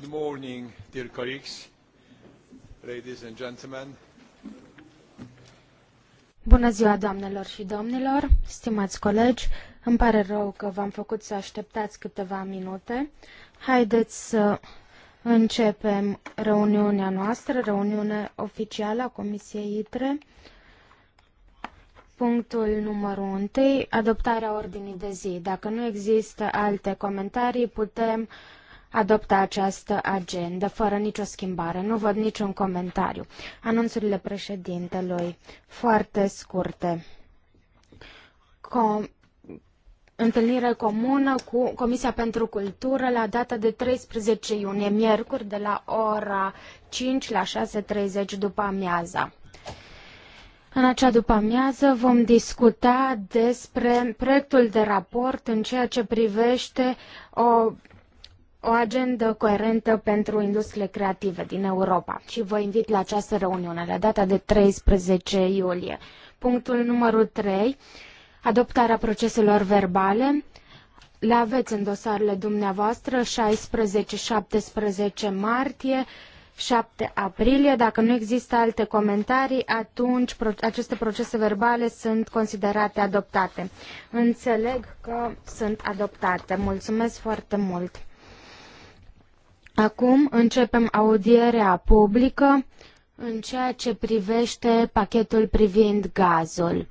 Good morning, dear colleagues, ladies and gentlemen. Bună ziua, doamnelor și domnilor, stimați colegi. Îmi pare rău că v-am făcut să așteptați câteva minute. Haideți să începem reuniunea noastră, reuniune oficială a Comisiei ITRE. Punctul numărul 1, adoptarea ordinii de zi. Dacă nu există alte comentarii, putem uh, adopta această agendă fără nicio schimbare. Nu văd niciun comentariu. Anunțurile președintelui foarte scurte. Com întâlnire comună cu Comisia pentru Cultură la data de 13 iunie, miercuri, de la ora 5 la 6.30 după amiaza. În acea după amiază vom discuta despre proiectul de raport în ceea ce privește o o agendă coerentă pentru industriile creative din Europa și vă invit la această reuniune la data de 13 iulie. Punctul numărul 3, adoptarea proceselor verbale. Le aveți în dosarele dumneavoastră 16-17 martie, 7 aprilie. Dacă nu există alte comentarii, atunci aceste procese verbale sunt considerate adoptate. Înțeleg că sunt adoptate. Mulțumesc foarte mult! Acum începem audierea publică în ceea ce privește pachetul privind gazul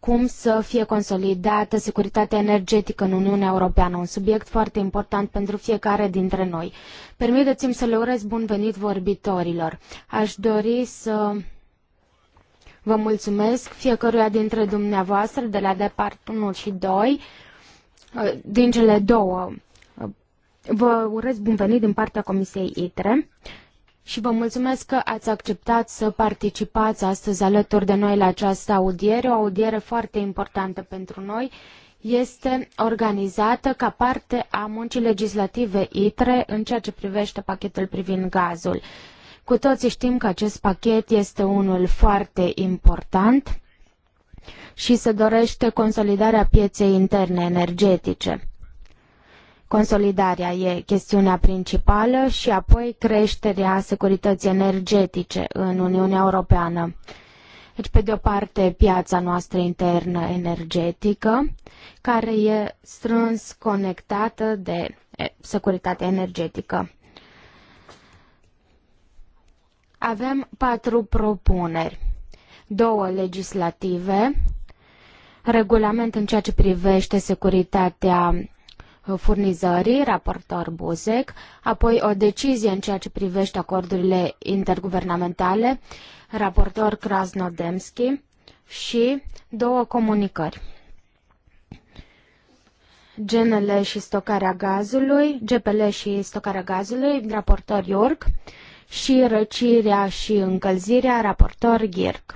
cum să fie consolidată securitatea energetică în Uniunea Europeană, un subiect foarte important pentru fiecare dintre noi. Permiteți-mi să le urez bun venit vorbitorilor. Aș dori să vă mulțumesc fiecăruia dintre dumneavoastră de la departul 1 și 2, din cele două Vă urez bun venit din partea Comisiei ITRE și vă mulțumesc că ați acceptat să participați astăzi alături de noi la această audiere, o audiere foarte importantă pentru noi. Este organizată ca parte a muncii legislative ITRE în ceea ce privește pachetul privind gazul. Cu toții știm că acest pachet este unul foarte important și se dorește consolidarea pieței interne energetice. Consolidarea e chestiunea principală și apoi creșterea securității energetice în Uniunea Europeană. Deci, pe de o parte, piața noastră internă energetică, care e strâns conectată de securitatea energetică. Avem patru propuneri, două legislative, regulament în ceea ce privește securitatea furnizării, raportor Buzek, apoi o decizie în ceea ce privește acordurile interguvernamentale, raportor Krasnodemski și două comunicări. GNL și stocarea gazului, GPL și stocarea gazului, raportor York și răcirea și încălzirea, raportor Girk.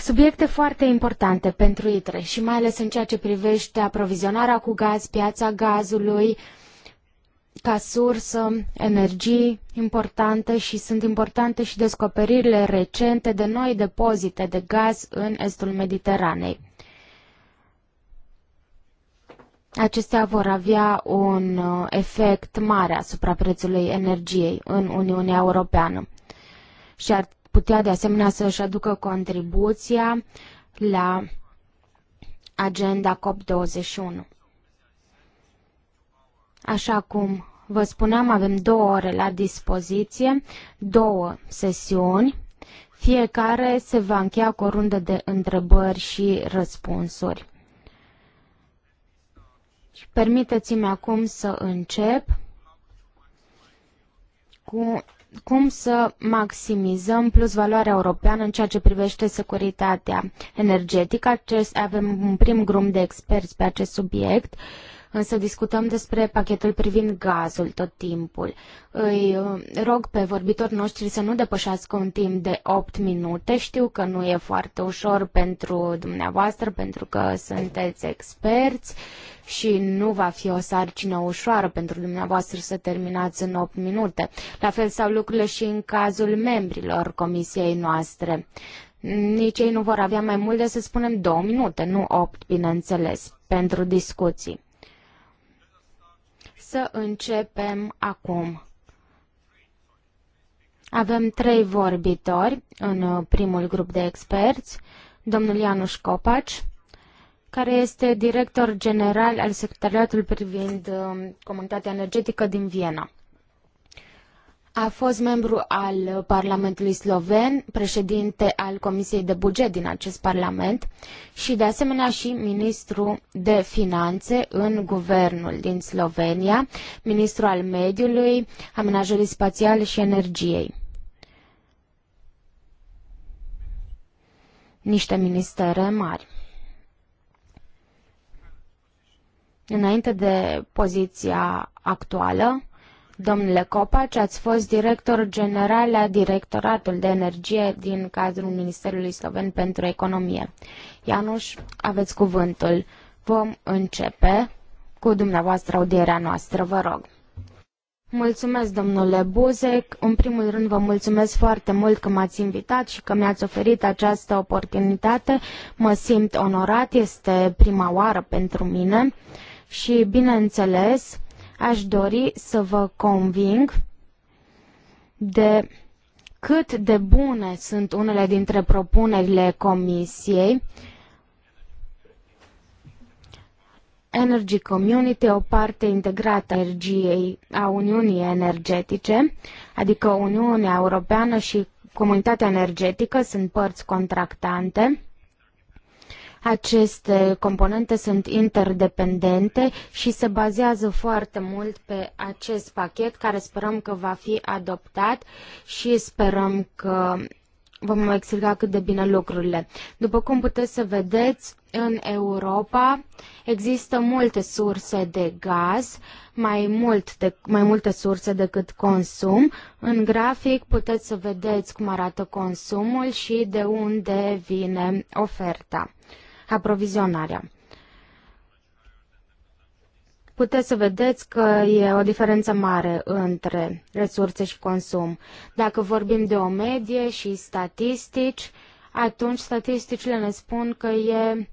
Subiecte foarte importante pentru ITRE și mai ales în ceea ce privește aprovizionarea cu gaz, piața gazului ca sursă, energii importante și sunt importante și descoperirile recente de noi depozite de gaz în estul Mediteranei. Acestea vor avea un uh, efect mare asupra prețului energiei în Uniunea Europeană și ar putea de asemenea să-și aducă contribuția la agenda COP21. Așa cum vă spuneam, avem două ore la dispoziție, două sesiuni, fiecare se va încheia cu o rundă de întrebări și răspunsuri. permiteți-mi acum să încep cu cum să maximizăm plus valoarea europeană în ceea ce privește securitatea energetică. Acest, avem un prim grup de experți pe acest subiect. Uh, însă discutăm despre pachetul privind gazul tot timpul. Îi uh, rog pe vorbitori noștri să nu depășească un timp de 8 minute. Știu că nu e foarte ușor pentru dumneavoastră, pentru că sunteți experți și nu va fi o sarcină ușoară pentru dumneavoastră să terminați în 8 minute. La fel sau lucrurile și în cazul membrilor comisiei noastre. Nici ei nu vor avea mai mult de, să spunem, două minute, nu opt, bineînțeles, pentru discuții să începem acum. Avem trei vorbitori în uh, primul grup de experți, domnul Ianuș Copaci, care este director general al Secretariatului privind uh, comunitatea energetică din Viena a fost membru al Parlamentului Sloven, președinte al Comisiei de Buget din acest Parlament și de asemenea și ministru de Finanțe în guvernul din Slovenia, ministru al mediului, amenajării spațiale și energiei. Niște ministere mari. Înainte de poziția actuală, Domnule Copaci, ați fost director general la Directoratul de Energie din cadrul Ministerului Sloven pentru Economie. Ianuș, aveți cuvântul. Vom începe cu dumneavoastră audierea noastră, vă rog. Mulțumesc, domnule Buzec. În primul rând, vă mulțumesc foarte mult că m-ați invitat și că mi-ați oferit această oportunitate. Mă simt onorat, este prima oară pentru mine și, bineînțeles, Aș dori să vă conving de cât de bune sunt unele dintre propunerile Comisiei. Energy Community, o parte integrată a energiei a Uniunii Energetice, adică Uniunea Europeană și Comunitatea Energetică sunt părți contractante. Aceste componente sunt interdependente și se bazează foarte mult pe acest pachet care sperăm că va fi adoptat și sperăm că vom explica cât de bine lucrurile. După cum puteți să vedeți, în Europa există multe surse de gaz, mai, mult de, mai multe surse decât consum. În grafic puteți să vedeți cum arată consumul și de unde vine oferta aprovizionarea. Puteți să vedeți că e o diferență mare între resurse și consum. Dacă vorbim de o medie și statistici, atunci statisticile ne spun că e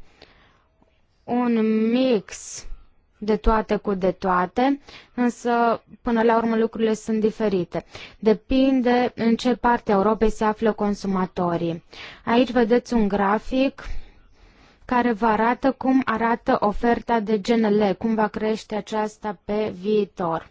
un mix de toate cu de toate, însă până la urmă lucrurile sunt diferite. Depinde în ce parte a Europei se află consumatorii. Aici vedeți un grafic care vă arată cum arată oferta de GNL, cum va crește aceasta pe viitor.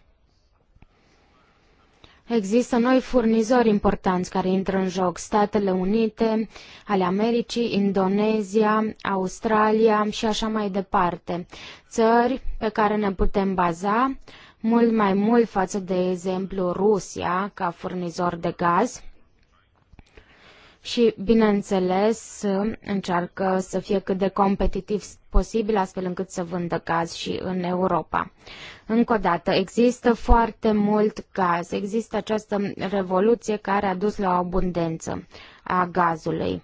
Există noi furnizori importanți care intră în joc, Statele Unite, ale Americii, Indonezia, Australia și așa mai departe. Țări pe care ne putem baza mult mai mult față de exemplu Rusia ca furnizor de gaz și, bineînțeles, încearcă să fie cât de competitiv posibil, astfel încât să vândă gaz și în Europa. Încă o dată, există foarte mult gaz, există această revoluție care a dus la o abundență a gazului.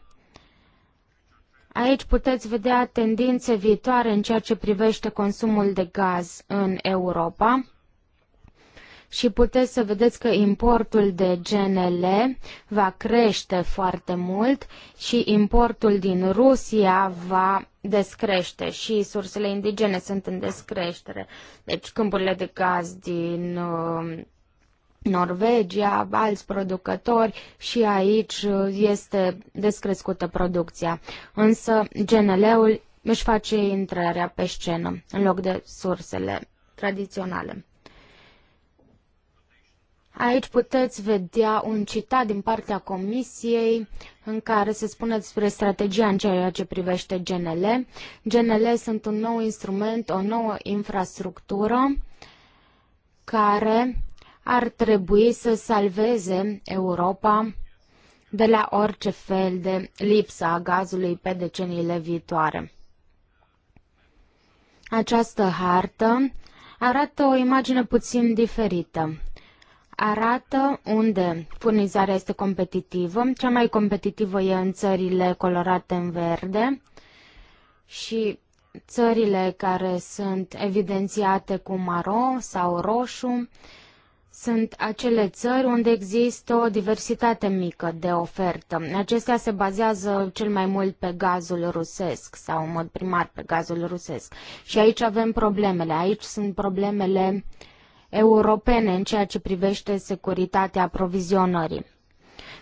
Aici puteți vedea tendințe viitoare în ceea ce privește consumul de gaz în Europa și puteți să vedeți că importul de GNL va crește foarte mult și importul din Rusia va descrește și sursele indigene sunt în descreștere. Deci câmpurile de gaz din uh, Norvegia, alți producători și aici uh, este descrescută producția. Însă GNL-ul își face intrarea pe scenă în loc de sursele tradiționale. Aici puteți vedea un citat din partea Comisiei în care se spune despre strategia în ceea ce privește GNL. GNL sunt un nou instrument, o nouă infrastructură care ar trebui să salveze Europa de la orice fel de lipsă a gazului pe deceniile viitoare. Această hartă arată o imagine puțin diferită arată unde furnizarea este competitivă. Cea mai competitivă e în țările colorate în verde și țările care sunt evidențiate cu maro sau roșu sunt acele țări unde există o diversitate mică de ofertă. Acestea se bazează cel mai mult pe gazul rusesc sau în mod primar pe gazul rusesc. Și aici avem problemele. Aici sunt problemele uh, europene în ceea ce privește securitatea aprovizionării.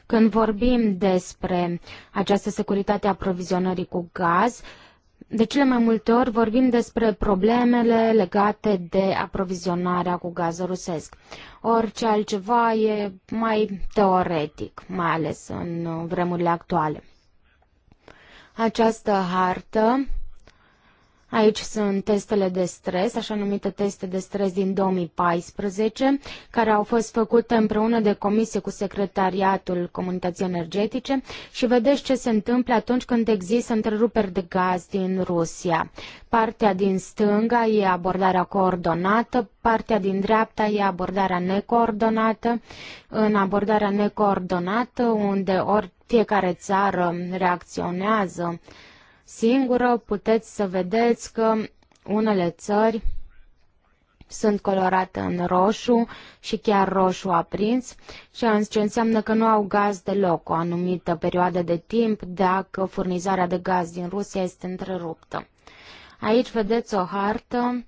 Când vorbim despre această securitate a aprovizionării cu gaz, de cele mai multe ori vorbim despre problemele legate de aprovizionarea cu gaz rusesc. Orice altceva e mai teoretic, mai ales în vremurile actuale. Această hartă Aici sunt testele de stres, așa numite teste de stres din 2014, care au fost făcute împreună de comisie cu Secretariatul Comunității Energetice și vedeți ce se întâmplă atunci când există întreruperi de gaz din Rusia. Partea din stânga e abordarea coordonată, partea din dreapta e abordarea necoordonată. În abordarea necoordonată, unde ori fiecare țară reacționează singură, puteți să vedeți că unele țări sunt colorate în roșu și chiar roșu aprins, ceea ce înseamnă că nu au gaz deloc o anumită perioadă de timp dacă furnizarea de gaz din Rusia este întreruptă. Aici vedeți o hartă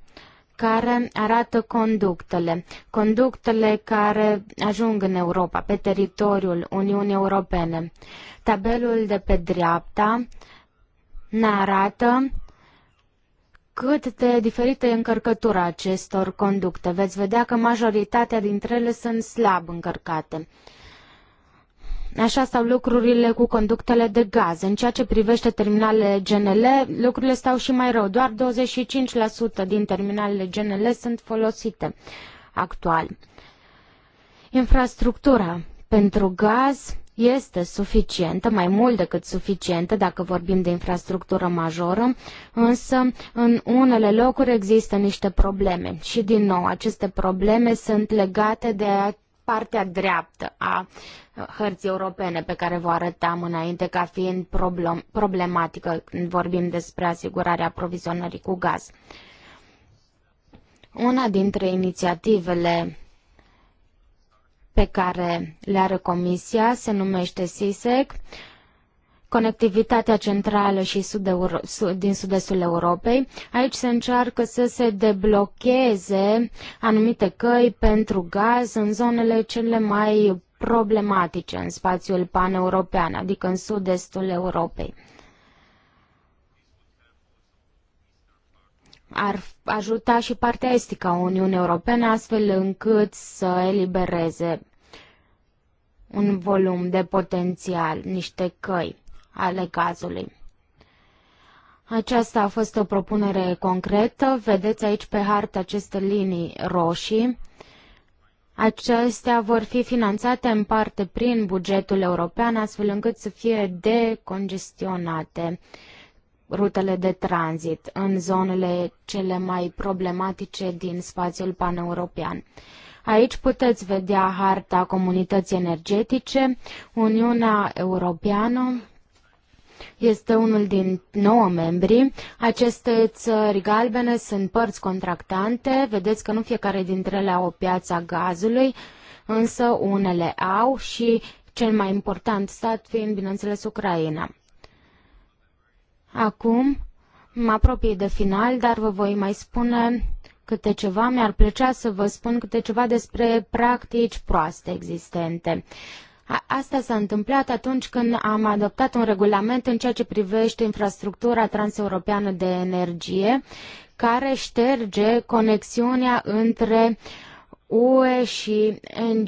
care arată conductele, conductele care ajung în Europa, pe teritoriul Uniunii Europene. Tabelul de pe dreapta ne arată cât de diferită e încărcătura acestor conducte. Veți vedea că majoritatea dintre ele sunt slab încărcate. Așa stau lucrurile cu conductele de gaz. În ceea ce privește terminalele GNL, lucrurile stau și mai rău. Doar 25% din terminalele GNL sunt folosite actual. Infrastructura pentru gaz este suficientă, mai mult decât suficientă dacă vorbim de infrastructură majoră, însă în unele locuri există niște probleme și din nou aceste probleme sunt legate de partea dreaptă a hărții europene pe care vă arătam înainte ca fiind problem, problematică când vorbim despre asigurarea aprovizionării cu gaz. Una dintre inițiativele pe care le are Comisia se numește SISEC, conectivitatea centrală și sud din sud-estul Europei. Aici se încearcă să se deblocheze anumite căi pentru gaz în zonele cele mai problematice în spațiul paneuropean, adică în sud-estul Europei. ar ajuta și partea estică a Uniunii Europene astfel încât să elibereze un volum de potențial, niște căi ale cazului. Aceasta a fost o propunere concretă. Vedeți aici pe hartă aceste linii roșii. Acestea vor fi finanțate în parte prin bugetul european, astfel încât să fie decongestionate rutele de tranzit în zonele cele mai problematice din spațiul paneuropean. european Aici puteți vedea harta comunității energetice. Uniunea Europeană este unul din nouă membri. Aceste țări galbene sunt părți contractante. Vedeți că nu fiecare dintre ele au o piață a gazului, însă unele au și cel mai important stat fiind, bineînțeles, Ucraina. Acum mă apropii de final, dar vă voi mai spune câte ceva, mi-ar plăcea să vă spun câte ceva despre practici proaste existente. Asta s-a întâmplat atunci când am adoptat un regulament în ceea ce privește infrastructura transeuropeană de energie, care șterge conexiunea între uh, UE și, NG,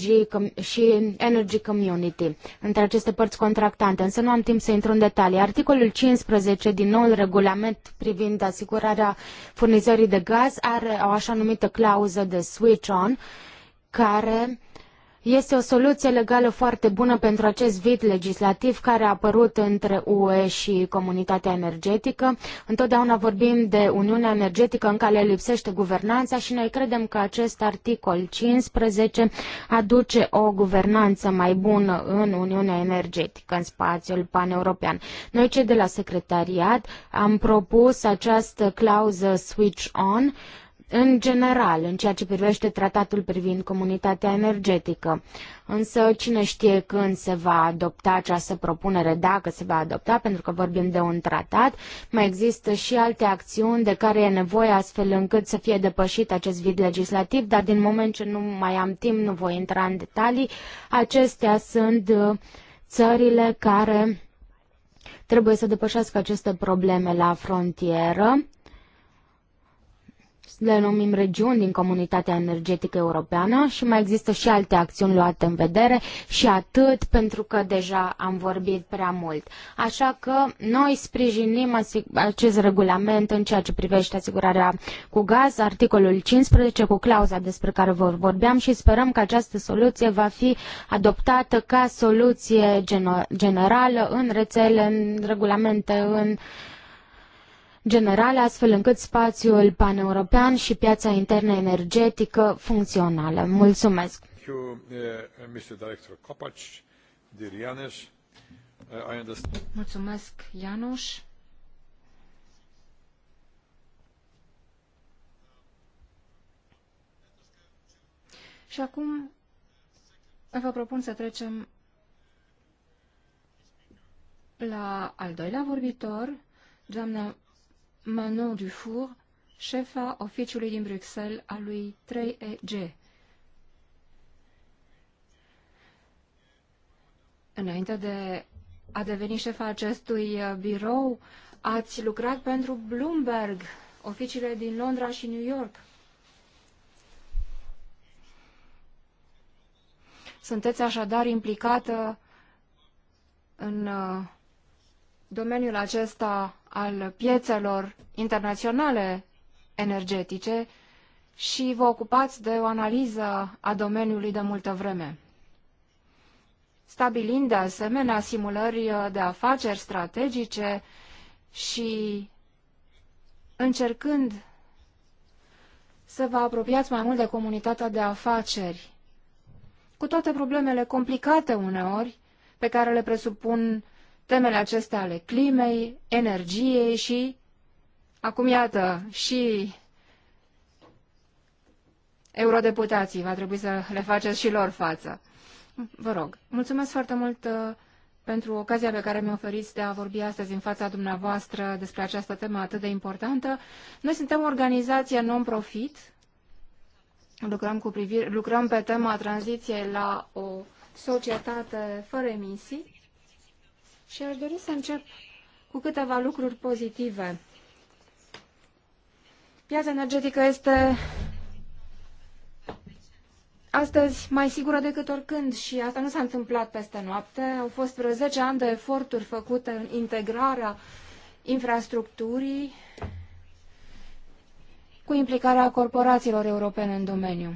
și Energy Community, între aceste părți contractante, însă nu am timp să intru în detalii. Articolul 15 din noul regulament privind asigurarea furnizării de gaz are o așa numită clauză de switch-on, care uh, este o soluție legală foarte bună pentru acest vid legislativ care a apărut între UE și comunitatea energetică. Întotdeauna vorbim de Uniunea Energetică în care lipsește guvernanța și noi credem că acest articol 15 aduce o guvernanță mai bună în Uniunea Energetică, în spațiul paneuropean. Noi cei de la secretariat am propus această clauză switch on, uh, în general, în ceea ce privește tratatul privind comunitatea energetică. Însă cine știe când se va adopta această propunere, dacă se va adopta, pentru că vorbim de un tratat, mai există și alte acțiuni de care e nevoie astfel încât să fie depășit acest vid legislativ, dar din moment ce nu mai am timp, nu voi intra în detalii. Acestea sunt uh, țările care trebuie să depășească aceste probleme la frontieră le numim regiuni din comunitatea energetică europeană și mai există și alte acțiuni luate în vedere și atât pentru că deja am vorbit prea mult. Așa că noi sprijinim acest regulament în ceea ce privește asigurarea cu gaz, articolul 15 cu clauza despre care vă vorbeam și sperăm că această soluție va fi adoptată ca soluție generală în rețele, în regulamente, în uh, generale, astfel încât spațiul paneuropean și piața internă energetică funcțională. Mulțumesc! Uh, uh, Mulțumesc, Ianuș! Și acum vă propun să trecem la al doilea vorbitor, doamna Manon Dufour, șefa oficiului din Bruxelles a lui 3EG. Înainte de a deveni șefa acestui uh, birou, ați lucrat pentru Bloomberg, oficiile din Londra și New York. Sunteți așadar implicată în uh, domeniul acesta al piețelor internaționale energetice și vă ocupați de o analiză a domeniului de multă vreme. Stabilind de asemenea simulări de afaceri strategice și încercând să vă apropiați mai mult de comunitatea de afaceri, cu toate problemele complicate uneori pe care le presupun temele acestea ale climei, energiei și acum iată și eurodeputații, va trebui să le faceți și lor față. Vă rog, mulțumesc foarte mult uh, pentru ocazia pe care mi-o oferiți de a vorbi astăzi în fața dumneavoastră despre această temă atât de importantă. Noi suntem o organizație non-profit, lucrăm, cu privire, lucrăm pe tema tranziției la o societate fără emisii și aș dori să încep cu câteva lucruri pozitive. Piața energetică este astăzi mai sigură decât oricând și asta nu s-a întâmplat peste noapte. Au fost vreo 10 ani de eforturi făcute în integrarea infrastructurii cu implicarea corporațiilor europene în domeniu.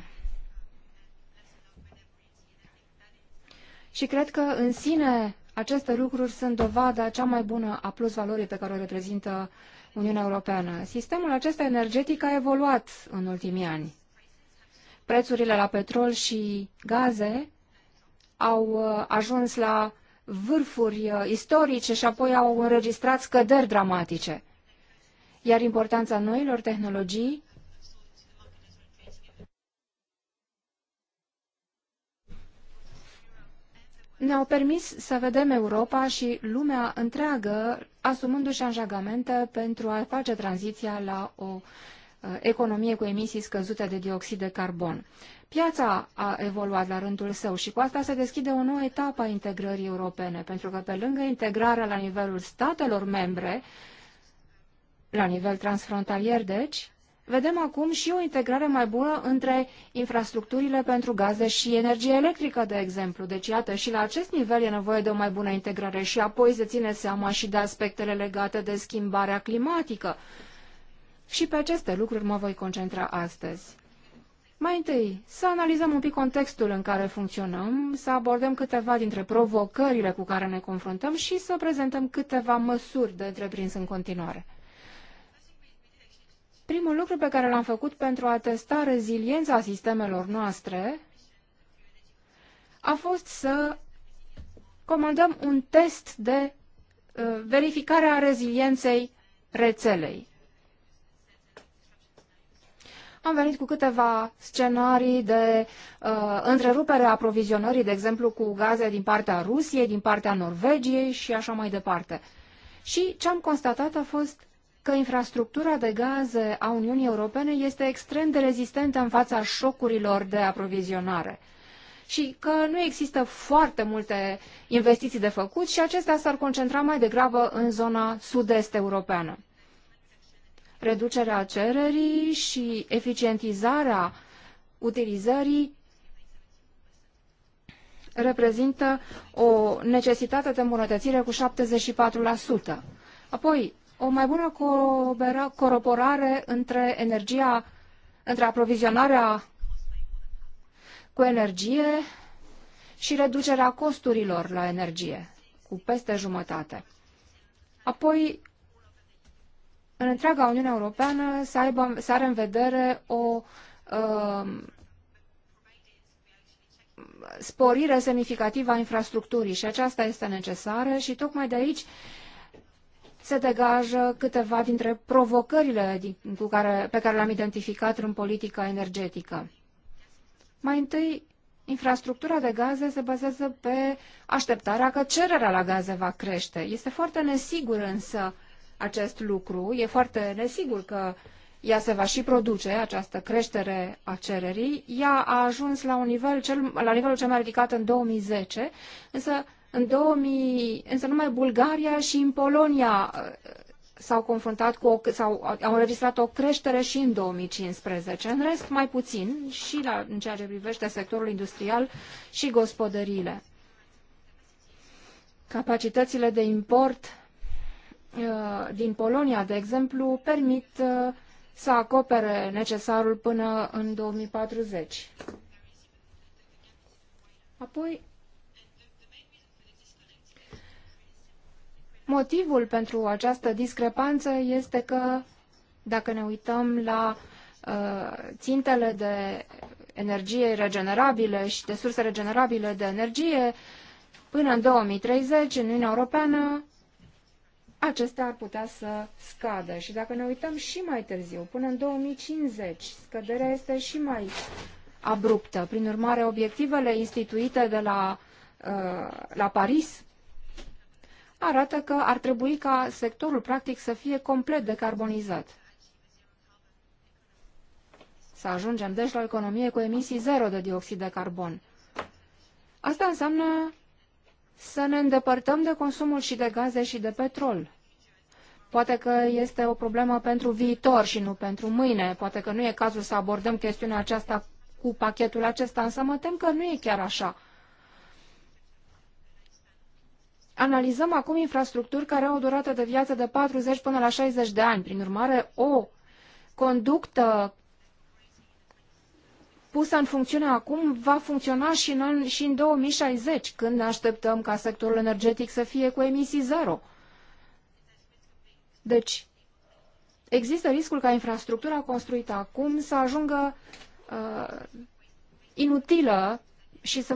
Și cred că în sine aceste lucruri sunt dovada cea mai bună a plus valorii pe care o reprezintă Uniunea Europeană. Sistemul acesta energetic a evoluat în ultimii ani. Prețurile la petrol și gaze au uh, ajuns la vârfuri uh, istorice și apoi au înregistrat scăderi dramatice. Iar importanța noilor tehnologii ne-au permis să vedem Europa și lumea întreagă asumându-și angajamente pentru a face tranziția la o uh, economie cu emisii scăzute de dioxid de carbon. Piața a evoluat la rândul său și cu asta se deschide o nouă etapă a integrării europene, pentru că pe lângă integrarea la nivelul statelor membre, la nivel transfrontalier deci, vedem acum și o integrare mai bună între infrastructurile pentru gaze și energie electrică, de exemplu. Deci, iată, și la acest nivel e nevoie de o mai bună integrare și apoi se ține seama și de aspectele legate de schimbarea climatică. Și pe aceste lucruri mă voi concentra astăzi. Mai întâi, să analizăm un pic contextul în care funcționăm, să abordăm câteva dintre provocările cu care ne confruntăm și să prezentăm câteva măsuri de întreprins în continuare. Primul lucru pe care l-am făcut pentru a testa reziliența sistemelor noastre a fost să comandăm un test de uh, verificare a rezilienței rețelei. Am venit cu câteva scenarii de uh, întrerupere a aprovizionării, de exemplu, cu gaze din partea Rusiei, din partea Norvegiei și așa mai departe. Și ce am constatat a fost că infrastructura de gaze a Uniunii Europene este extrem de rezistentă în fața șocurilor de aprovizionare și că nu există foarte multe investiții de făcut și acestea s-ar concentra mai degrabă în zona sud-est europeană. Reducerea cererii și eficientizarea utilizării reprezintă o necesitate de îmbunătățire cu 74%. Apoi, o mai bună coroborare între energia, între aprovizionarea cu energie și reducerea costurilor la energie cu peste jumătate. Apoi, în întreaga Uniune Europeană să, aibă, să are în vedere o uh, sporire semnificativă a infrastructurii și aceasta este necesară și tocmai de aici uh, se degajă câteva dintre provocările cu care, pe care le-am identificat în politica energetică. Mai întâi, infrastructura de gaze se bazează pe așteptarea că cererea la gaze va crește. Este foarte nesigur însă acest lucru, e foarte nesigur că ea se va și produce, această creștere a cererii. Ea a ajuns la, un nivel cel, la nivelul cel mai ridicat în 2010, însă în 2000, însă numai Bulgaria și în Polonia uh, s-au confruntat cu o, sau au înregistrat o creștere și în 2015. În rest, mai puțin și la, în ceea ce privește sectorul industrial și gospodăriile. Capacitățile de import uh, din Polonia, de exemplu, permit uh, să acopere necesarul până în 2040. Apoi, Motivul pentru această discrepanță este că, dacă ne uităm la uh, țintele de energie regenerabile și de surse regenerabile de energie, până în 2030, în Uniunea Europeană, acestea ar putea să scadă. Și dacă ne uităm și mai târziu, până în 2050, scăderea este și mai abruptă. Prin urmare, obiectivele instituite de la, uh, la Paris arată că ar trebui ca sectorul practic să fie complet decarbonizat. Să ajungem deci la economie cu emisii zero de dioxid de carbon. Asta înseamnă să ne îndepărtăm de consumul și de gaze și de petrol. Poate că este o problemă pentru viitor și nu pentru mâine. Poate că nu e cazul să abordăm chestiunea aceasta cu pachetul acesta, însă mă tem că nu e chiar așa. Analizăm acum infrastructuri care au o durată de viață de 40 până la 60 de ani. Prin urmare, o conductă pusă în funcțiune acum va funcționa și în, an, și în 2060, când ne așteptăm ca sectorul energetic să fie cu emisii zero. Deci, există riscul ca infrastructura construită acum să ajungă uh, inutilă și să,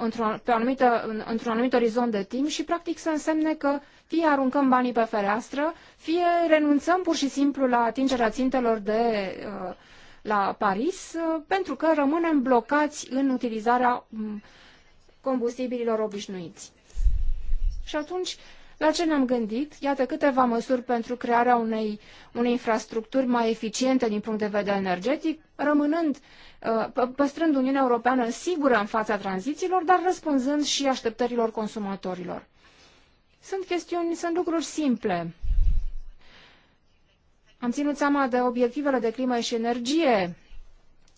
într-un, pe anumită, într-un anumit orizont de timp și practic să însemne că fie aruncăm banii pe fereastră, fie renunțăm pur și simplu la atingerea țintelor de uh, la Paris, uh, pentru că rămânem blocați în utilizarea mm, combustibililor obișnuiți. Și atunci, la ce ne-am gândit? Iată câteva măsuri pentru crearea unei, unei infrastructuri mai eficiente din punct de vedere energetic, rămânând uh, Uh, păstrând Uniunea Europeană sigură în fața tranzițiilor, dar răspunzând și așteptărilor consumatorilor. Sunt chestiuni, sunt lucruri simple. Am ținut seama de obiectivele de climă și energie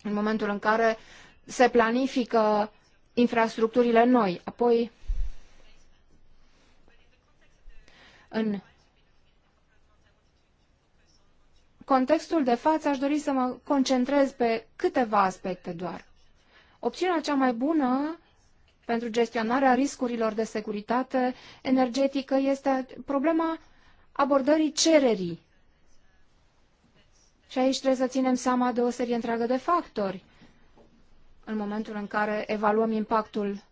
în momentul în care se planifică infrastructurile noi. Apoi, în contextul de față aș dori să mă concentrez pe câteva aspecte doar. Opțiunea cea mai bună pentru gestionarea riscurilor de securitate energetică este problema abordării cererii. Și aici trebuie să ținem seama de o serie întreagă de factori în momentul în care evaluăm impactul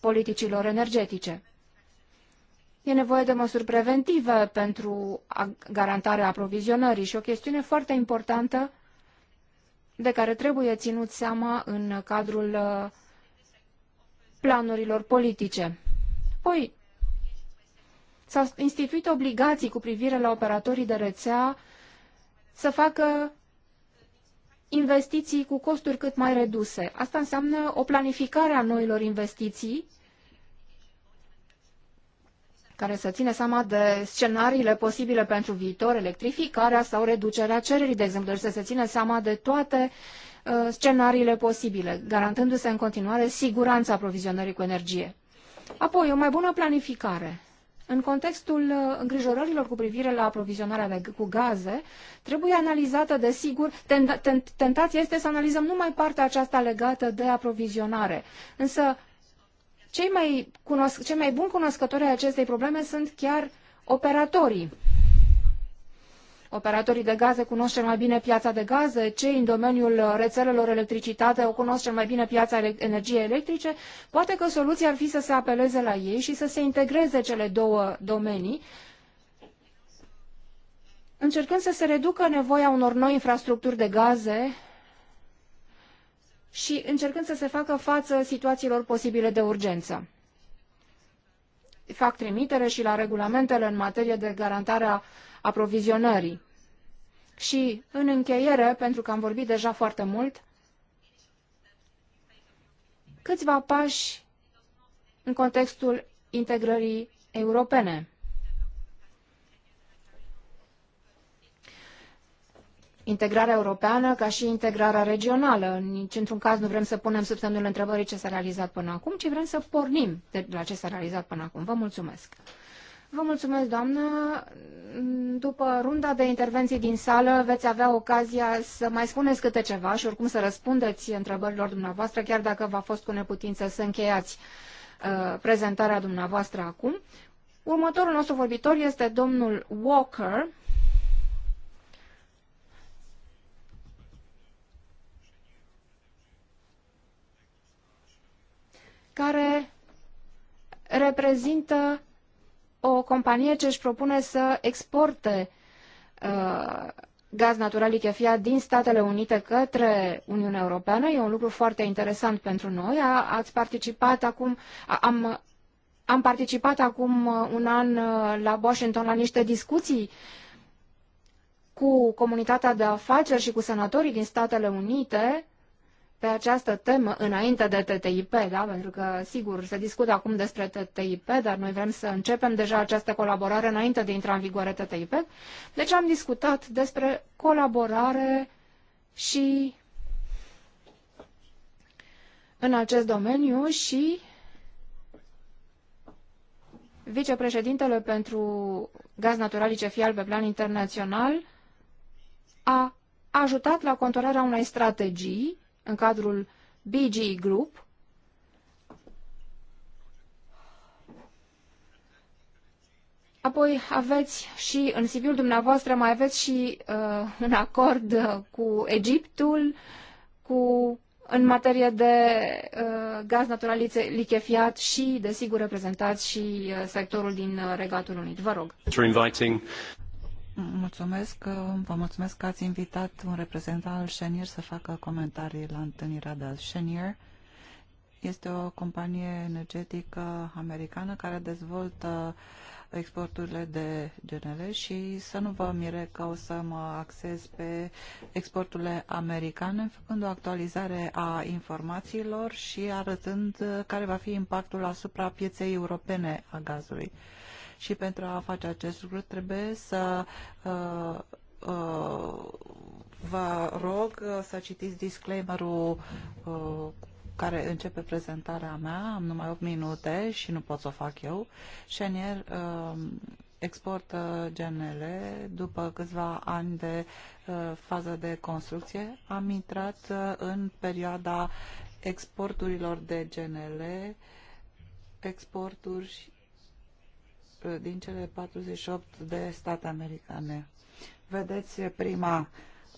politicilor energetice. E nevoie de măsuri preventive pentru garantarea aprovizionării și o chestiune foarte importantă de care trebuie ținut seama în cadrul uh, planurilor politice. Poi, s-au instituit obligații cu privire la operatorii de rețea să facă investiții cu costuri cât mai reduse. Asta înseamnă o planificare a noilor investiții care să ține seama de scenariile posibile pentru viitor, electrificarea sau reducerea cererii, de exemplu, deci să se ține seama de toate uh, scenariile posibile, garantându-se în continuare siguranța aprovizionării cu energie. Apoi, o mai bună planificare. În contextul uh, îngrijorărilor cu privire la aprovizionarea de, cu gaze, trebuie analizată, desigur, ten, tentația este să analizăm numai partea aceasta legată de aprovizionare. Însă, cei mai, cunosc, cei mai buni cunoscători ai acestei probleme sunt chiar operatorii. Operatorii de gaze cunosc cel mai bine piața de gaze, cei în domeniul rețelelor electricitate o cunosc cel mai bine piața energiei electrice. Poate că soluția ar fi să se apeleze la ei și să se integreze cele două domenii, încercând să se reducă nevoia unor noi infrastructuri de gaze și încercând să se facă față situațiilor posibile de urgență. Fac trimitere și la regulamentele în materie de garantare a aprovizionării. Și, în încheiere, pentru că am vorbit deja foarte mult, câțiva pași în contextul integrării europene. integrarea europeană ca și integrarea regională. Nici într-un caz nu vrem să punem sub semnul întrebării ce s-a realizat până acum, ci vrem să pornim de la ce s-a realizat până acum. Vă mulțumesc! Vă mulțumesc, doamnă. După runda de intervenții din sală, veți avea ocazia să mai spuneți câte ceva și oricum să răspundeți întrebărilor dumneavoastră, chiar dacă v-a fost cu neputință să încheiați uh, prezentarea dumneavoastră acum. Următorul nostru vorbitor este domnul Walker, care reprezintă o companie ce își propune să exporte uh, gaz natural lichefiat din Statele Unite către Uniunea Europeană. E un lucru foarte interesant pentru noi. A, ați participat acum, a, am, am participat acum uh, un an uh, la Washington la niște discuții cu comunitatea de afaceri și cu senatorii din Statele Unite pe această temă înainte de TTIP, da? pentru că, sigur, se discută acum despre TTIP, dar noi vrem să începem deja această colaborare înainte de intra în vigoare TTIP. Deci am discutat despre colaborare și în acest domeniu și vicepreședintele pentru gaz natural fial pe plan internațional a ajutat la conturarea unei strategii în cadrul BG Group, Apoi aveți și în CV-ul dumneavoastră mai aveți și uh, un acord uh, cu Egiptul cu, în materie de uh, gaz natural lichefiat și, desigur, reprezentați și uh, sectorul din uh, Regatul Unit. Vă rog. Mulțumesc, uh, vă mulțumesc că ați invitat un reprezentant al Chenier să facă comentarii la întâlnirea de azi. Chenier este o companie energetică americană care dezvoltă exporturile de genele și să nu vă mire că o să mă acces pe exporturile americane, făcând o actualizare a informațiilor și arătând care va fi impactul asupra pieței europene a gazului și pentru a face acest lucru trebuie să uh, uh, vă rog uh, să citiți disclaimerul uh, care începe prezentarea mea, am numai 8 minute și nu pot să o fac eu. Chenier uh, exportă uh, GNL după câțiva ani de uh, fază de construcție. Am intrat uh, în perioada exporturilor de GNL, exporturi Eh, din cele 48 de state americane. Vedeți prima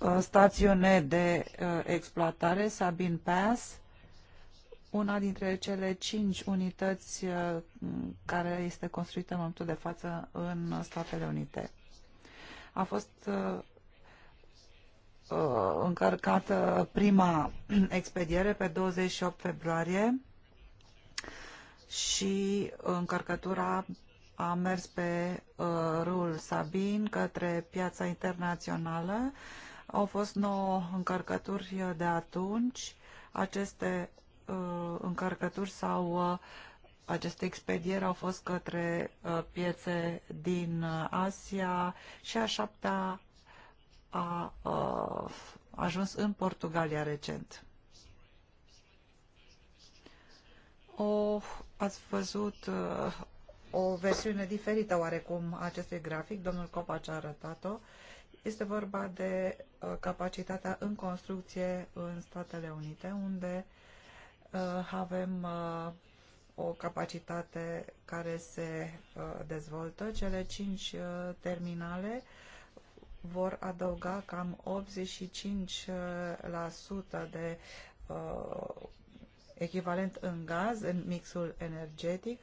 eh, stațiune de eh, exploatare, Sabine Pass, una dintre cele cinci unități care este construită în momentul de față în Statele Unite. A fost încărcată prima expediere pe 28 februarie și încărcătura a mers pe uh, rul Sabin către piața internațională. Au fost nouă încărcături de atunci. Aceste uh, încărcături sau uh, aceste expedieri au fost către uh, piețe din uh, Asia și a șaptea a uh, ajuns în Portugalia recent. O, ați văzut uh, o versiune diferită oarecum acestui grafic, domnul Copac a arătat-o. Este vorba de uh, capacitatea în construcție în Statele Unite, unde uh, avem uh, o capacitate care se dezvoltă. Cele cinci terminale vor adăuga cam 85% de echivalent în gaz în mixul energetic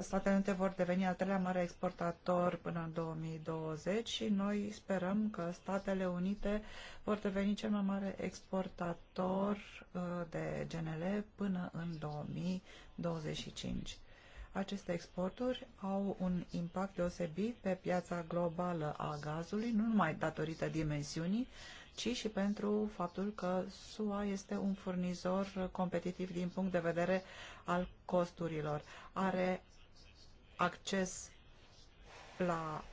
Statele Unite vor deveni al treilea mare exportator până în 2020 și noi sperăm că Statele Unite vor deveni cel mai mare exportator uh, de GNL până în 2025. Aceste exporturi au un impact deosebit pe piața globală a gazului, nu numai datorită dimensiunii, ci și pentru faptul că SUA este un furnizor competitiv din punct de vedere al costurilor. Are acces la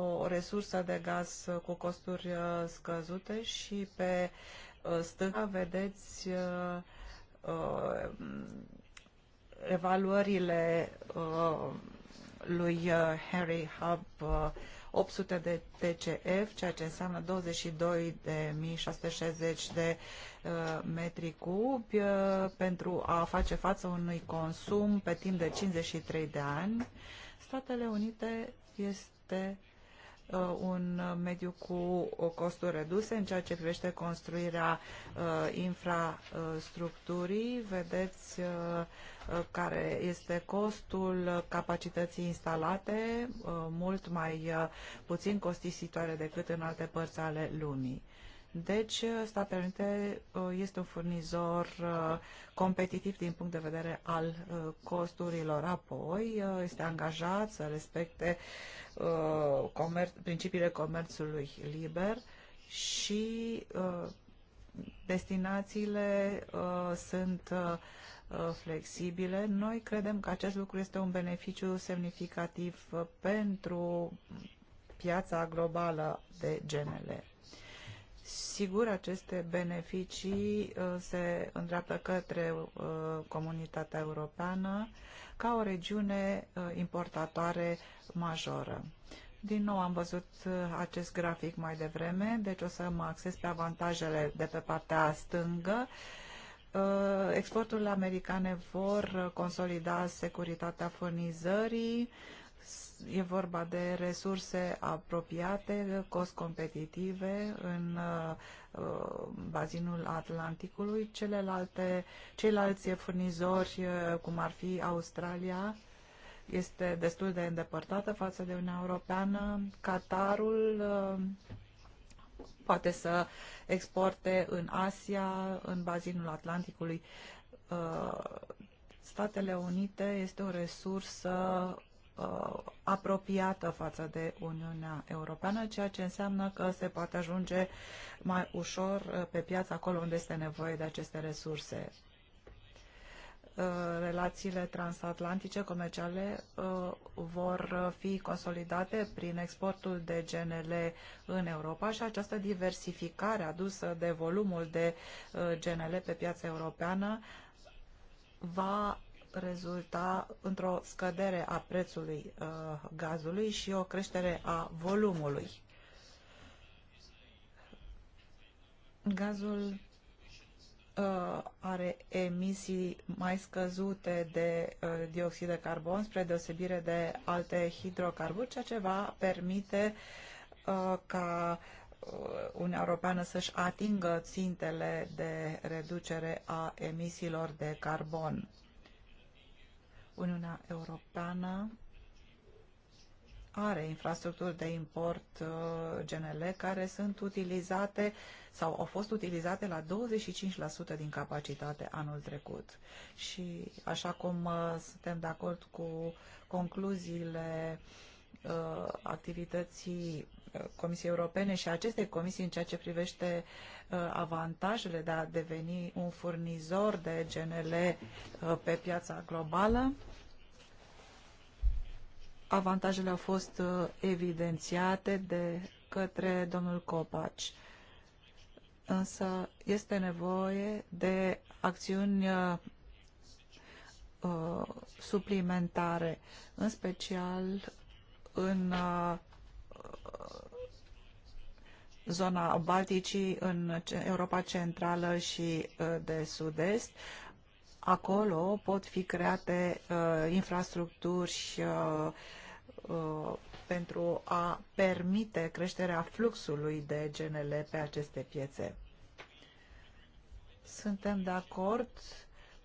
o resursă de gaz cu costuri uh, scăzute și pe uh, stânga vedeți uh, evaluările lui Harry Hub 800 de TCF, ceea ce înseamnă 22.660 de uh, metri cubi uh, pentru a face față unui consum pe timp de 53 de ani. Statele Unite este Uh, un mediu cu uh, costuri reduse în ceea ce privește construirea uh, infrastructurii. Vedeți care este costul capacității instalate, mult mai puțin costisitoare decât în alte părți ale lumii. Deci, Statele Unite uh, este un furnizor uh, competitiv din punct de vedere al uh, costurilor. Apoi, este angajat să respecte principiile comerțului liber și destinațiile sunt flexibile. Noi credem că acest lucru este un beneficiu semnificativ pentru piața globală de genele. Sigur, aceste beneficii uh, se îndreaptă către uh, comunitatea europeană ca o regiune uh, importatoare majoră. Din nou am văzut acest grafic mai devreme, deci o să mă acces pe avantajele de pe partea stângă. Exporturile americane vor consolida securitatea furnizării, E vorba de resurse apropiate, cost competitive în uh, bazinul Atlanticului, celelalte, ceilalți furnizori, uh, cum ar fi Australia, este destul de îndepărtată față de Uniunea Europeană. Qatarul uh, poate să exporte în Asia, în bazinul Atlanticului. Statele Unite este o resursă uh, apropiată față de Uniunea Europeană, ceea ce înseamnă că se poate ajunge mai ușor uh, pe piață acolo unde este nevoie de aceste resurse. Uh, relațiile transatlantice comerciale uh, vor fi consolidate prin exportul de GNL în Europa și această diversificare adusă de volumul de GNL pe piața europeană va rezulta într-o scădere a prețului uh, gazului și o creștere a volumului. Gazul uh, are emisii mai scăzute de uh, dioxid de carbon, spre deosebire de alte hidrocarburi, ceea ce va permite uh, ca uh, Uniunea Europeană să-și atingă țintele de reducere a emisiilor de carbon. Uniunea Europeană are infrastructuri de import uh, GNL care sunt utilizate sau au fost utilizate la 25% din capacitate anul trecut. Și așa cum uh, suntem de acord cu concluziile uh, activității Comisiei Europene și acestei comisii în ceea ce privește uh, avantajele de a deveni un furnizor de GNL uh, pe piața globală. Avantajele au fost uh, evidențiate de către domnul Copaci. Însă este nevoie de acțiuni suplimentare, în special în zona Balticii, în Europa Centrală și uh, de Sud-Est. Acolo pot fi create uh, infrastructuri uh, uh, pentru a permite creșterea fluxului de GNL pe aceste piețe. Suntem de acord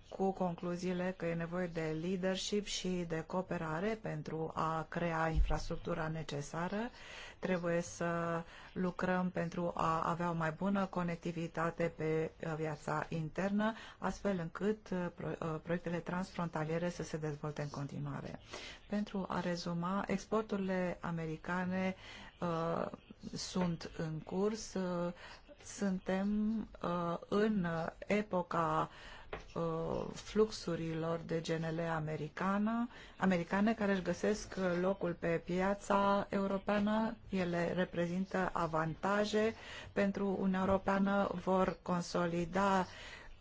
cu concluziile că e nevoie de leadership și de cooperare pentru a crea infrastructura necesară. Trebuie să lucrăm pentru a avea o mai bună conectivitate pe uh, viața internă, astfel încât uh, uh, proiectele transfrontaliere să se dezvolte în continuare. Pentru a rezuma, exporturile americane uh, sunt în curs, uh, suntem uh, în epoca uh, Uh, fluxurilor de GNL americană, americane care își găsesc locul pe piața europeană. Ele reprezintă avantaje pentru Uniunea Europeană, vor consolida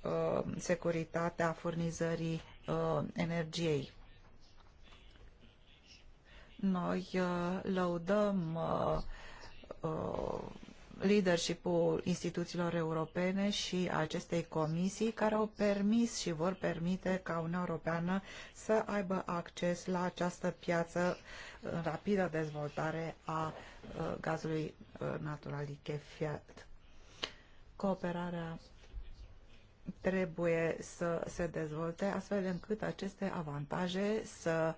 uh, securitatea furnizării uh, energiei. Noi uh, lăudăm uh, uh, leadership-ul instituțiilor europene și acestei comisii care au permis și vor permite ca Uniunea Europeană să aibă acces la această piață în uh, rapidă dezvoltare a uh, gazului uh, natural lichefiat. Cooperarea trebuie să se dezvolte astfel încât aceste avantaje să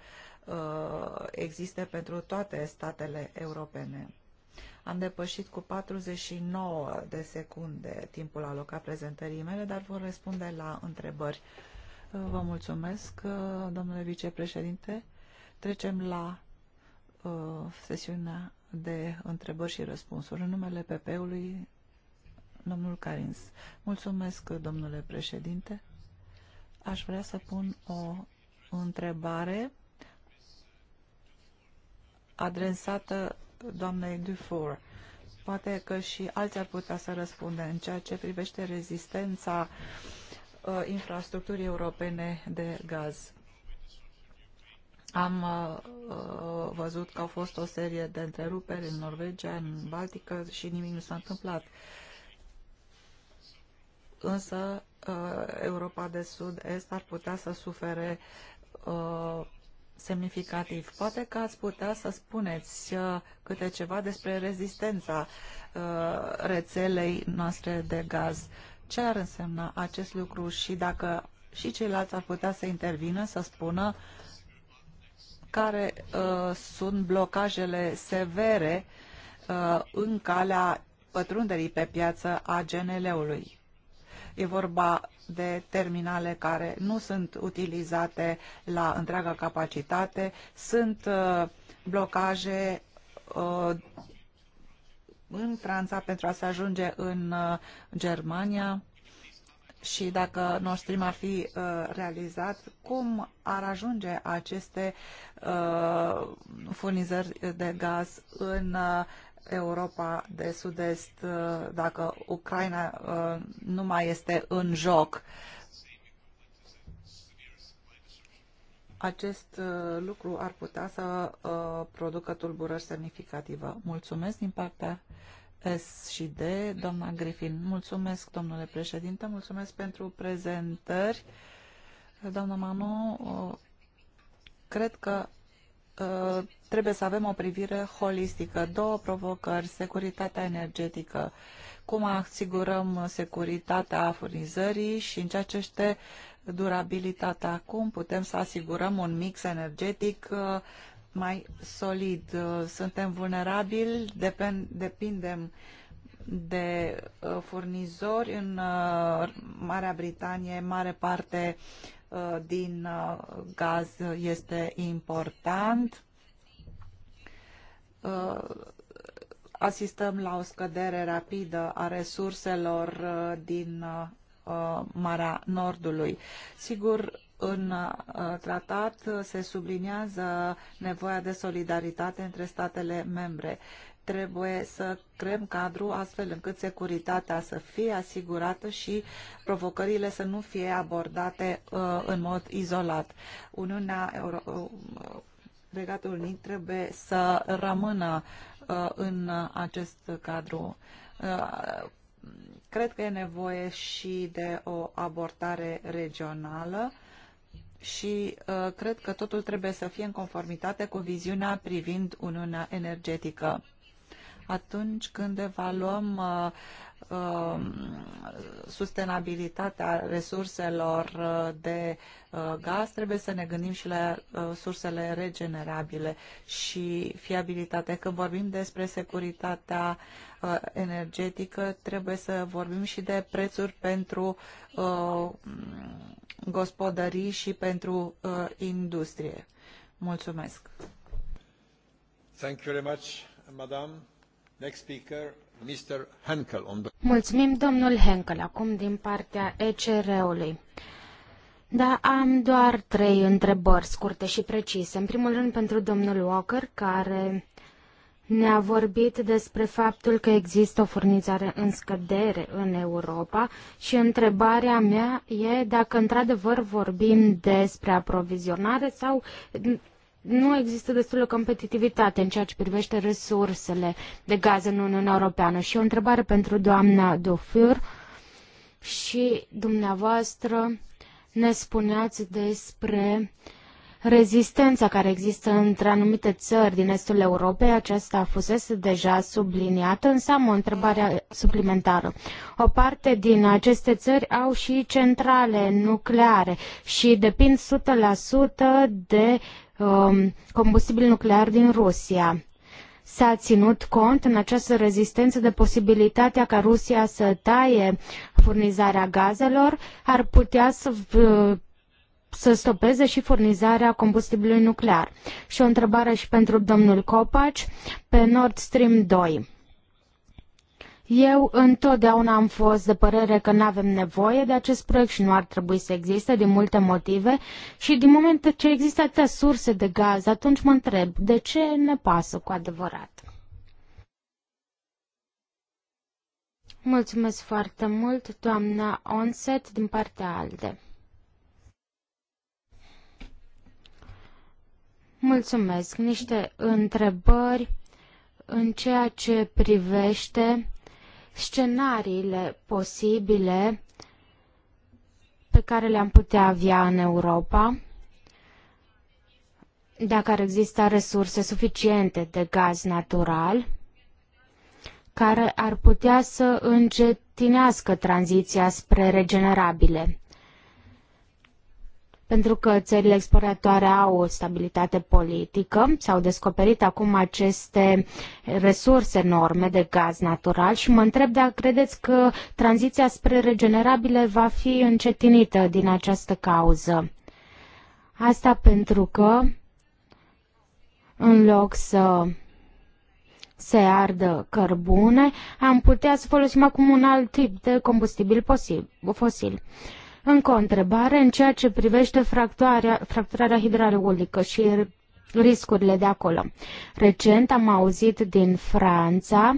existe pentru toate statele europene am depășit cu 49 de secunde timpul alocat prezentării mele, dar vor răspunde la întrebări. Uh, vă mulțumesc, uh, domnule vicepreședinte. Trecem la uh, sesiunea de întrebări și răspunsuri. În numele PP-ului, domnul Carins. Mulțumesc, domnule președinte. Aș vrea să pun o întrebare adresată doamnei Dufour. Poate că și alții ar putea să răspundă în ceea ce privește rezistența uh, infrastructurii europene de gaz. Am uh, uh, văzut că au fost o serie de întreruperi în Norvegia, în Baltică și nimic nu s-a întâmplat. Însă uh, Europa de Sud-Est ar putea să sufere uh, semnificativ. Poate că ați putea să spuneți uh, câte ceva despre rezistența uh, rețelei noastre de gaz. Ce ar însemna acest lucru și dacă și ceilalți ar putea să intervină, să spună care uh, sunt blocajele severe uh, în calea pătrunderii pe piață a GNL-ului. E vorba de terminale care nu sunt utilizate la întreaga capacitate, sunt uh, blocaje uh, în Franța pentru a se ajunge în uh, Germania și dacă Nord Stream ar fi realizat, cum ar ajunge aceste furnizări de gaz în Europa de Sud-Est, uh, dacă Ucraina uh, nu mai este în joc. Acest uh, lucru ar putea să producă tulburări semnificativă. Mulțumesc din partea S și D, doamna Griffin. Mulțumesc, domnule președinte, mulțumesc pentru prezentări. Doamna Manu, cred că Uh, trebuie să avem o privire holistică. Două provocări, securitatea energetică, cum asigurăm securitatea furnizării și în ceea ce este durabilitatea, cum putem să asigurăm un mix energetic uh, mai solid. Uh, suntem vulnerabili, depindem de furnizori în Marea Britanie, mare parte Uh, din uh, gaz este important. Uh, asistăm la o scădere rapidă a resurselor din Marea Nordului. Sigur, în tratat se subliniază nevoia de solidaritate între statele membre trebuie să creăm cadru astfel încât securitatea să fie asigurată și provocările să nu fie abordate uh, în mod izolat. Uniunea Euro uh, Regatul Unit trebuie să rămână uh, în acest cadru. Uh, cred că e nevoie și de o abordare regională și uh, cred că totul trebuie să fie în conformitate cu viziunea privind Uniunea Energetică atunci când evaluăm uh, uh, sustenabilitatea resurselor uh, de uh, gaz, trebuie să ne gândim și la uh, sursele regenerabile și fiabilitate. Când vorbim despre securitatea uh, energetică, trebuie să vorbim și de prețuri pentru gospodării și pentru industrie. Mulțumesc! Thank you very much, madame. Next speaker, Mr. Henkel. Mulțumim, domnul Henkel, acum din partea ECR-ului. Da, am doar trei întrebări scurte și precise. În primul rând pentru domnul Walker, care ne-a vorbit despre faptul că există o furnizare în scădere în Europa și întrebarea mea e dacă într-adevăr vorbim despre aprovizionare sau nu există destulă competitivitate în ceea ce privește resursele de gaz în Uniunea Europeană. Și o întrebare pentru doamna Dofur și dumneavoastră ne spuneați despre rezistența care există între anumite țări din estul Europei. Aceasta a fost deja subliniată, însă am o întrebare suplimentară. O parte din aceste țări au și centrale nucleare și depind 100% de Um, combustibil nuclear din Rusia. S-a ținut cont în această rezistență de posibilitatea ca Rusia să taie furnizarea gazelor, ar putea să uh, să stopeze și furnizarea combustibilului nuclear. Și o întrebare și pentru domnul Copaci pe Nord Stream 2. Eu întotdeauna am fost de părere că nu avem nevoie de acest proiect și nu ar trebui să existe din multe motive și din moment ce există atâtea surse de gaz, atunci mă întreb de ce ne pasă cu adevărat. Mulțumesc foarte mult, doamna Onset, din partea ALDE. Mulțumesc. Niște întrebări în ceea ce privește scenariile posibile pe care le-am putea avea în Europa dacă ar exista resurse suficiente de gaz natural care ar putea să încetinească tranziția spre regenerabile pentru că țările exploratoare au o stabilitate politică, s-au descoperit acum aceste resurse enorme de gaz natural și mă întreb dacă credeți că tranziția spre regenerabile va fi încetinită din această cauză. Asta pentru că în loc să se ardă cărbune, am putea să folosim acum un alt tip de combustibil posibil, fosil. Încă o întrebare în ceea ce privește fracturarea, fracturarea hidraulică și riscurile de acolo. Recent am auzit din Franța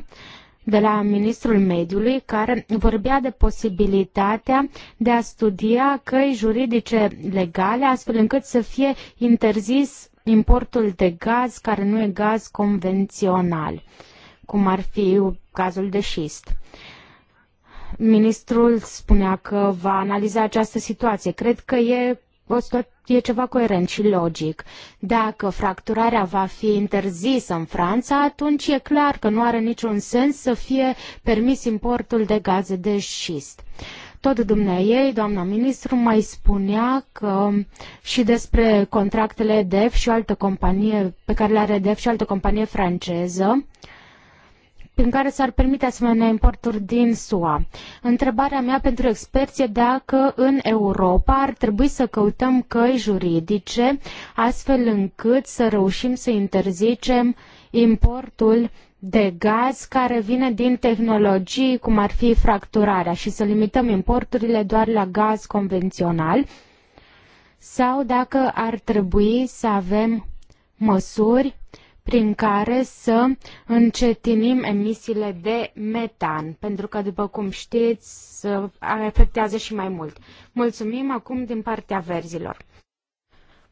de la ministrul mediului care vorbea de posibilitatea de a studia căi juridice legale astfel încât să fie interzis importul de gaz care nu e gaz convențional, cum ar fi cazul de șist. Uh, Ministrul spunea că va analiza această situație. Cred că e o e ceva coerent și logic. Dacă fracturarea va fi interzisă în Franța, atunci e clar că nu are niciun sens să fie permis importul de gaze de șist. Tot dumneiei, doamna ministru, mai spunea că și despre contractele EDF și o altă companie, pe care le are EDF și o altă companie franceză, uh, prin care s-ar permite asemenea importuri din SUA. Întrebarea mea pentru experți e dacă în Europa ar trebui să căutăm căi juridice astfel încât să reușim să interzicem importul de gaz care vine din tehnologii cum ar fi fracturarea și să limităm importurile doar la gaz convențional sau dacă ar trebui să avem măsuri prin care să încetinim emisiile de metan, pentru că, după cum știți, afectează și mai mult. Mulțumim acum din partea verzilor.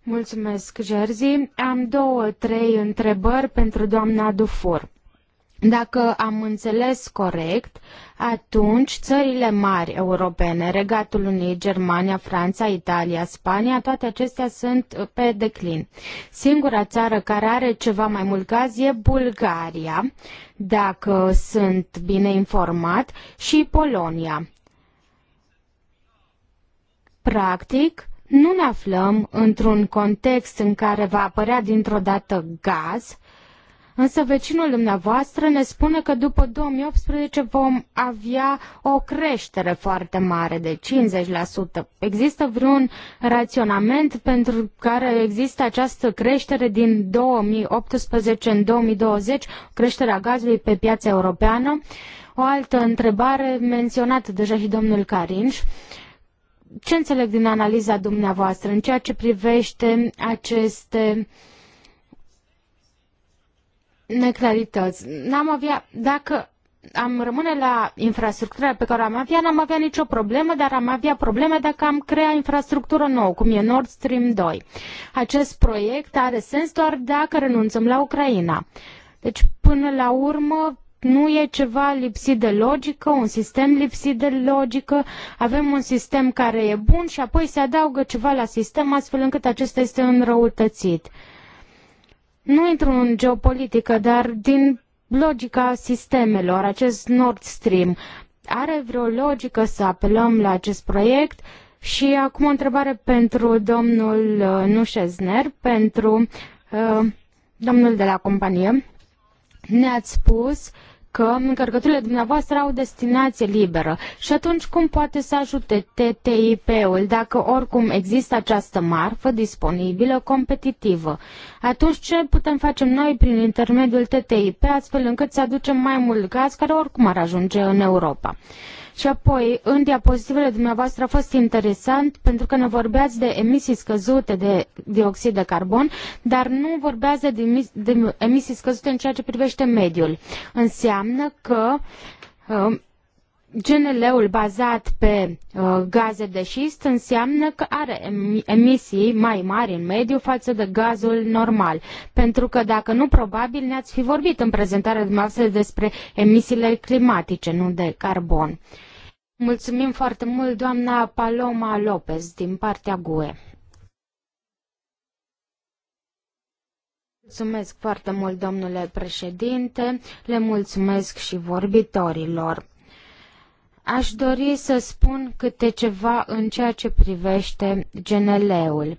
Mulțumesc, Jerzy. Am două, trei întrebări pentru doamna Dufour. Dacă am înțeles corect, atunci țările mari europene, Regatul Unii, Germania, Franța, Italia, Spania, toate acestea sunt uh, pe declin. Singura țară care are ceva mai mult gaz e Bulgaria, dacă sunt bine informat, și Polonia. Practic, nu ne aflăm într-un context în care va apărea dintr-o dată gaz, Însă vecinul dumneavoastră ne spune că după 2018 vom avea o creștere foarte mare de 50%. Există vreun raționament pentru care există această creștere din 2018 în 2020, creșterea gazului pe piața europeană? O altă întrebare menționată deja și domnul Carinș ce înțeleg din analiza dumneavoastră în ceea ce privește aceste neclarități. N-am avea, dacă am rămâne la infrastructura pe care am avea, n-am avea nicio problemă, dar am avea probleme dacă am crea infrastructură nouă, cum e Nord Stream 2. Acest proiect are sens doar dacă renunțăm la Ucraina. Deci, până la urmă, nu e ceva lipsit de logică, un sistem lipsit de logică, avem un sistem care e bun și apoi se adaugă ceva la sistem astfel încât acesta este înrăutățit. Nu intru în geopolitică, dar din logica sistemelor, acest Nord Stream, are vreo logică să apelăm la acest proiect? Și acum o întrebare pentru domnul uh, Nușezner, pentru uh, domnul de la companie. Ne-ați spus uh, că încărcăturile dumneavoastră au destinație liberă. Și atunci cum poate să ajute TTIP-ul dacă oricum există această marfă disponibilă competitivă? Atunci ce putem face noi prin intermediul TTIP astfel încât să aducem mai mult gaz care oricum ar ajunge în Europa? Și apoi, în diapozitivele dumneavoastră a fost interesant pentru că ne vorbeați de emisii scăzute de dioxid de carbon, dar nu vorbeați de, de emisii scăzute în ceea ce privește mediul. Înseamnă că uh, um, GNL-ul bazat pe uh, gaze de șist înseamnă că are emisii mai mari în mediu față de gazul normal. Pentru că dacă nu, probabil ne-ați fi vorbit în prezentarea dumneavoastră despre emisiile climatice, nu de carbon. Uh, Mulțumim foarte mult, doamna Paloma Lopez, din partea GUE. Mulțumesc foarte mult, domnule președinte, le mulțumesc și vorbitorilor. Aș dori să spun câte ceva în ceea ce privește GNL-ul.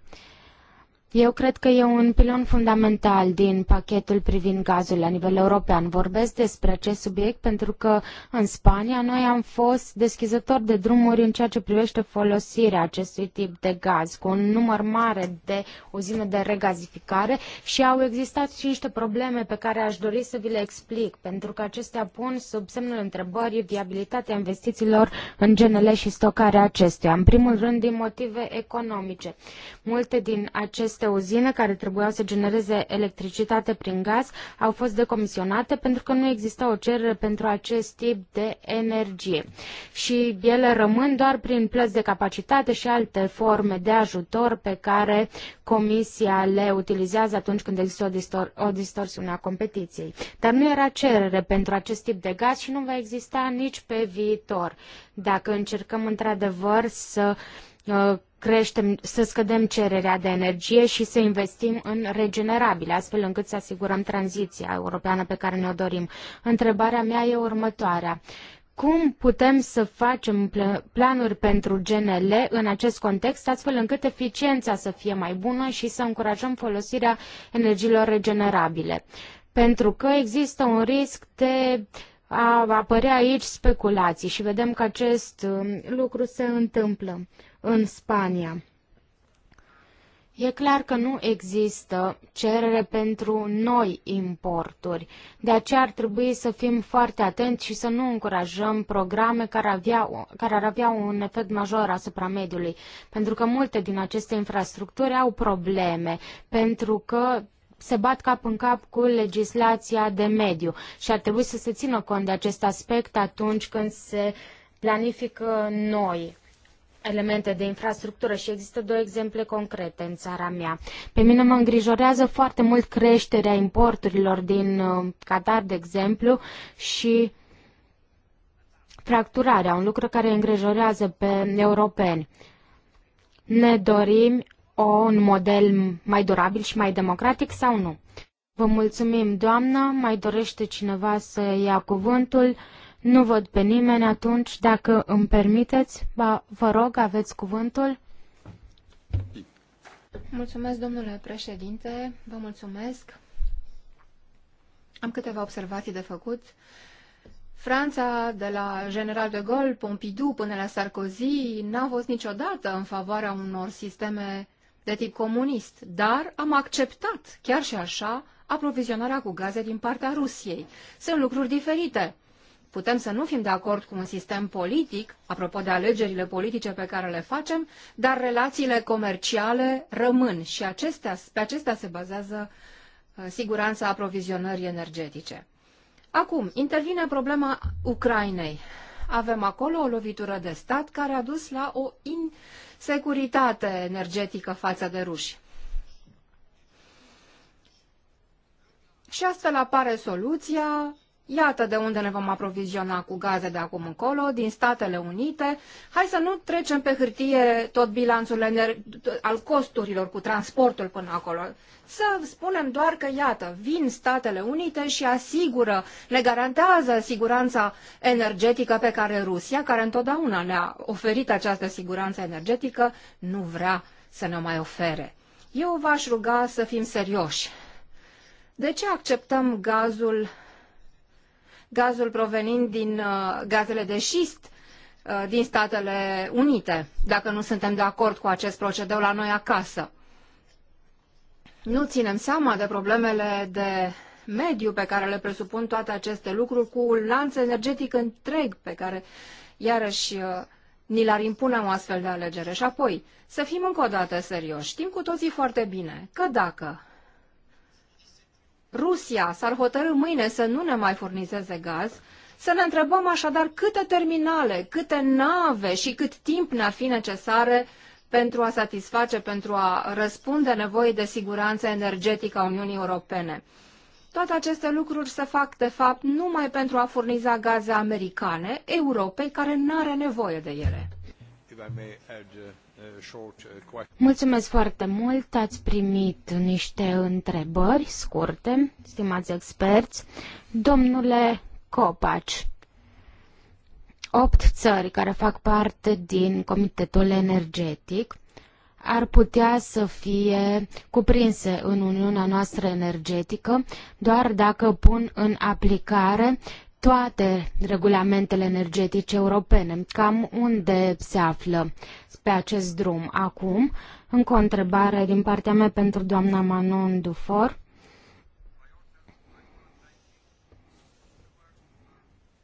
Eu cred că e un pilon fundamental din pachetul privind gazul la nivel european. Vorbesc despre acest subiect pentru că în Spania noi am fost deschizători de drumuri în ceea ce privește folosirea acestui tip de gaz, cu un număr mare de uzine de regazificare și au existat și niște probleme pe care aș dori să vi le explic, pentru că acestea pun sub semnul întrebării viabilitatea investițiilor în GNL și stocarea acestuia. În primul rând, din motive economice. Multe din aceste aceste uzine care trebuiau să genereze electricitate prin gaz au fost decomisionate pentru că nu exista o cerere pentru acest tip de energie. Și ele rămân doar prin plăți de capacitate și alte forme de ajutor pe care Comisia le utilizează atunci când există o, distor- o distorsiune a competiției. Dar nu era cerere pentru acest tip de gaz și nu va exista nici pe viitor. Dacă încercăm într-adevăr să uh, creștem, să scădem cererea de energie și să investim în regenerabile, astfel încât să asigurăm tranziția europeană pe care ne-o dorim. Întrebarea mea e următoarea. Cum putem să facem planuri pentru GNL în acest context, astfel încât eficiența să fie mai bună și să încurajăm folosirea energiilor regenerabile? Pentru că există un risc de a apărea aici speculații și vedem că acest um, lucru se întâmplă în Spania. E clar că nu există cerere pentru noi importuri, de aceea ar trebui să fim foarte atenți și să nu încurajăm programe care, avea, care ar avea un efect major asupra mediului, pentru că multe din aceste infrastructuri au probleme, pentru că se bat cap în cap cu legislația de mediu și ar trebui să se țină cont de acest aspect atunci când se planifică noi elemente de infrastructură și există două exemple concrete în țara mea. Pe mine mă îngrijorează foarte mult creșterea importurilor din uh, Qatar, de exemplu, și fracturarea, un lucru care îngrijorează pe europeni. Ne dorim o, un model mai durabil și mai democratic sau nu? Vă mulțumim, doamnă. Mai dorește cineva să ia cuvântul? Nu văd pe nimeni atunci. Dacă îmi permiteți, ba, vă rog, aveți cuvântul. Mulțumesc, domnule președinte. Vă mulțumesc. Am câteva observații de făcut. Franța, de la General de Gaulle, Pompidou până la Sarkozy, n-a fost niciodată în favoarea unor sisteme de tip comunist, dar am acceptat, chiar și așa, aprovizionarea cu gaze din partea Rusiei. Sunt lucruri diferite putem să nu fim de acord cu un sistem politic, apropo de alegerile politice pe care le facem, dar relațiile comerciale rămân și acestea, pe acestea se bazează uh, siguranța aprovizionării energetice. Acum, intervine problema Ucrainei. Avem acolo o lovitură de stat care a dus la o insecuritate energetică față de ruși. Și astfel apare soluția Iată de unde ne vom aproviziona cu gaze de acum încolo, din Statele Unite. Hai să nu trecem pe hârtie tot bilanțul al costurilor cu transportul până acolo. Să spunem doar că, iată, vin Statele Unite și asigură, ne garantează siguranța energetică pe care Rusia, care întotdeauna ne-a oferit această siguranță energetică, nu vrea să ne mai ofere. Eu v-aș ruga să fim serioși. De ce acceptăm gazul gazul provenind din uh, gazele de șist uh, din Statele Unite, dacă nu suntem de acord cu acest procedeu la noi acasă. Nu ținem seama de problemele de mediu pe care le presupun toate aceste lucruri, cu un lanț energetic întreg pe care, iarăși, uh, ni l-ar impune o astfel de alegere. Și apoi, să fim încă o dată serioși. Știm cu toții foarte bine că dacă Rusia s-ar hotărâ mâine să nu ne mai furnizeze gaz, să ne întrebăm așadar câte terminale, câte nave și cât timp ne-ar fi necesare pentru a satisface, pentru a răspunde nevoii de siguranță energetică a Uniunii Europene. Toate aceste lucruri se fac, de fapt, numai pentru a furniza gaze americane, Europei, care nu are nevoie de ele. If I may add, uh... Mulțumesc foarte mult, ați primit niște întrebări scurte, stimați experți. Domnule Copaci, opt țări care fac parte din Comitetul Energetic ar putea să fie cuprinse în Uniunea noastră energetică doar dacă pun în aplicare toate regulamentele energetice europene. Cam unde se află pe acest drum acum? Încă o întrebare din partea mea pentru doamna Manon Dufor.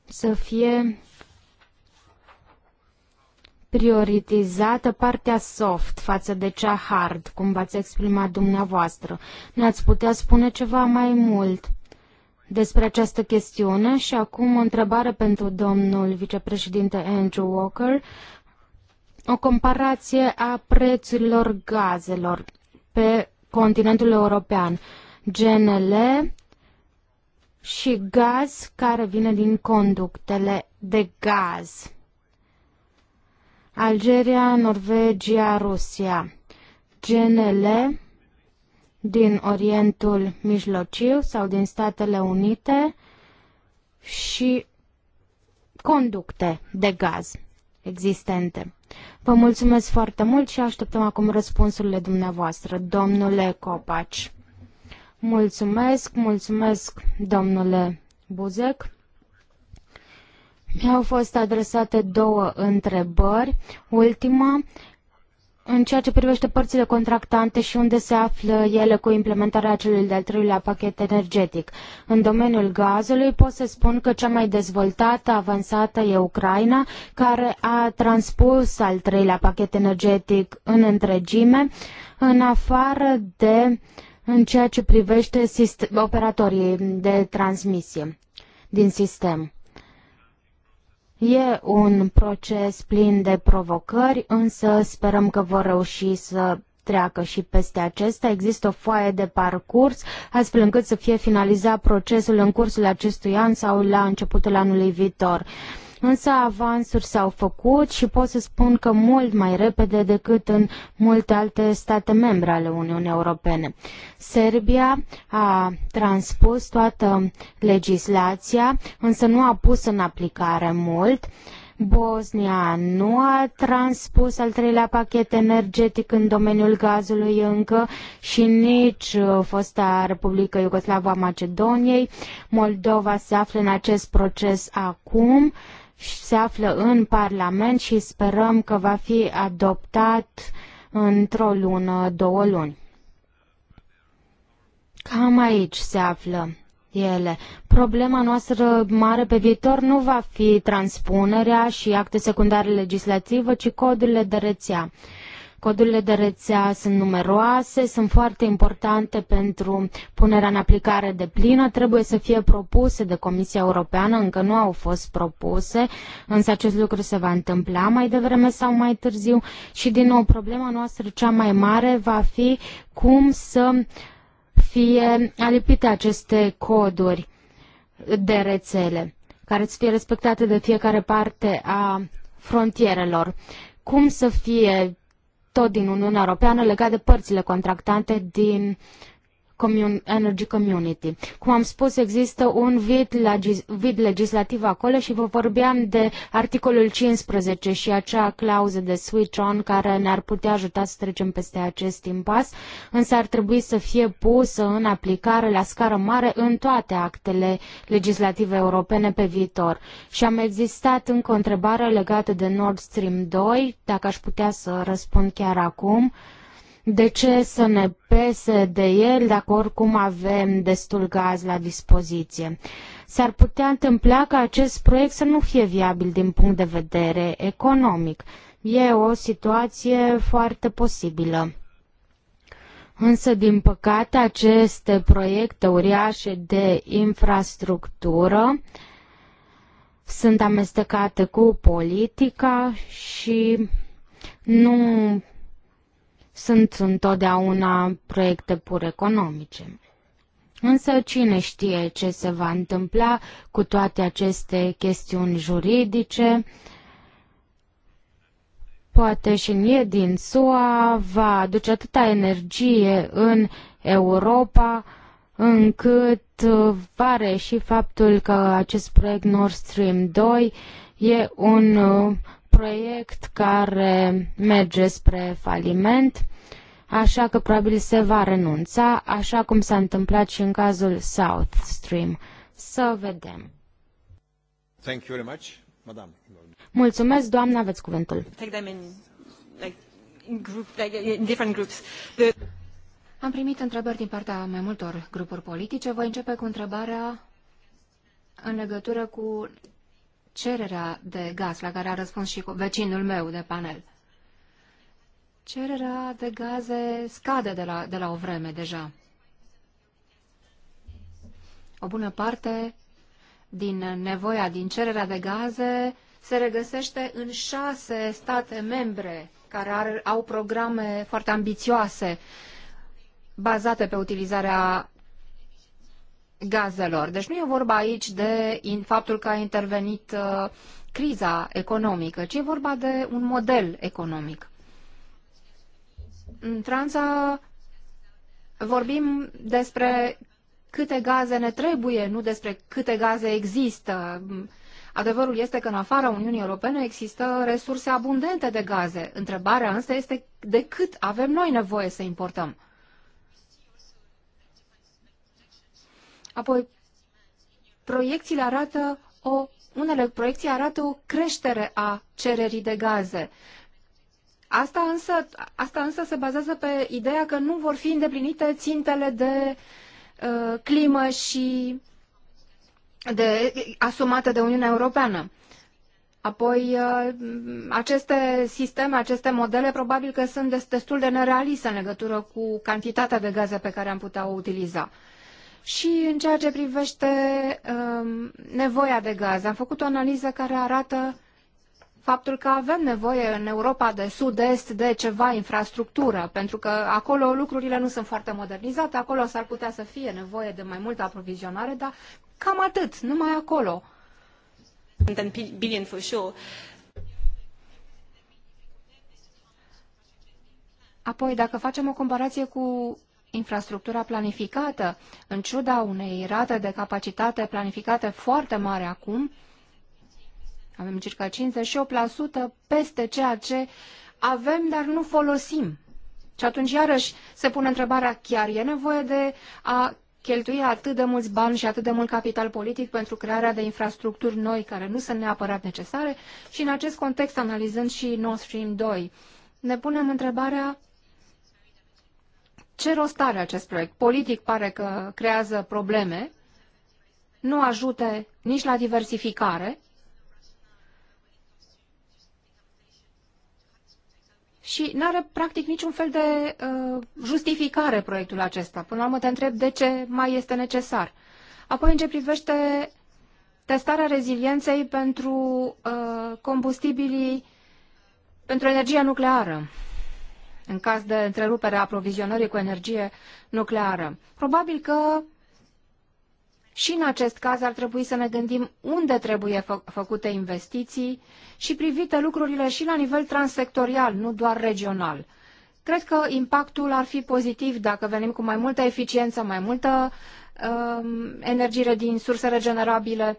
Să fie prioritizată partea soft față de cea hard, cum v-ați exprimat dumneavoastră. Ne-ați putea spune ceva mai mult despre această chestiune și acum o întrebare pentru domnul vicepreședinte Andrew Walker. O comparație a prețurilor gazelor pe continentul european. GNL și gaz care vine din conductele de gaz. Algeria, Norvegia, Rusia. GNL din Orientul Mijlociu sau din Statele Unite și conducte de gaz existente. Vă mulțumesc foarte mult și așteptăm acum răspunsurile dumneavoastră, domnule Copaci. Mulțumesc, mulțumesc, domnule Buzec. Mi-au fost adresate două întrebări. Ultima în ceea ce privește părțile contractante și unde se află ele cu implementarea celui de-al treilea pachet energetic. În domeniul gazului pot să spun că cea mai dezvoltată, avansată e Ucraina, care a transpus al treilea pachet energetic în întregime, în afară de în ceea ce privește operatorii de transmisie din sistem. E un proces plin de provocări, însă sperăm că vor reuși să treacă și peste acesta. Există o foaie de parcurs, astfel încât să fie finalizat procesul în cursul acestui an sau la începutul anului viitor însă avansuri s-au făcut și pot să spun că mult mai repede decât în multe alte state membre ale Uniunii Europene. Serbia a transpus toată legislația, însă nu a pus în aplicare mult. Bosnia nu a transpus al treilea pachet energetic în domeniul gazului încă și nici uh, fosta Republică a Macedoniei. Moldova se află în acest proces acum se află în Parlament și sperăm că va fi adoptat într-o lună, două luni. Cam aici se află ele. Problema noastră mare pe viitor nu va fi transpunerea și acte secundare legislative, ci codurile de rețea. Codurile de rețea sunt numeroase, sunt foarte importante pentru punerea în aplicare de plină, trebuie să fie propuse de Comisia Europeană, încă nu au fost propuse, însă acest lucru se va întâmpla mai devreme sau mai târziu și din nou problema noastră cea mai mare va fi cum să fie alipite aceste coduri de rețele care să fie respectate de fiecare parte a frontierelor. Cum să fie tot din Uniunea Europeană legat de părțile contractante din Commun Energy Community. Cum am spus, există un vid, legis vid legislativ acolo și vă vorbeam de articolul 15 și acea clauză de switch-on care ne-ar putea ajuta să trecem peste acest impas, însă ar trebui să fie pusă în aplicare la scară mare în toate actele legislative europene pe viitor. Și am existat încă o întrebare legată de Nord Stream 2, dacă aș putea să răspund chiar acum. Uh, de ce să ne pese de el dacă oricum avem destul gaz la dispoziție? S-ar putea întâmpla ca acest proiect să nu fie viabil din punct de vedere economic. E o situație foarte posibilă. Însă, din păcate, aceste proiecte uriașe de infrastructură sunt amestecate cu politica și nu sunt întotdeauna proiecte pur economice. Însă cine știe ce se va întâmpla cu toate aceste chestiuni juridice? Poate și nie din SUA va aduce atâta energie în Europa încât pare și faptul că acest proiect Nord Stream 2 e un proiect care merge spre faliment, așa că probabil se va renunța, așa cum s-a întâmplat și în cazul South Stream. Să vedem. Thank you very much, madam. Mulțumesc, doamna, aveți cuvântul. Am primit întrebări din partea mai multor grupuri politice. Voi începe cu întrebarea în legătură cu cererea de gaz, la care a răspuns și vecinul meu de panel. Cererea de gaze scade de la, de la o vreme deja. O bună parte din nevoia, din cererea de gaze, se regăsește în șase state membre care are, au programe foarte ambițioase bazate pe utilizarea gazelor. Deci nu e vorba aici de in faptul că a intervenit uh, criza economică, ci e vorba de un model economic. În Franța vorbim despre câte gaze ne trebuie, nu despre câte gaze există. Adevărul este că în afara Uniunii Europene există resurse abundente de gaze. Întrebarea însă este de cât avem noi nevoie să importăm. Apoi, proiecțiile arată o, unele proiecții arată o creștere a cererii de gaze. Asta însă, asta însă se bazează pe ideea că nu vor fi îndeplinite țintele de uh, climă și de, asumate de Uniunea Europeană. Apoi, uh, aceste sisteme, aceste modele, probabil că sunt destul de nerealiste în legătură cu cantitatea de gaze pe care am putea o utiliza. Uh, și în ceea ce privește um, nevoia de gaz, am făcut o analiză care arată faptul că avem nevoie în Europa de sud-est de ceva infrastructură, pentru că acolo lucrurile nu sunt foarte modernizate, acolo s-ar putea să fie nevoie de mai multă aprovizionare, dar cam atât, numai acolo. Apoi, dacă facem o comparație cu infrastructura planificată, în ciuda unei rate de capacitate planificate foarte mare acum, avem circa 58% peste ceea ce avem, dar nu folosim. Și atunci, iarăși, se pune întrebarea, chiar e nevoie de a cheltui atât de mulți bani și atât de mult capital politic pentru crearea de infrastructuri noi, care nu sunt neapărat necesare? Și în acest context, analizând și Nord Stream 2, ne punem întrebarea ce rost are acest proiect? Politic pare că creează probleme, nu ajute nici la diversificare și nu are practic niciun fel de uh, justificare proiectul acesta. Până la urmă te întreb de ce mai este necesar. Apoi în ce privește testarea rezilienței pentru uh, combustibilii, pentru energia nucleară în caz de întrerupere a aprovizionării cu energie nucleară. Probabil că și în acest caz ar trebui să ne gândim unde trebuie fă făcute investiții și privite lucrurile și la nivel transsectorial, nu doar regional. Cred că impactul ar fi pozitiv dacă venim cu mai multă eficiență, mai multă uh, energie din surse regenerabile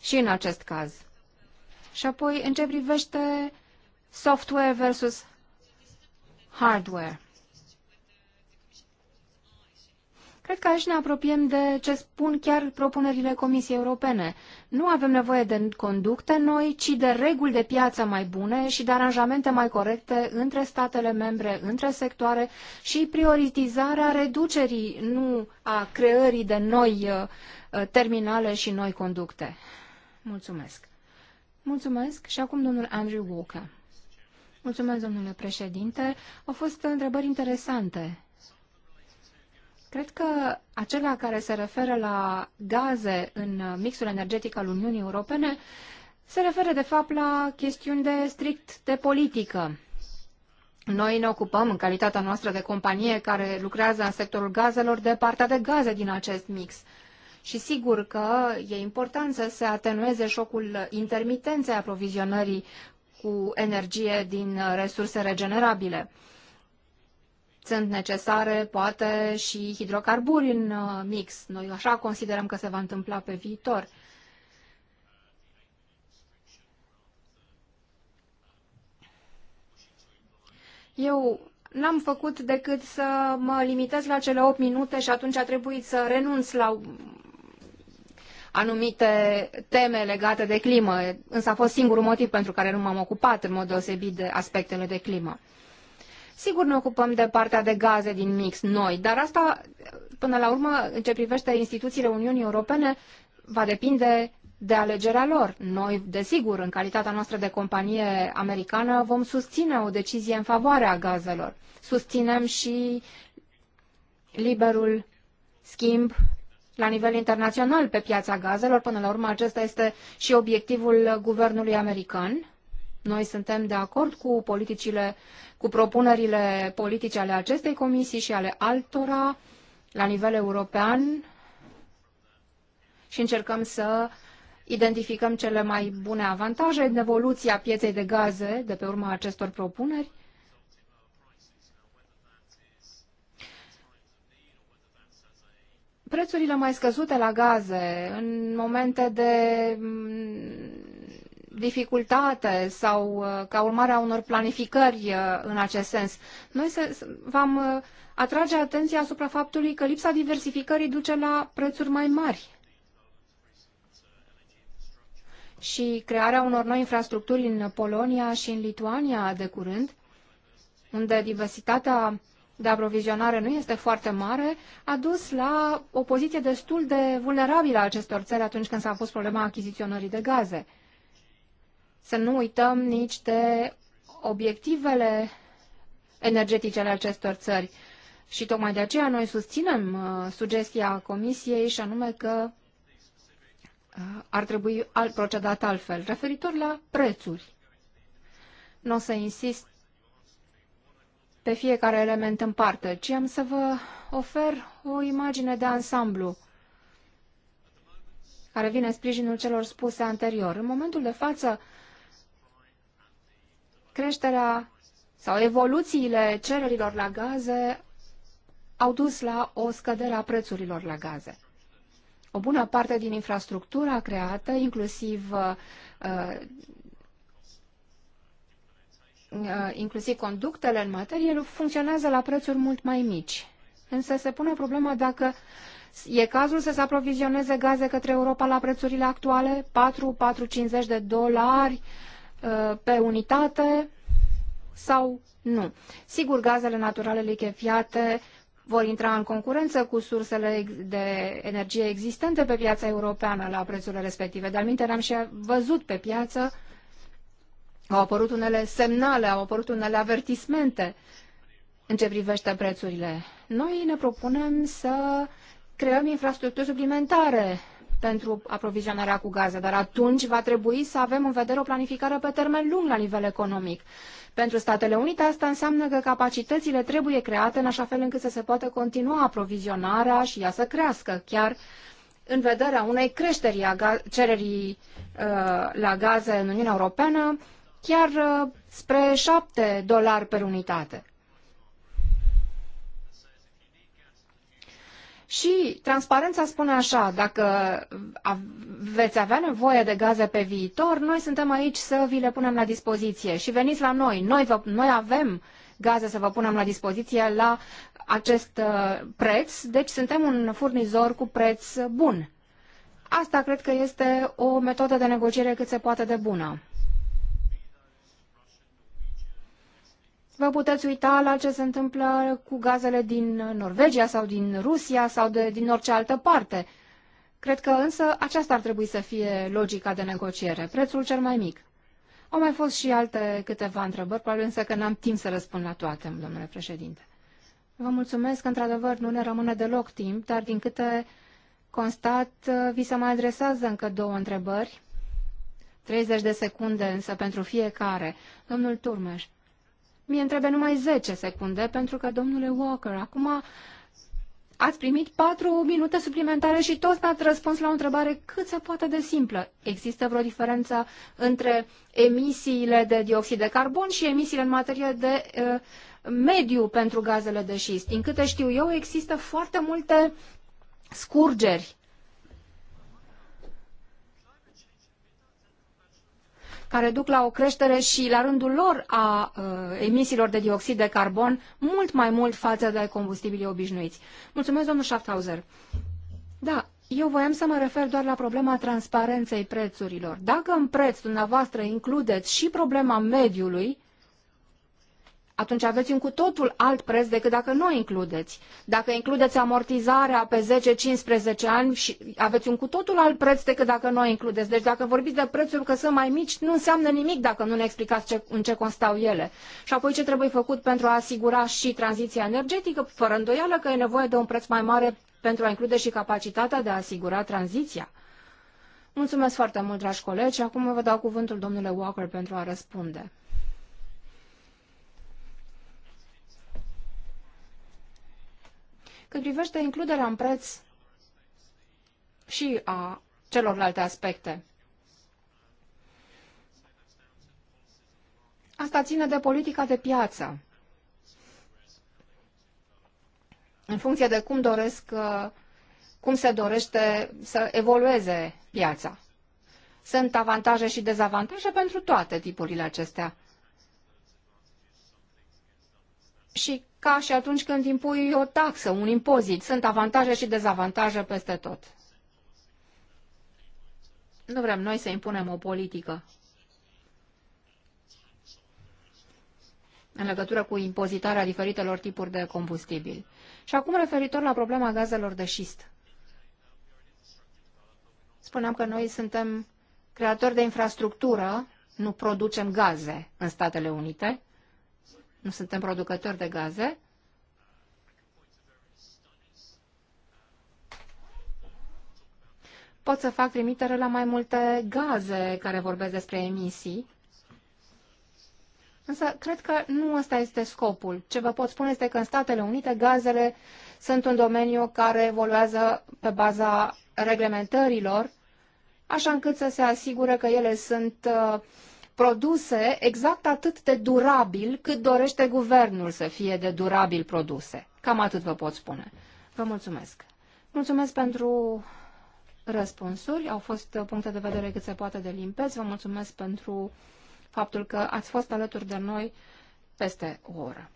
și în acest caz. Și apoi, în ce privește software versus hardware. Cred că aici ne apropiem de ce spun chiar propunerile Comisiei Europene. Nu avem nevoie de conducte noi, ci de reguli de piață mai bune și de aranjamente mai corecte între statele membre, între sectoare și prioritizarea reducerii, nu a creării de noi uh, terminale și noi conducte. Mulțumesc. Mulțumesc și acum domnul Andrew Walker. Mulțumesc, domnule președinte. Au fost întrebări interesante. Cred că acela care se referă la gaze în mixul energetic al Uniunii Europene se referă, de fapt, la chestiuni de strict de politică. Noi ne ocupăm, în calitatea noastră de companie care lucrează în sectorul gazelor, de partea de gaze din acest mix. Și sigur că e important să se atenueze șocul intermitenței aprovizionării cu energie din uh, resurse regenerabile. Sunt necesare, poate, și hidrocarburi în uh, mix. Noi așa considerăm că se va întâmpla pe viitor. Eu n-am făcut decât să mă limitez la cele 8 minute și atunci a trebuit să renunț la anumite teme legate de climă, însă a fost singurul motiv pentru care nu m-am ocupat în mod deosebit de aspectele de climă. Sigur ne ocupăm de partea de gaze din mix noi, dar asta, până la urmă, în ce privește instituțiile Uniunii Europene, va depinde de alegerea lor. Noi, desigur, în calitatea noastră de companie americană, vom susține o decizie în favoarea gazelor. Susținem și liberul schimb la nivel internațional pe piața gazelor. Până la urmă, acesta este și obiectivul guvernului american. Noi suntem de acord cu politicile, cu propunerile politice ale acestei comisii și ale altora la nivel european și încercăm să identificăm cele mai bune avantaje în evoluția pieței de gaze de pe urma acestor propuneri prețurile mai scăzute la gaze, în momente de mm, dificultate sau uh, ca urmare a unor planificări uh, în acest sens. Noi v-am uh, atrage atenția asupra faptului că lipsa diversificării duce la prețuri mai mari. Și crearea unor noi infrastructuri în Polonia și în Lituania de curând, unde diversitatea de aprovizionare nu este foarte mare, a dus la o poziție destul de vulnerabilă a acestor țări atunci când s-a pus problema achiziționării de gaze. Să nu uităm nici de obiectivele energetice ale acestor țări. Și tocmai de aceea noi susținem uh, sugestia Comisiei și anume că uh, ar trebui al procedat altfel, referitor la prețuri. Nu o să insist pe fiecare element în parte, ci am să vă ofer o imagine de ansamblu care vine în sprijinul celor spuse anterior. În momentul de față, creșterea sau evoluțiile cererilor la gaze au dus la o scădere a prețurilor la gaze. O bună parte din infrastructura creată, inclusiv uh, Uh, inclusiv conductele în materie, funcționează la prețuri mult mai mici. Însă se pune problema dacă e cazul să se aprovizioneze gaze către Europa la prețurile actuale, 4-4,50 de dolari uh, pe unitate sau nu. Sigur, gazele naturale lichefiate vor intra în concurență cu sursele de energie existente pe piața europeană la prețurile respective. De-al am și văzut pe piață uh, au apărut unele semnale, au apărut unele avertismente în ce privește prețurile. Noi ne propunem să creăm infrastructuri suplimentare pentru aprovizionarea cu gaze, dar atunci va trebui să avem în vedere o planificare pe termen lung la nivel economic. Pentru Statele Unite asta înseamnă că capacitățile trebuie create în așa fel încât să se poată continua aprovizionarea și ea să crească, chiar în vederea unei creșteri a cererii uh, la gaze în Uniunea Europeană, chiar uh, spre 7 dolari per unitate. Și transparența spune așa, dacă veți avea nevoie de gaze pe viitor, noi suntem aici să vi le punem la dispoziție și veniți la noi. Noi, vă, noi avem gaze să vă punem la dispoziție la acest uh, preț, deci suntem un furnizor cu preț bun. Asta cred că este o metodă de negociere cât se poate de bună. Vă puteți uita la ce se întâmplă cu gazele din Norvegia sau din Rusia sau de, din orice altă parte. Cred că însă aceasta ar trebui să fie logica de negociere, prețul cel mai mic. Au mai fost și alte câteva întrebări, probabil însă că n-am timp să răspund la toate, domnule președinte. Vă mulțumesc, într-adevăr, nu ne rămâne deloc timp, dar din câte constat, vi se mai adresează încă două întrebări. 30 de secunde însă pentru fiecare. Domnul Turmeș mi-e trebuie numai 10 secunde, pentru că, domnule Walker, acum ați primit 4 minute suplimentare și toți n-ați răspuns la o întrebare cât se poate de simplă. Există vreo diferență între emisiile de dioxid de carbon și emisiile în materie de uh, mediu pentru gazele de șist. Din câte știu eu, există foarte multe scurgeri care duc la o creștere și la rândul lor a uh, emisiilor de dioxid de carbon mult mai mult față de combustibilii obișnuiți. Mulțumesc, domnul Schaffhauser. Da, eu voiam să mă refer doar la problema transparenței prețurilor. Dacă în preț dumneavoastră includeți și problema mediului, atunci aveți un cu totul alt preț decât dacă nu o includeți. Dacă includeți amortizarea pe 10-15 ani, și aveți un cu totul alt preț decât dacă nu o includeți. Deci dacă vorbiți de prețuri că sunt mai mici, nu înseamnă nimic dacă nu ne explicați ce, în ce constau ele. Și apoi ce trebuie făcut pentru a asigura și tranziția energetică, fără îndoială că e nevoie de un preț mai mare pentru a include și capacitatea de a asigura tranziția. Mulțumesc foarte mult, dragi colegi, și acum vă dau cuvântul domnule Walker pentru a răspunde. Cât privește includerea în preț și a celorlalte aspecte. Asta ține de politica de piață. În funcție de cum doresc, uh, cum se dorește să evolueze piața. Sunt avantaje și dezavantaje pentru toate tipurile acestea. Și ca și atunci când impui o taxă, un impozit. Sunt avantaje și dezavantaje peste tot. Nu vrem noi să impunem o politică în legătură cu impozitarea diferitelor tipuri de combustibil. Și acum referitor la problema gazelor de șist. Spuneam că noi suntem creatori de infrastructură, nu producem gaze în Statele Unite, nu suntem producători de gaze. Pot să fac trimitere la mai multe gaze care vorbesc despre emisii. Însă, cred că nu ăsta este scopul. Ce vă pot spune este că în Statele Unite gazele sunt un domeniu care evoluează pe baza reglementărilor, așa încât să se asigure că ele sunt uh, produse exact atât de durabil cât dorește guvernul să fie de durabil produse. Cam atât vă pot spune. Vă mulțumesc. Mulțumesc pentru răspunsuri. Au fost puncte de vedere cât se poate de limpezi. Vă mulțumesc pentru faptul că ați fost alături de noi peste o oră.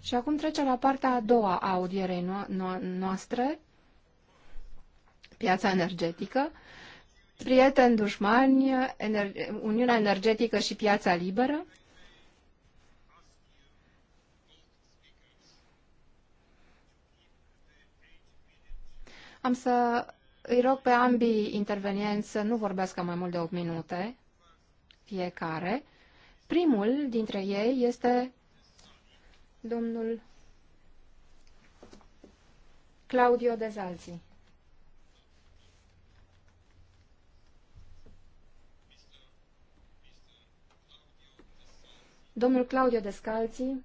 Și acum trece la partea a doua a audierei no no noastre piața energetică, prieteni dușmani, ener- Uniunea Energetică și piața liberă. Am să îi rog pe ambii intervenienți să nu vorbească mai mult de 8 minute fiecare. Primul dintre ei este domnul Claudio Dezalzi. Domnul Claudio Descalzi,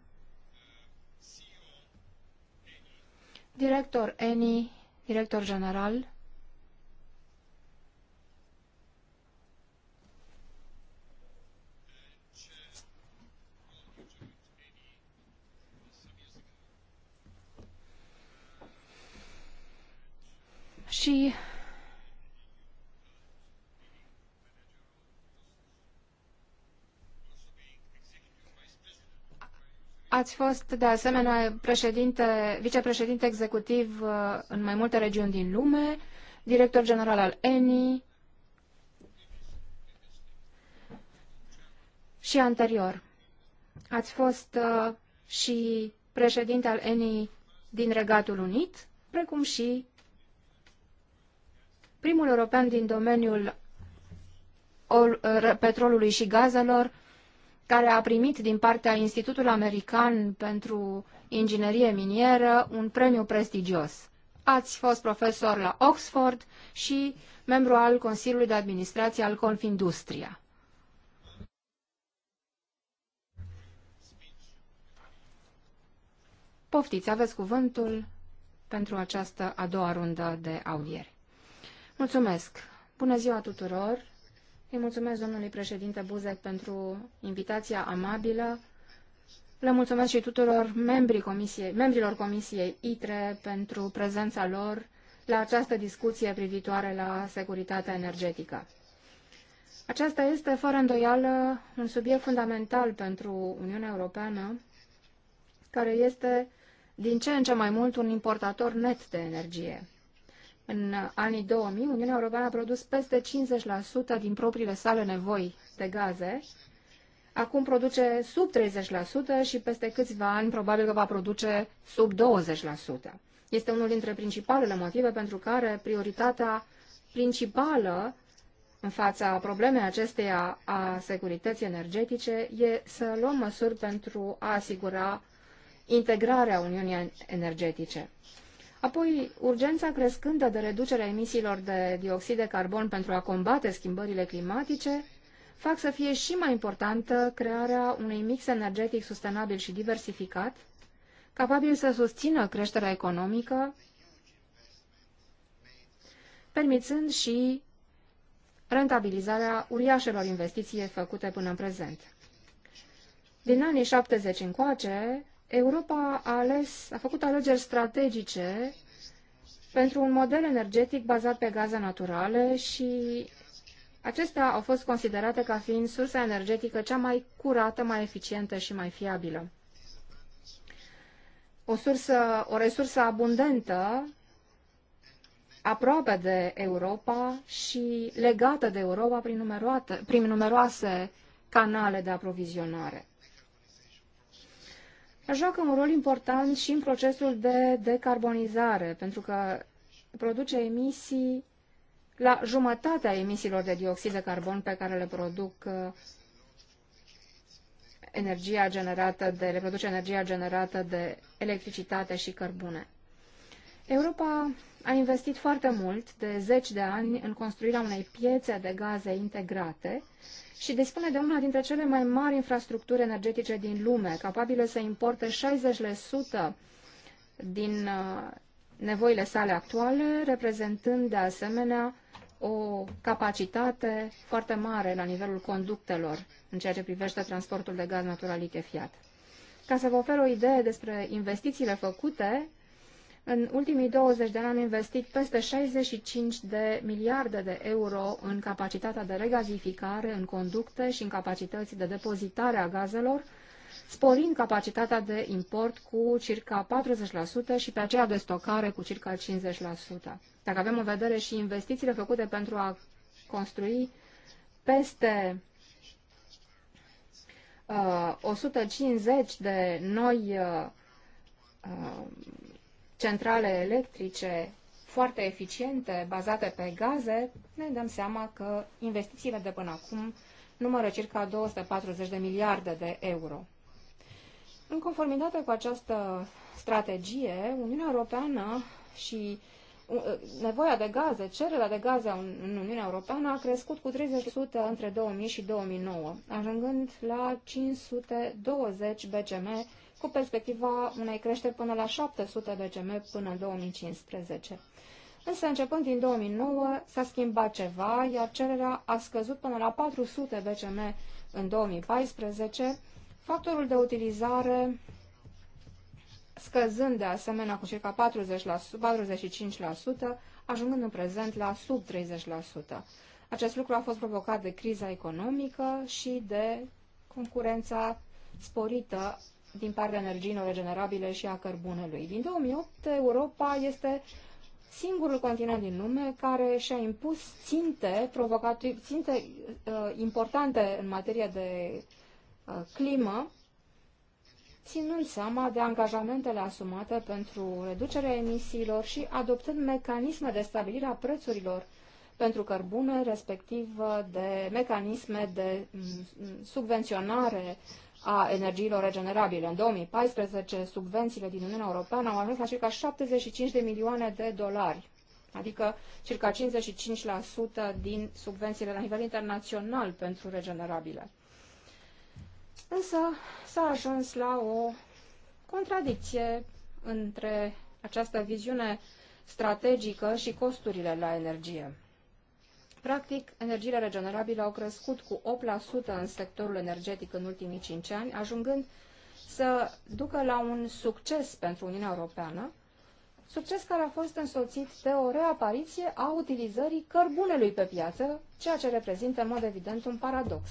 director ENI, director general, și Ați fost, de asemenea, președinte, vicepreședinte executiv uh, în mai multe regiuni din lume, director general al ENI și anterior. Ați fost uh, și președinte al ENI din Regatul Unit, precum și primul european din domeniul uh, petrolului și gazelor, care a primit din partea Institutului American pentru Inginerie Minieră un premiu prestigios. Ați fost profesor la Oxford și membru al Consiliului de Administrație al Confindustria. Poftiți, aveți cuvântul pentru această a doua rundă de audieri. Mulțumesc! Bună ziua tuturor! Îi mulțumesc domnului președinte Buzek pentru invitația amabilă. Le mulțumesc și tuturor membrii comisiei, membrilor Comisiei ITRE pentru prezența lor la această discuție privitoare la securitatea energetică. Aceasta este, fără îndoială, un subiect fundamental pentru Uniunea Europeană, care este din ce în ce mai mult un importator net de energie. În anii 2000, Uniunea Europeană a produs peste 50% din propriile sale nevoi de gaze. Acum produce sub 30% și peste câțiva ani probabil că va produce sub 20%. Este unul dintre principalele motive pentru care prioritatea principală în fața problemei acesteia a securității energetice e să luăm măsuri pentru a asigura integrarea Uniunii energetice. Apoi, urgența crescândă de reducerea emisiilor de dioxid de carbon pentru a combate schimbările climatice fac să fie și mai importantă crearea unui mix energetic sustenabil și diversificat, capabil să susțină creșterea economică, permițând și rentabilizarea uriașelor investiții făcute până în prezent. Din anii 70 încoace, Europa a, ales, a făcut alegeri strategice pentru un model energetic bazat pe gaze naturale și acestea au fost considerate ca fiind sursa energetică cea mai curată, mai eficientă și mai fiabilă. O, sursă, o resursă abundentă, aproape de Europa și legată de Europa prin prin numeroase canale de aprovizionare joacă un rol important și în procesul de decarbonizare, pentru că produce emisii la jumătatea emisiilor de dioxid de carbon pe care le produc uh, energia generată de, le produce energia generată de electricitate și cărbune. Europa a investit foarte mult, de zeci de ani, în construirea unei piețe de gaze integrate și dispune de una dintre cele mai mari infrastructuri energetice din lume, capabile să importe 60% din uh, nevoile sale actuale, reprezentând de asemenea o capacitate foarte mare la nivelul conductelor în ceea ce privește transportul de gaz natural lichefiat. Ca să vă ofer o idee despre investițiile făcute, în ultimii 20 de ani am investit peste 65 de miliarde de euro în capacitatea de regazificare, în conducte și în capacități de depozitare a gazelor, sporind capacitatea de import cu circa 40% și pe aceea de stocare cu circa 50%. Dacă avem în vedere și investițiile făcute pentru a construi peste uh, 150 de noi uh, uh centrale electrice foarte eficiente, bazate pe gaze, ne dăm seama că investițiile de până acum numără circa 240 de miliarde de euro. În conformitate cu această strategie, Uniunea Europeană și uh, nevoia de gaze, cererea de gaze în Uniunea Europeană a crescut cu 30% între 2000 și 2009, ajungând la 520 BCM cu perspectiva unei creșteri până la 700 de GM până în 2015. Însă, începând din 2009, s-a schimbat ceva, iar cererea a scăzut până la 400 BCM în 2014, factorul de utilizare scăzând de asemenea cu circa 40 la, 45%, ajungând în prezent la sub 30%. Acest lucru a fost provocat de criza economică și de concurența sporită din partea energiilor regenerabile și a cărbunelui. Din 2008, Europa este singurul continent din lume care și-a impus ținte, ținte uh, importante în materie de uh, climă, ținând seama de angajamentele asumate pentru reducerea emisiilor și adoptând mecanisme de stabilire a prețurilor pentru cărbune, respectiv uh, de mecanisme de mm, subvenționare a energiilor regenerabile. În 2014, subvențiile din Uniunea Europeană au ajuns la circa 75 de milioane de dolari, adică circa 55% din subvențiile la nivel internațional pentru regenerabile. Însă s-a ajuns la o contradicție între această viziune strategică și costurile la energie. Practic, energiile regenerabile au crescut cu 8% în sectorul energetic în ultimii 5 ani, ajungând să ducă la un succes pentru Uniunea Europeană, succes care a fost însoțit de o reapariție a utilizării cărbunelui pe piață, ceea ce reprezintă în mod evident un paradox.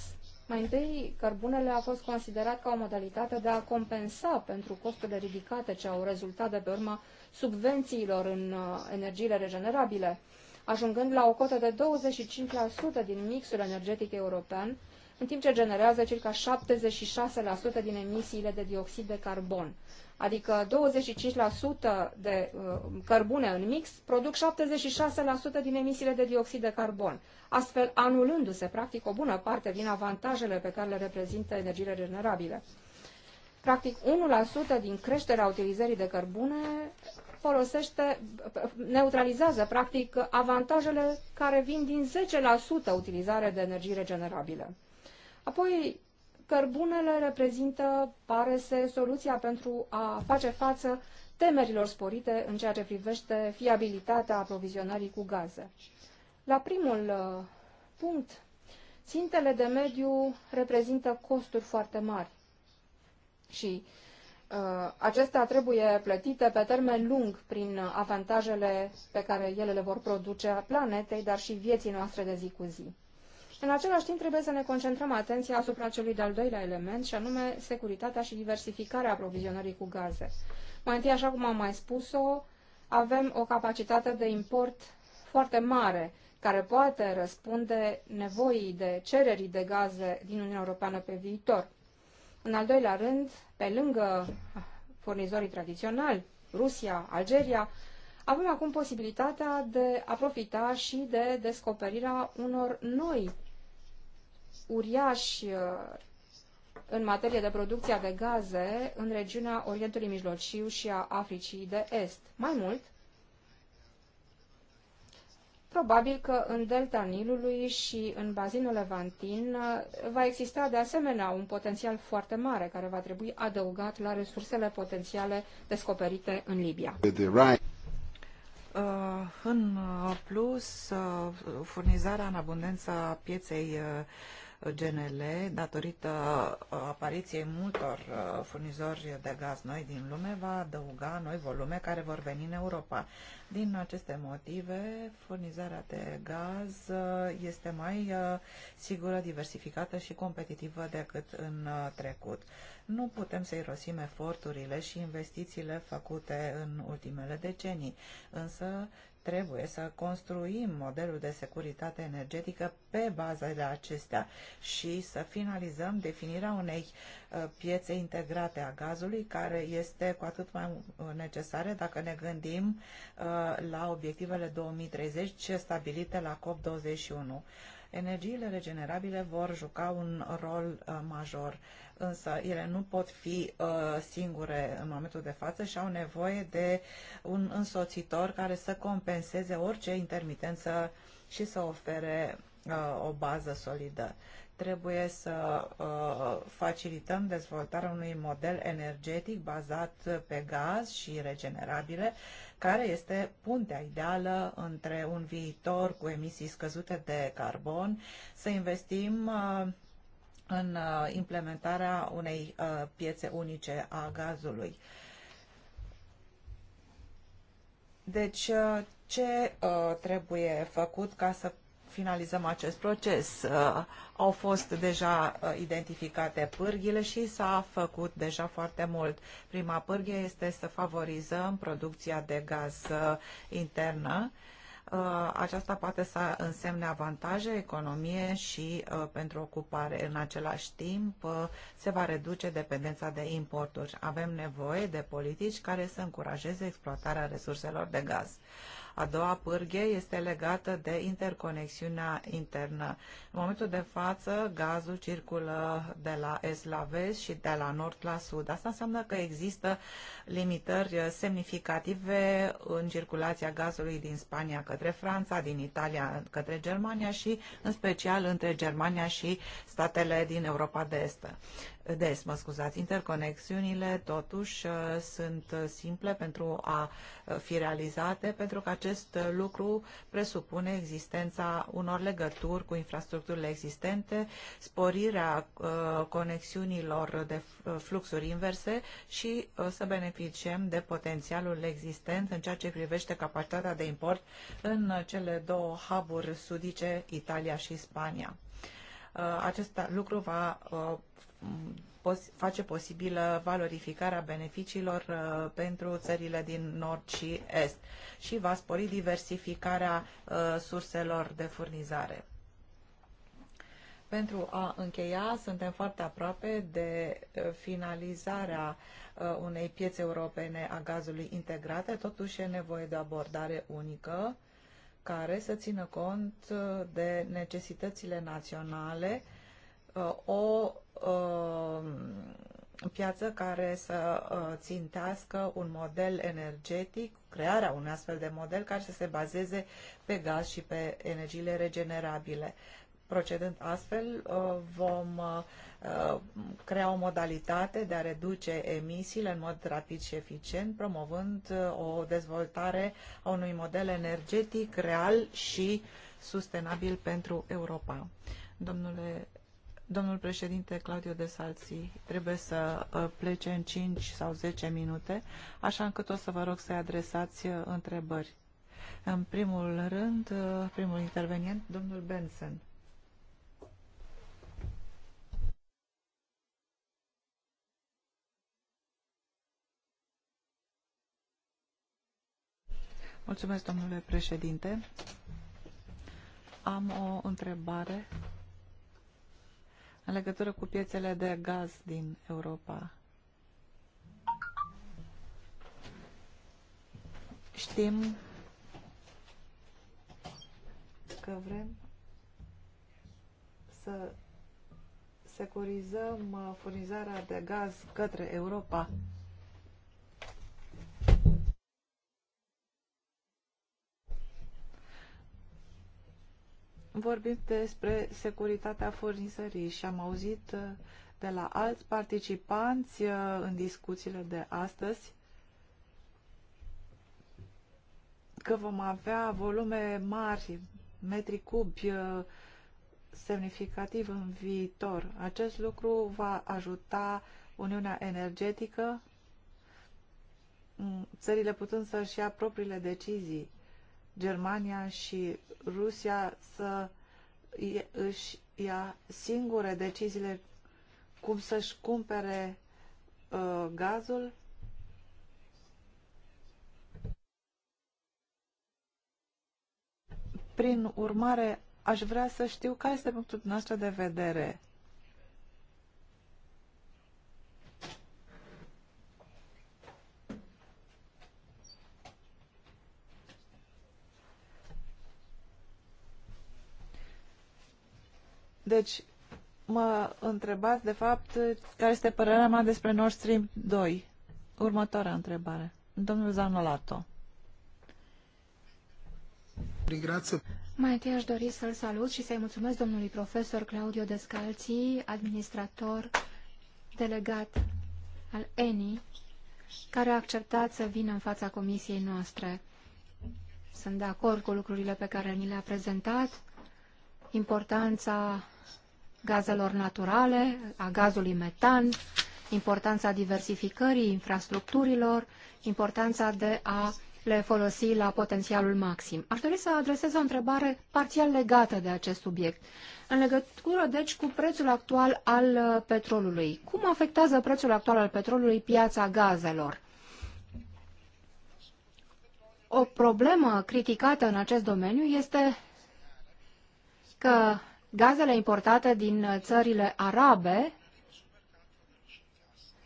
Mai întâi, cărbunele a fost considerat ca o modalitate de a compensa pentru costurile ridicate ce au rezultat de pe urma subvențiilor în uh, energiile regenerabile, ajungând la o cotă de 25% din mixul energetic european, în timp ce generează circa 76% din emisiile de dioxid de carbon. Adică 25% de uh, cărbune în mix produc 76% din emisiile de dioxid de carbon, astfel anulându-se practic o bună parte din avantajele pe care le reprezintă energiile regenerabile. Practic 1% din creșterea utilizării de cărbune folosește, neutralizează practic avantajele care vin din 10% utilizare de energie regenerabilă. Apoi, cărbunele reprezintă, pare să, soluția pentru a face față temerilor sporite în ceea ce privește fiabilitatea aprovizionării cu gaze. La primul uh, punct, țintele de mediu reprezintă costuri foarte mari și uh, Uh, acestea trebuie plătite pe termen lung prin avantajele pe care ele le vor produce planetei, dar și vieții noastre de zi cu zi. În același timp, trebuie să ne concentrăm atenția asupra celui de-al doilea element, și anume securitatea și diversificarea aprovizionării cu gaze. Mai întâi, așa cum am mai spus-o, avem o capacitate de import foarte mare, care poate răspunde nevoii de cererii de gaze din Uniunea Europeană pe viitor. În al doilea rând, pe lângă furnizorii tradiționali, Rusia, Algeria, avem acum posibilitatea de a profita și de descoperirea unor noi uriași uh, în materie de producție de gaze în regiunea Orientului Mijlociu și a Africii de Est. Mai mult, Probabil că în delta Nilului și în bazinul Levantin uh, va exista de asemenea un potențial foarte mare care va trebui adăugat la resursele potențiale descoperite în Libia. Uh, în uh, plus, furnizarea în abundență a pieței GNL datorită uh, apariției multor uh, furnizori de gaz noi din lume va adăuga noi volume care vor veni în Europa. Din aceste motive, furnizarea de gaz uh, este mai sigură, diversificată și competitivă decât în trecut. Nu putem să irosim eforturile și investițiile făcute în ultimele decenii, însă Trebuie să construim modelul de securitate energetică pe baza de acestea și să finalizăm definirea unei uh, piețe integrate a gazului, care este cu atât mai uh, necesară dacă ne gândim uh, la obiectivele 2030 stabilite la COP21 Energiile regenerabile vor juca un rol uh, major, însă ele nu pot fi uh, singure în momentul de față și au nevoie de un însoțitor care să compenseze orice intermitență și să ofere uh, o bază solidă trebuie să uh, facilităm dezvoltarea unui model energetic bazat pe gaz și regenerabile care este puntea ideală între un viitor cu emisii scăzute de carbon, să investim uh, în uh, implementarea unei uh, piețe unice a gazului. Deci, ce trebuie făcut ca să finalizăm acest proces. Uh, au fost deja uh, identificate pârghile și s-a făcut deja foarte mult. Prima pârghie este să favorizăm producția de gaz uh, internă. Aceasta poate să însemne avantaje, economie și pentru ocupare. În același timp, se va reduce dependența de importuri. Avem nevoie de politici care să încurajeze exploatarea resurselor de gaz. A doua pârghie este legată de interconexiunea internă. În momentul de față, gazul circulă de la est la vest și de la nord la sud. Asta înseamnă că există limitări semnificative în circulația gazului din Spania către Franța, din Italia către Germania și în special între Germania și statele din Europa de Est des, mă scuzați. Interconexiunile totuși uh, sunt simple pentru a uh, fi realizate, pentru că acest lucru presupune existența unor legături cu infrastructurile existente, sporirea uh, conexiunilor de fluxuri inverse și să beneficiem de potențialul existent în ceea ce privește capacitatea de import în cele două hub-uri sudice, Italia și Spania acest lucru va pos face posibilă valorificarea beneficiilor uh, pentru țările din nord și est și va spori diversificarea uh, surselor de furnizare. Pentru a încheia, suntem foarte aproape de uh, finalizarea uh, unei piețe europene a gazului integrate, totuși e nevoie de o abordare unică care să țină cont uh, de necesitățile naționale uh, o piață care să țintească un model energetic, crearea unui astfel de model care să se bazeze pe gaz și pe energiile regenerabile. Procedând astfel, vom crea o modalitate de a reduce emisiile în mod rapid și eficient, promovând o dezvoltare a unui model energetic real și sustenabil pentru Europa. Domnule Domnul președinte Claudio de Salții trebuie să uh, plece în 5 sau 10 minute, așa încât o să vă rog să-i adresați uh, întrebări. În primul rând, uh, primul intervenient, domnul Benson. Mulțumesc, domnule președinte. Am o întrebare în legătură cu piețele de gaz din Europa. Știm că vrem să securizăm furnizarea de gaz către Europa. vorbim despre securitatea furnizării și am auzit uh, de la alți participanți uh, în discuțiile de astăzi că vom avea volume mari, metri cubi uh, semnificativ în viitor. Acest lucru va ajuta Uniunea Energetică, țările putând să-și ia propriile decizii Germania și Rusia să își ia singure deciziile cum să-și cumpere uh, gazul? Prin urmare, aș vrea să știu care este punctul nostru de vedere Deci, mă întrebați, de fapt, care este părerea mea despre Nord Stream 2. Următoarea întrebare. Domnul Zanolato. Grazie. Mai întâi aș dori să-l salut și să-i mulțumesc domnului profesor Claudio Descalzi, administrator delegat al ENI, care a acceptat să vină în fața comisiei noastre. Sunt de acord cu lucrurile pe care ni le-a prezentat importanța gazelor naturale, a gazului metan, importanța diversificării infrastructurilor, importanța de a le folosi la potențialul maxim. Aș dori să adresez o întrebare parțial legată de acest subiect. În legătură, deci, cu prețul actual al uh, petrolului, cum afectează prețul actual al petrolului piața gazelor? O problemă criticată în acest domeniu este că gazele importate din țările arabe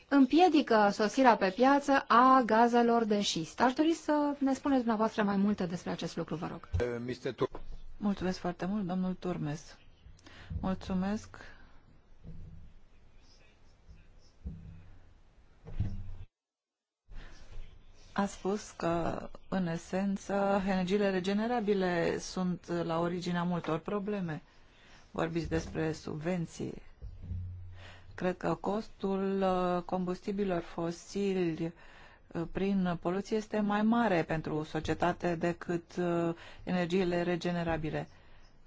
împiedică sosirea pe piață a gazelor de șist. Aș dori să ne spuneți dumneavoastră mai multe despre acest lucru, vă rog. Eh, Mulțumesc foarte mult, domnul Turmes. Mulțumesc, a spus că, în esență, energiile regenerabile sunt la originea multor probleme. Vorbiți despre subvenții. Cred că costul uh, combustibilor fosili uh, prin poluție este mai mare pentru societate decât uh, energiile regenerabile.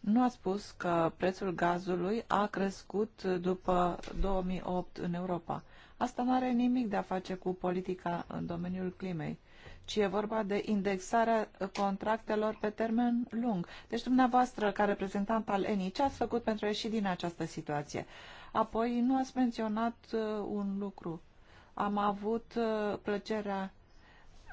Nu a spus că prețul gazului a crescut după 2008 în Europa. Asta nu are nimic de a face cu politica în domeniul climei, ci e vorba de indexarea contractelor pe termen lung. Deci dumneavoastră, ca reprezentant al ENI, ce ați făcut pentru a ieși din această situație? Apoi nu ați menționat uh, un lucru. Am avut uh, plăcerea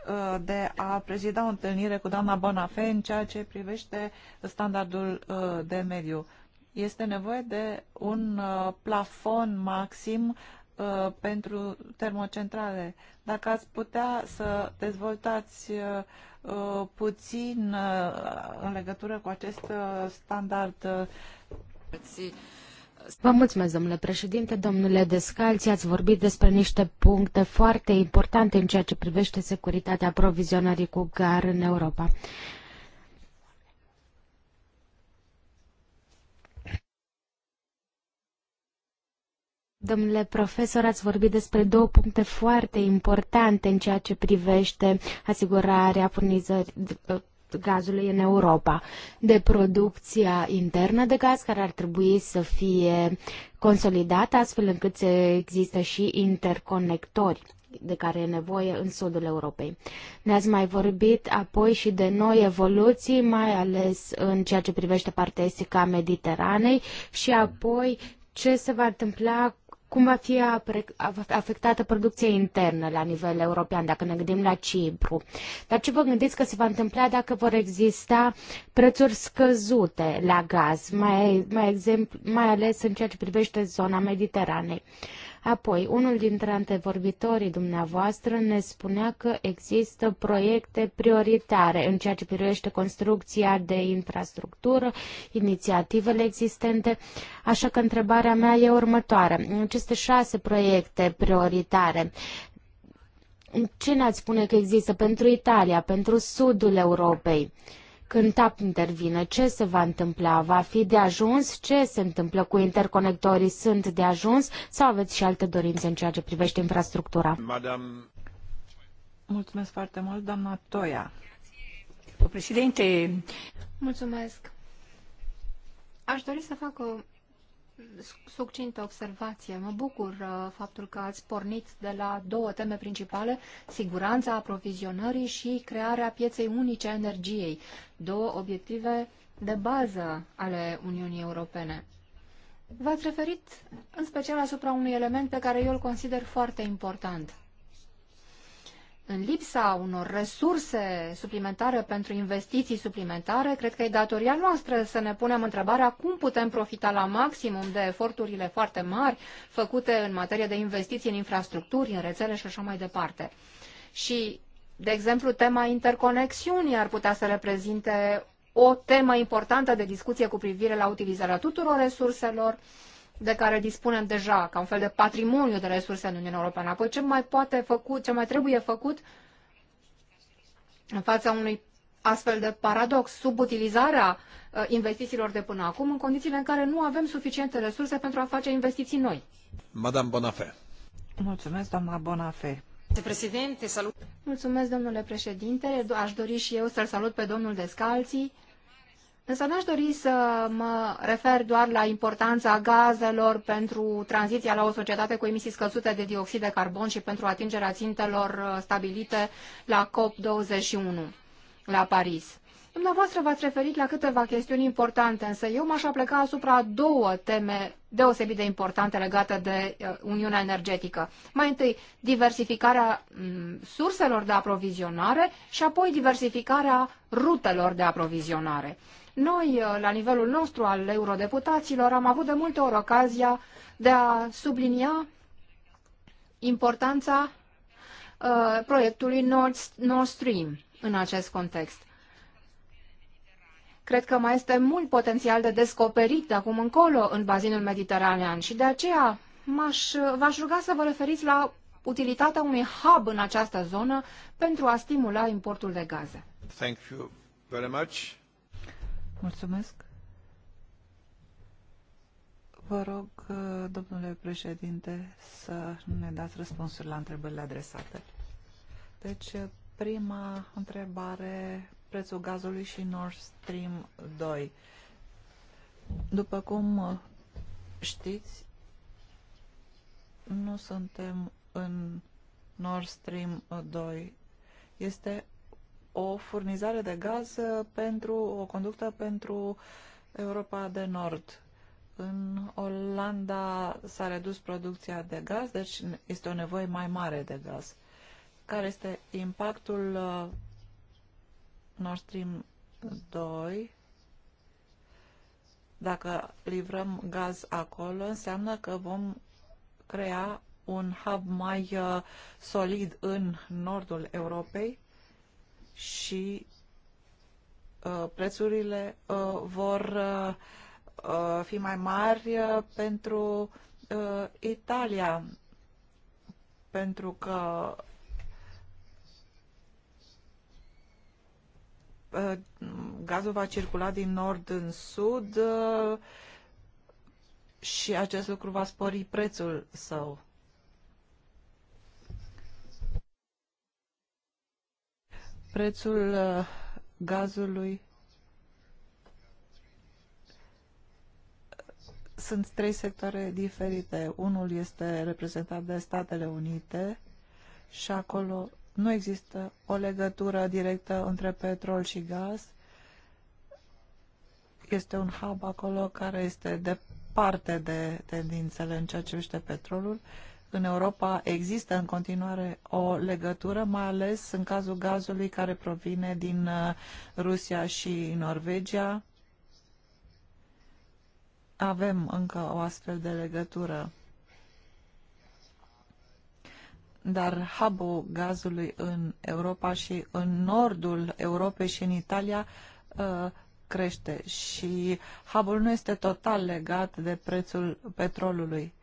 uh, de a prezida o întâlnire cu doamna Bonafé în ceea ce privește standardul uh, de mediu. Este nevoie de un uh, plafon maxim Uh, pentru termocentrale. Dacă ați putea să dezvoltați uh, puțin uh, în legătură cu acest uh, standard. Uh, Vă mulțumesc, domnule președinte, domnule Descalți, ați vorbit despre niște puncte foarte importante în ceea ce privește securitatea aprovizionării cu gar în Europa. Domnule profesor, ați vorbit despre două puncte foarte importante în ceea ce privește asigurarea furnizării gazului în Europa, de producția internă de gaz care ar trebui să fie consolidată astfel încât să există și interconectori de care e nevoie în sudul Europei. Ne-ați mai vorbit apoi și de noi evoluții, mai ales în ceea ce privește partea estică a Mediteranei și apoi ce se va întâmpla cum va fi afectată producția internă la nivel european, dacă ne gândim la Cipru. Dar ce vă gândiți că se va întâmpla dacă vor exista prețuri scăzute la gaz, mai, mai, exemplu, mai ales în ceea ce privește zona Mediteranei? Uh, Apoi, unul dintre antevorbitorii dumneavoastră ne spunea că există proiecte prioritare în ceea ce privește construcția de infrastructură, inițiativele existente, așa că întrebarea mea e următoare. În aceste șase proiecte prioritare, ce ne-ați spune că există pentru Italia, pentru sudul Europei? Uh, când TAP intervine, ce se va întâmpla? Va fi de ajuns? Ce se întâmplă cu interconectorii? Sunt de ajuns? Sau aveți și alte dorințe în ceea ce privește infrastructura? Madame... Mulțumesc foarte mult, doamna Toia. Președinte... Mulțumesc. Aș dori să fac o succintă observație. Mă bucur uh, faptul că ați pornit de la două teme principale, siguranța aprovizionării și crearea pieței unice a energiei, două obiective de bază ale Uniunii Europene. V-ați referit în special asupra unui element pe care eu îl consider foarte important – în lipsa unor resurse suplimentare pentru investiții suplimentare, cred că e datoria noastră să ne punem întrebarea cum putem profita la maximum de eforturile foarte mari făcute în materie de investiții în infrastructuri, în rețele și așa mai departe. Și, de exemplu, tema interconexiunii ar putea să reprezinte o temă importantă de discuție cu privire la utilizarea tuturor resurselor, uh, de care dispunem deja, ca un fel de patrimoniu de resurse în Uniunea Europeană. Apoi ce mai poate făcut, ce mai trebuie făcut în fața unui astfel de paradox, subutilizarea uh, investițiilor de până acum, în condițiile în care nu avem suficiente resurse pentru a face investiții noi. Madame Bonafé. Mulțumesc, doamna Bonafé. Președinte, salut. Mulțumesc, domnule președinte. Aș dori și eu să-l salut pe domnul Descalții Însă n-aș dori să mă refer doar la importanța gazelor pentru tranziția la o societate cu emisii scăzute de dioxid de carbon și pentru atingerea țintelor uh, stabilite la COP21 la Paris. Dumneavoastră v-ați referit la câteva chestiuni importante, însă eu m-aș apleca asupra două teme deosebit de importante legate de uh, Uniunea Energetică. Mai întâi, diversificarea mm, surselor de aprovizionare și apoi diversificarea rutelor de aprovizionare. Noi, uh, la nivelul nostru al eurodeputaților, am avut de multe ori ocazia de a sublinia importanța uh, proiectului Nord, Nord Stream în acest context. Cred că mai este mult potențial de descoperit de acum încolo în bazinul mediteranean și de aceea uh, v-aș ruga să vă referiți la utilitatea unui hub în această zonă pentru a stimula importul de gaze. Thank you very much. Mulțumesc. Vă rog, uh, domnule președinte, să ne dați răspunsuri la întrebările adresate. Deci, uh, prima întrebare, prețul gazului și Nord Stream 2. După cum uh, știți, nu suntem în Nord Stream 2. Este o furnizare de gaz uh, pentru o conductă pentru Europa de Nord. În Olanda s-a redus producția de gaz, deci este o nevoie mai mare de gaz. Care este impactul uh, Nord Stream 2? Dacă livrăm gaz acolo, înseamnă că vom crea un hub mai uh, solid în nordul Europei și uh, prețurile uh, vor uh, fi mai mari pentru Italia, pentru că gazul va circula din nord în sud și acest lucru va spori prețul său. prețul uh, gazului sunt trei sectoare diferite. Unul este reprezentat de Statele Unite și acolo nu există o legătură directă între petrol și gaz. Este un hub acolo care este departe de tendințele în ceea ce privește petrolul în Europa există în continuare o legătură, mai ales în cazul gazului care provine din uh, Rusia și Norvegia. Avem încă o astfel de legătură. Dar hub gazului în Europa și în nordul Europei și în Italia uh, crește și hubul nu este total legat de prețul petrolului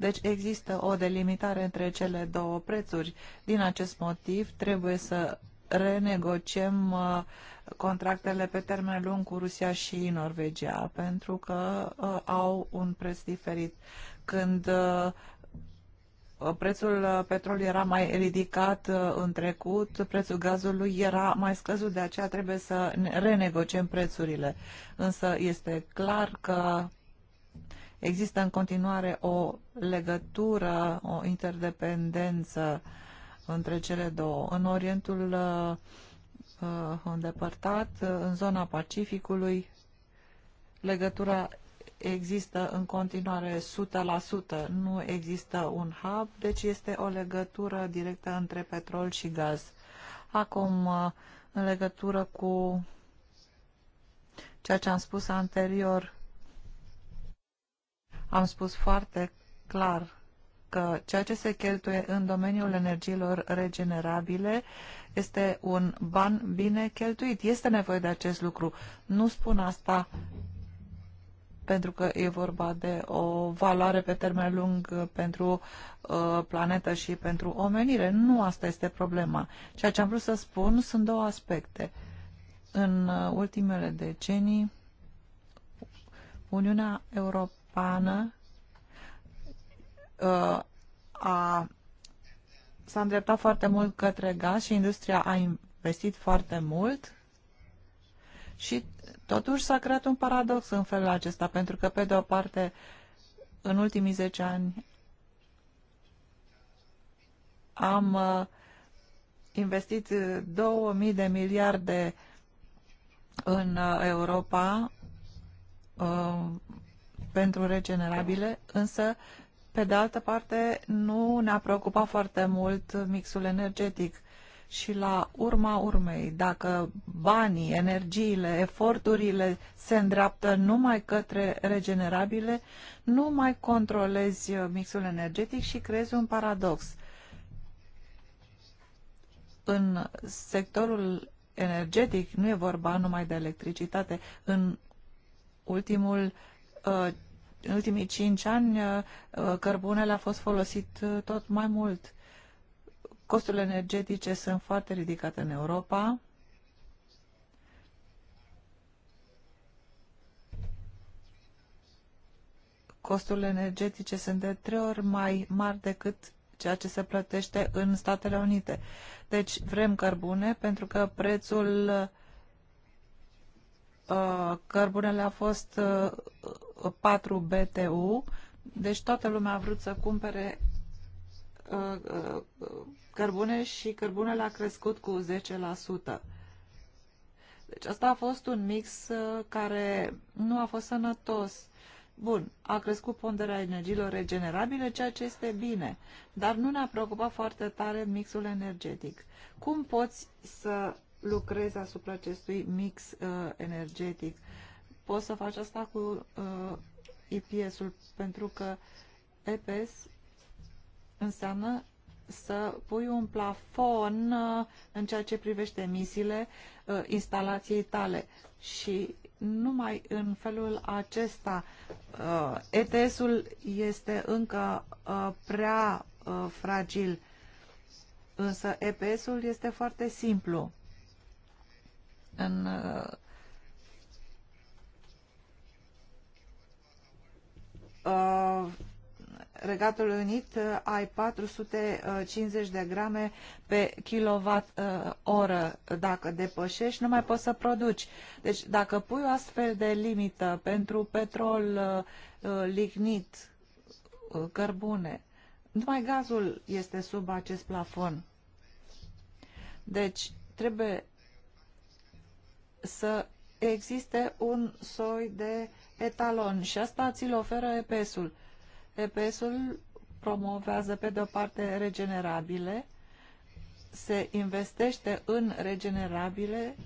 deci există o delimitare între cele două prețuri. Din acest motiv trebuie să renegociem uh, contractele pe termen lung cu Rusia și Norvegia, pentru că uh, au un preț diferit. Când uh, prețul petrolului era mai ridicat în trecut, prețul gazului era mai scăzut, de aceea trebuie să renegociem prețurile. Însă este clar că Există în continuare o legătură, o interdependență între cele două. În Orientul uh, uh îndepărtat, uh, în zona Pacificului, legătura există în continuare 100%. Nu există un hub, deci este o legătură directă între petrol și gaz. Acum, uh, în legătură cu ceea ce am spus anterior, am spus foarte clar că ceea ce se cheltuie în domeniul energiilor regenerabile este un ban bine cheltuit. Este nevoie de acest lucru. Nu spun asta pentru că e vorba de o valoare pe termen lung pentru uh, planetă și pentru omenire. Nu asta este problema. Ceea ce am vrut să spun sunt două aspecte. În uh, ultimele decenii, Uniunea Europeană uh, a, s-a îndreptat foarte mult către gaz și industria a investit foarte mult și totuși s-a creat un paradox în felul acesta, pentru că pe de o parte în ultimii 10 ani am uh, investit 2000 de miliarde în uh, Europa, uh, pentru regenerabile, însă, pe de altă parte, nu ne-a preocupat foarte mult mixul energetic. Și la urma urmei, dacă banii, energiile, eforturile se îndreaptă numai către regenerabile, nu mai controlezi mixul energetic și creezi un paradox. În sectorul energetic nu e vorba numai de electricitate. În ultimul Uh, în ultimii cinci ani uh, uh, cărbunele a fost folosit tot mai mult. Costurile energetice sunt foarte ridicate în Europa. Costurile energetice sunt de trei ori mai mari decât ceea ce se plătește în Statele Unite. Deci vrem cărbune pentru că prețul uh, Uh, cărbunele a fost 4 uh, BTU, deci toată lumea a vrut să cumpere uh, cărbune și cărbunele a crescut cu 10%. Deci asta a fost un mix care nu a fost sănătos. Bun, a crescut ponderea energiilor regenerabile, ceea ce este bine, dar nu ne-a preocupat foarte tare mixul energetic. Cum poți să lucrez asupra acestui mix uh, energetic. Poți să faci asta cu uh, EPS-ul, pentru că EPS înseamnă să pui un plafon uh, în ceea ce privește emisiile uh, instalației tale și numai în felul acesta uh, ETS-ul este încă uh, prea uh, fragil, însă EPS-ul este foarte simplu în uh, uh, Regatul Unit uh, ai 450 de grame pe kilowatt oră. Dacă depășești, nu mai poți să produci. Deci dacă pui o astfel de limită pentru petrol, lignit, cărbune, numai gazul este sub acest plafon. Deci trebuie să existe un soi de etalon și asta ți-l oferă EPS-ul. EPS-ul promovează pe de o parte regenerabile, se investește în regenerabile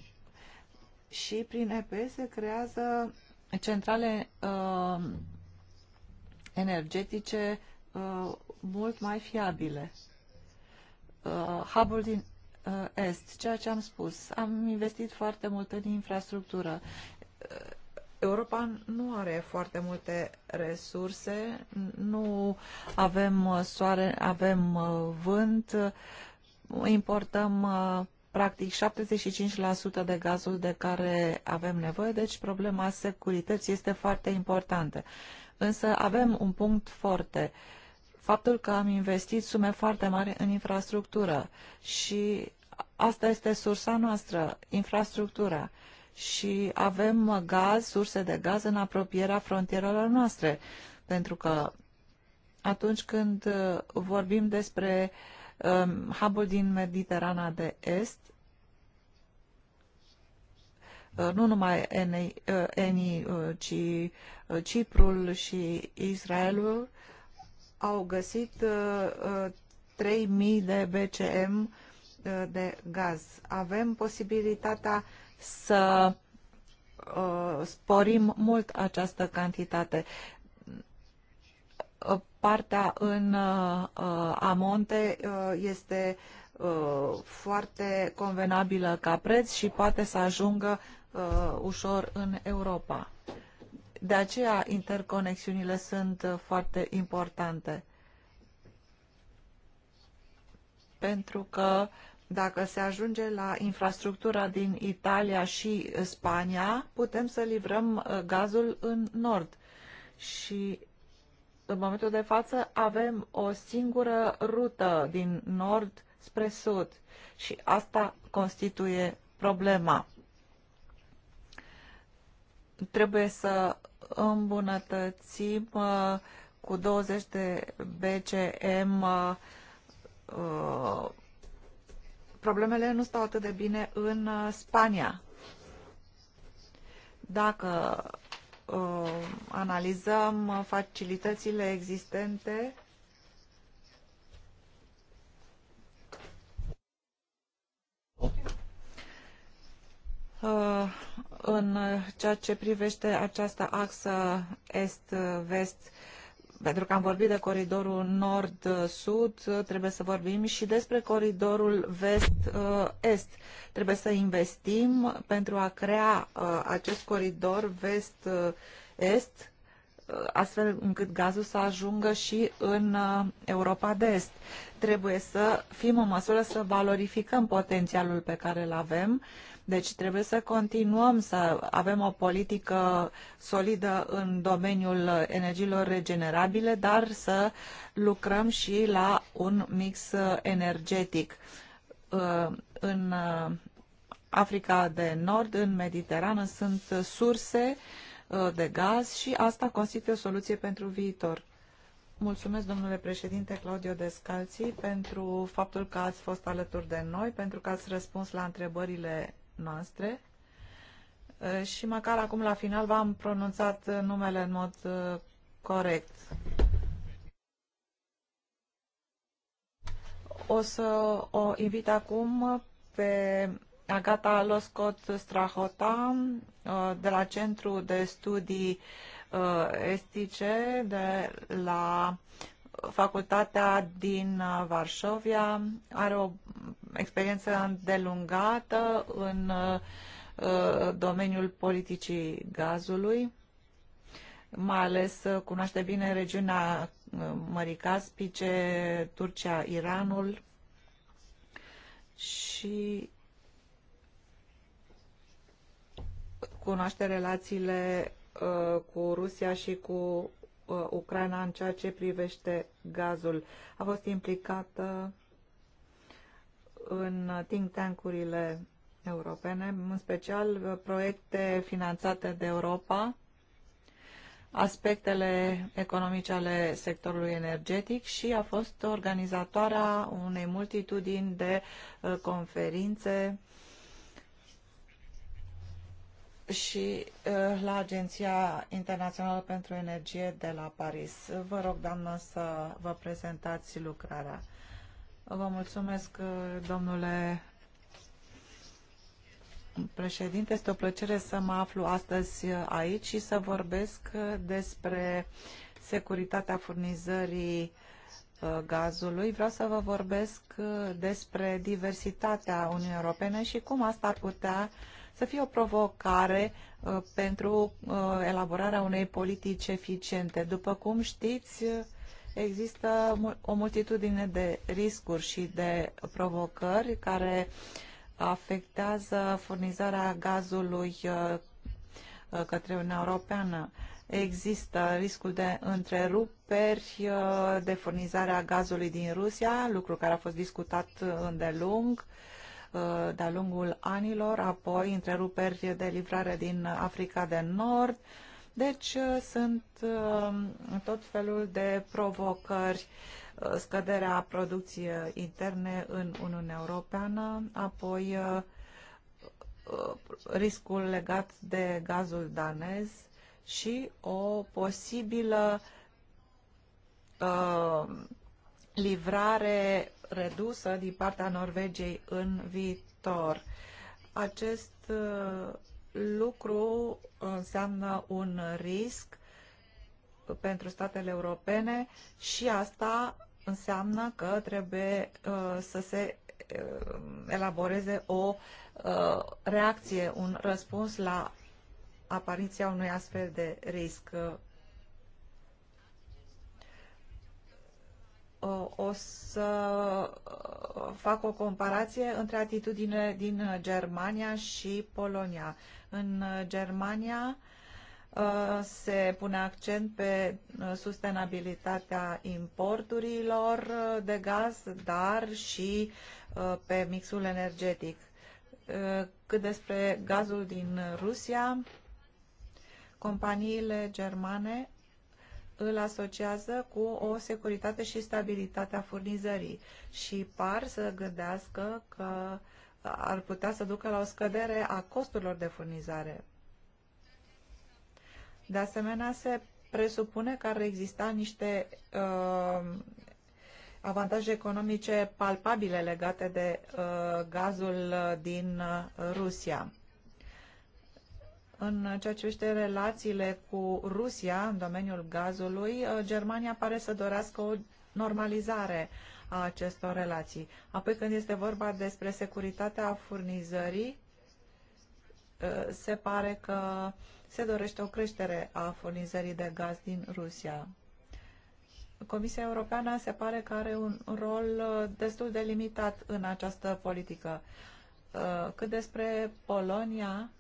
și prin EPS se creează centrale uh, energetice uh, mult mai fiabile. Uh, hub-ul din Uh, est, ceea ce am spus. Am investit foarte mult în infrastructură. Uh, Europa nu are foarte multe resurse, nu avem uh, soare, avem vânt, importăm practic 75% de gazul de care avem nevoie, deci problema securității este foarte importantă. Însă avem un punct foarte uh, faptul că am investit sume foarte mari în infrastructură și asta este sursa noastră, infrastructura. Și avem gaz, surse de gaz în apropierea frontierelor noastre, pentru că atunci când uh, vorbim despre um, hubul din Mediterana de Est, uh, nu numai uh, Eni, ci Ciprul și Israelul au găsit 3000 uh, uh, de BCM uh, de gaz. Avem posibilitatea să sporim mult această cantitate. Partea în amonte este foarte convenabilă ca preț și poate să ajungă ușor în Europa. De aceea interconexiunile sunt uh, foarte importante. Pentru că dacă se ajunge la infrastructura din Italia și Spania, putem să livrăm uh, gazul în nord. Și în momentul de față avem o singură rută din nord spre sud și asta constituie problema. Trebuie să îmbunătățim uh, cu 20 de BCM uh, uh, problemele nu stau atât de bine în Spania. Dacă analizăm facilitățile existente, în ceea ce privește această axă est-vest, pentru că am vorbit de coridorul nord-sud, trebuie să vorbim și despre coridorul vest-est. Trebuie să investim pentru a crea uh, acest coridor vest-est, uh, astfel încât gazul să ajungă și în uh, Europa de Est. Trebuie să fim în măsură să valorificăm potențialul pe care îl avem deci trebuie să continuăm să avem o politică solidă în domeniul energiilor regenerabile, dar să lucrăm și la un mix energetic. Uh, în uh, Africa de Nord, în Mediterană, sunt surse uh, de gaz și asta constituie o soluție pentru viitor. Mulțumesc, domnule președinte Claudio Descalzi, pentru faptul că ați fost alături de noi, pentru că ați răspuns la întrebările noastre uh, și măcar acum la final v-am pronunțat numele în mod uh, corect. O să o invit acum pe Agata Loscot Strahota uh, de la Centrul de Studii Estice de la facultatea din uh, Varșovia are o experiență îndelungată în uh, uh, domeniul politicii gazului, mai ales cunoaște bine regiunea Mării Caspice, Turcia, Iranul și cunoaște relațiile cu Rusia și cu Uh, Ucraina în ceea ce privește gazul. A fost implicată în think tank-urile europene, în special uh, proiecte finanțate de Europa, aspectele economice ale sectorului energetic și a fost organizatoarea unei multitudini de uh, conferințe și uh, la Agenția Internațională pentru Energie de la Paris. Vă rog, doamnă, să vă prezentați lucrarea. Vă mulțumesc, uh, domnule președinte. Este o plăcere să mă aflu astăzi uh, aici și să vorbesc despre securitatea furnizării uh, Uh, gazului, vreau să vă vorbesc uh, despre diversitatea Uniunii Europene și cum asta ar putea să fie o provocare uh, pentru elaborarea unei politici eficiente. După cum știți, există o multitudine de riscuri și de provocări care afectează furnizarea gazului către Uniunea Europeană Există riscul de întreruperi uh, de furnizarea gazului din Rusia, lucru care a fost discutat îndelung uh, de-a lungul anilor, apoi întreruperi de livrare din Africa de Nord. Deci uh, sunt tot felul de provocări, scăderea producției interne în Uniunea Europeană, apoi riscul legat de gazul danez, și o posibilă uh, livrare redusă din partea Norvegiei în viitor. Acest uh, lucru înseamnă un risc pentru statele europene și asta înseamnă că trebuie uh, să se uh, elaboreze o uh, reacție, un răspuns la apariția unui astfel de risc. O să fac o comparație între atitudine din Germania și Polonia. În Germania uh, se pune accent pe uh, sustenabilitatea importurilor uh, de gaz, dar și pe mixul energetic cât despre gazul din Rusia, companiile germane îl asociază cu o securitate și stabilitate a furnizării și par să gândească că ar putea să ducă la o scădere a costurilor de furnizare. De asemenea, se presupune că ar exista niște uh, avantaje economice palpabile legate de uh, gazul din uh, Rusia. În ceea ce privește relațiile cu Rusia în domeniul gazului, uh, Germania pare să dorească o normalizare a acestor relații. Apoi când este vorba despre securitatea furnizării, uh, se pare că se dorește o creștere a furnizării de gaz din Rusia. Comisia Europeană se pare că are un rol uh, destul de limitat în această politică. Cât despre Polonia,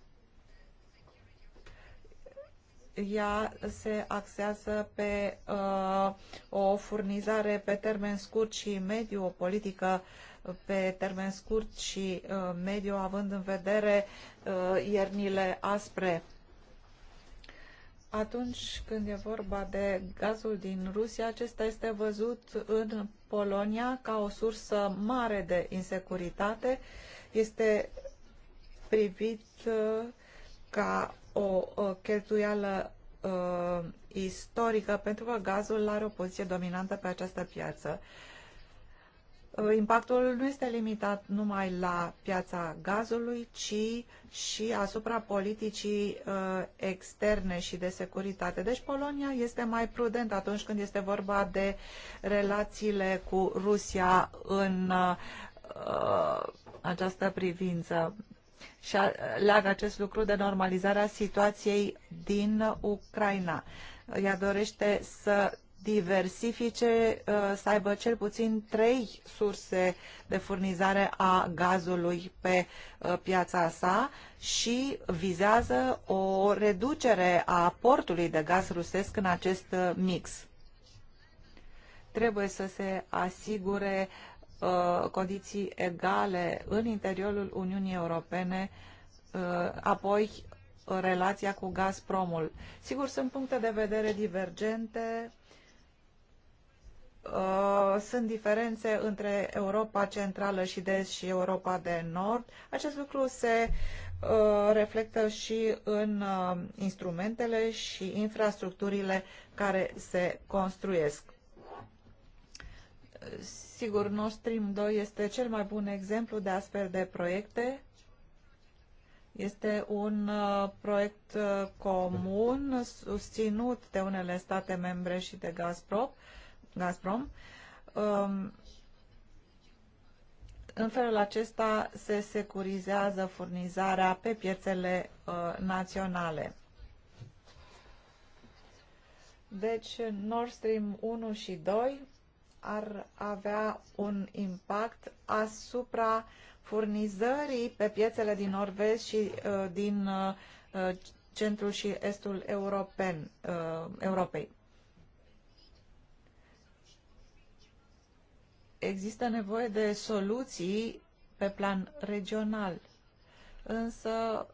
ea se axează pe uh, o furnizare pe termen scurt și mediu, o politică pe termen scurt și uh, mediu, având în vedere uh, iernile aspre. Atunci când e vorba de gazul din Rusia, acesta este văzut în Polonia ca o sursă mare de insecuritate. Este privit uh, ca o cheltuială uh, istorică pentru că gazul are o poziție dominantă pe această piață. Ă, impactul nu este limitat numai la piața gazului, ci și asupra politicii uh, externe și de securitate. Deci Polonia este mai prudent atunci când este vorba de relațiile cu Rusia în uh, această privință și leagă acest lucru de normalizarea situației din Ucraina. Ea dorește să diversifice, ă, să aibă cel puțin trei surse de furnizare a gazului pe ă, piața sa și vizează o reducere a aportului de gaz rusesc în acest ă, mix. Trebuie să se asigure uh, Uh, condiții egale în interiorul Uniunii Europene, uh, apoi relația cu Gazpromul. Sigur, sunt puncte de vedere divergente, uh, sunt diferențe între Europa Centrală și de și Europa de Nord. Acest lucru se reflectă și în instrumentele și infrastructurile care se construiesc sigur, Nord Stream 2 este cel mai bun exemplu de astfel de proiecte. Este un uh, proiect uh, comun susținut de unele state membre și de Gazprom. Gazprom. Um, în felul acesta se securizează furnizarea pe piețele uh, naționale. Deci Nord Stream 1 și 2 ar avea un impact asupra furnizării pe piețele din nord și uh, din uh, uh, centrul și estul european, uh, Europei. Există nevoie de soluții pe plan regional, însă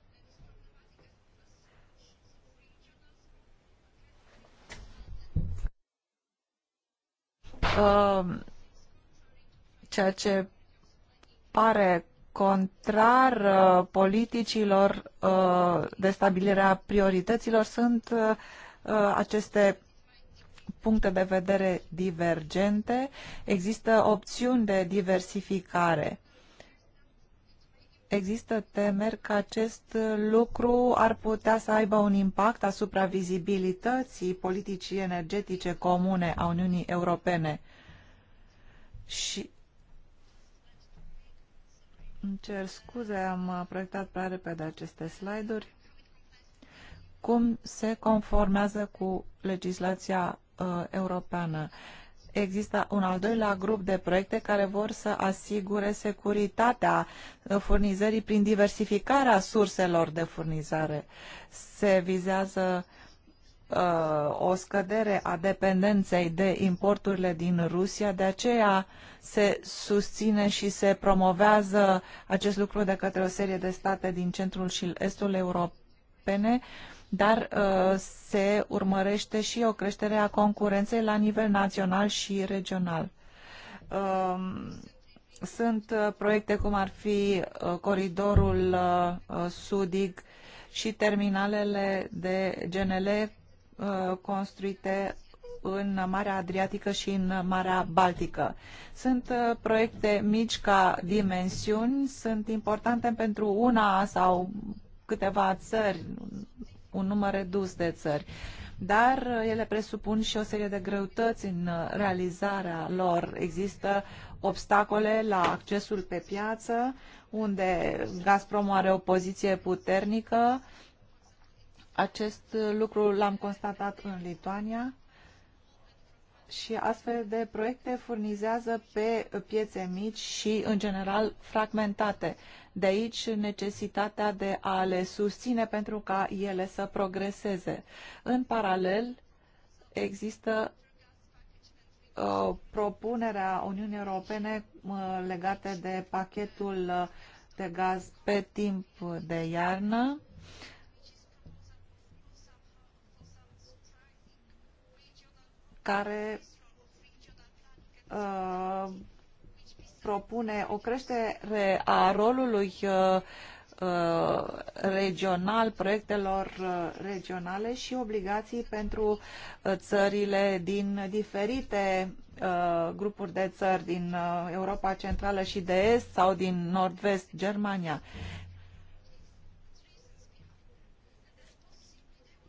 Um, ceea ce pare contrar uh, politicilor uh, de stabilire a priorităților sunt uh, aceste puncte de vedere divergente, există opțiuni de diversificare există temeri că acest lucru ar putea să aibă un impact asupra vizibilității politicii energetice comune a Uniunii Europene. Și îmi cer scuze, am proiectat prea repede aceste slide-uri. Cum se conformează cu legislația uh, europeană? Uh, există un al doilea grup de proiecte care vor să asigure securitatea furnizării prin diversificarea surselor de furnizare. Se vizează uh, o scădere a dependenței de importurile din Rusia, de aceea se susține și se promovează acest lucru de către o serie de state din centrul și estul europene. Uh, dar uh, se urmărește și o creștere a concurenței la nivel național și regional. Um, sunt uh, proiecte cum ar fi uh, coridorul sudic și terminalele de GNL construite în Marea Adriatică și în Marea Baltică. Sunt proiecte mici ca dimensiuni, sunt importante pentru una sau câteva țări, un număr redus de țări. Dar uh, ele presupun și o serie de greutăți în uh, realizarea lor. Există obstacole la accesul pe piață, unde Gazprom are o poziție puternică. Acest uh, lucru l-am constatat în Lituania și astfel de proiecte furnizează pe piețe mici și, în general, fragmentate. De aici necesitatea de a le susține pentru ca ele să progreseze. În paralel, există uh, propunerea Uniunii Europene uh, legate de pachetul uh, de gaz pe timp de iarnă. care uh, propune o creștere a rolului uh, uh, regional, proiectelor uh, regionale și obligații pentru țările din diferite grupuri de țări din Europa Centrală și de Est sau din Nord-Vest, Germania.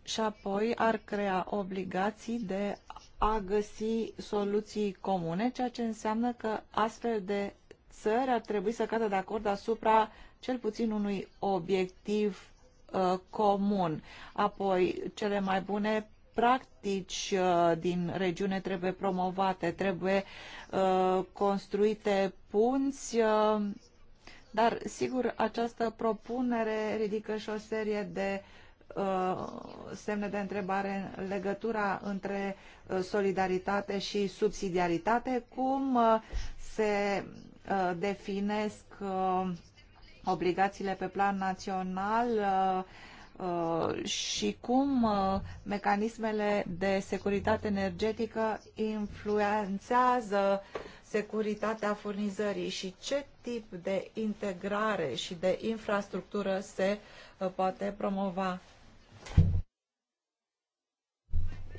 Și apoi ar crea obligații de a găsi soluții comune, ceea ce înseamnă că astfel de țări ar trebui să cadă de acord asupra cel puțin unui obiectiv uh, comun. Apoi, cele mai bune practici uh, din regiune trebuie promovate, trebuie uh, construite punți, uh, dar sigur această propunere ridică și o serie de uh, Uh, semne de întrebare în legătura între uh, solidaritate și subsidiaritate, cum uh, se definesc obligațiile pe plan național și cum mecanismele de securitate energetică influențează securitatea furnizării și ce tip de integrare și de infrastructură se poate promova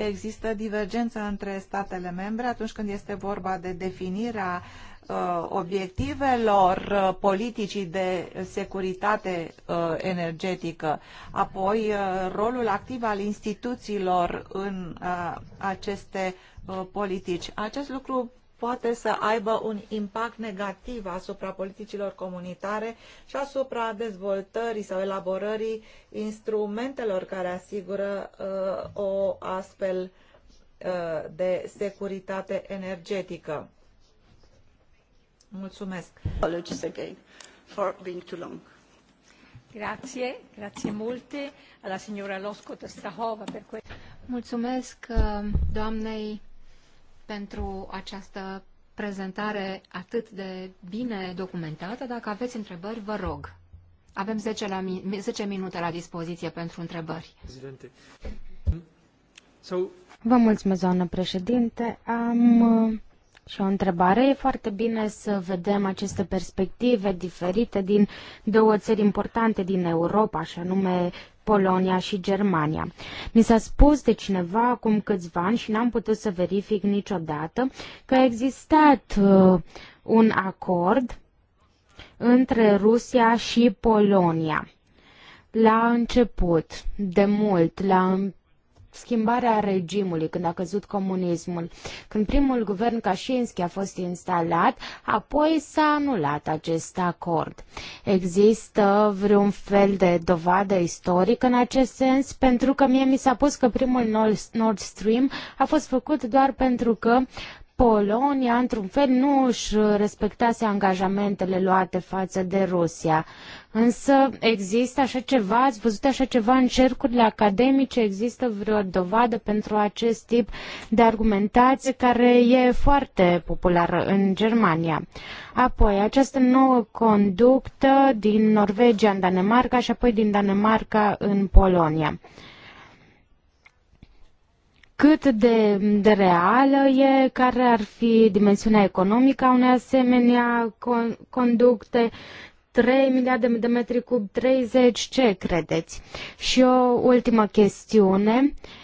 există divergență între statele membre atunci când este vorba de definirea uh, obiectivelor uh, politicii de securitate uh, energetică, apoi rolul activ al instituțiilor în aceste politici. Acest lucru poate să aibă un impact negativ asupra politicilor comunitare și asupra dezvoltării sau elaborării instrumentelor care asigură uh, o astfel uh, de securitate energetică. Mulțumesc. Apologies again for being too long. Grazie, grazie multe alla signora Losco Strahova per questo. Mulțumesc uh, doamnei pentru această prezentare atât de bine documentată. Dacă aveți întrebări, vă rog. Avem 10, la, 10 minute la dispoziție pentru întrebări. Vă mulțumesc, doamnă președinte. Am și o întrebare. E foarte bine să vedem aceste perspective diferite din două țări importante din Europa, și anume Polonia și Germania. Mi s-a spus de cineva acum câțiva ani și n-am putut să verific niciodată că a existat uh, un acord între Rusia și Polonia. La început, de mult, la schimbarea regimului, când a căzut comunismul, când primul guvern Kaczynski a fost instalat, apoi s-a anulat acest acord. Există vreun fel de dovadă istorică în acest sens, pentru că mie mi s-a pus că primul Nord Stream a fost făcut doar pentru că Polonia, într-un fel, nu își respectase angajamentele luate față de Rusia. Însă există așa ceva, ați văzut așa ceva în cercurile academice, există vreo dovadă pentru acest tip de argumentație care e foarte populară în Germania. Apoi, această nouă conductă din Norvegia în Danemarca și apoi din Danemarca în Polonia cât de, de reală e, care ar fi dimensiunea economică a unei asemenea con, conducte, 3 miliarde de metri cub, 30, ce credeți? Și o ultimă chestiune. Uh,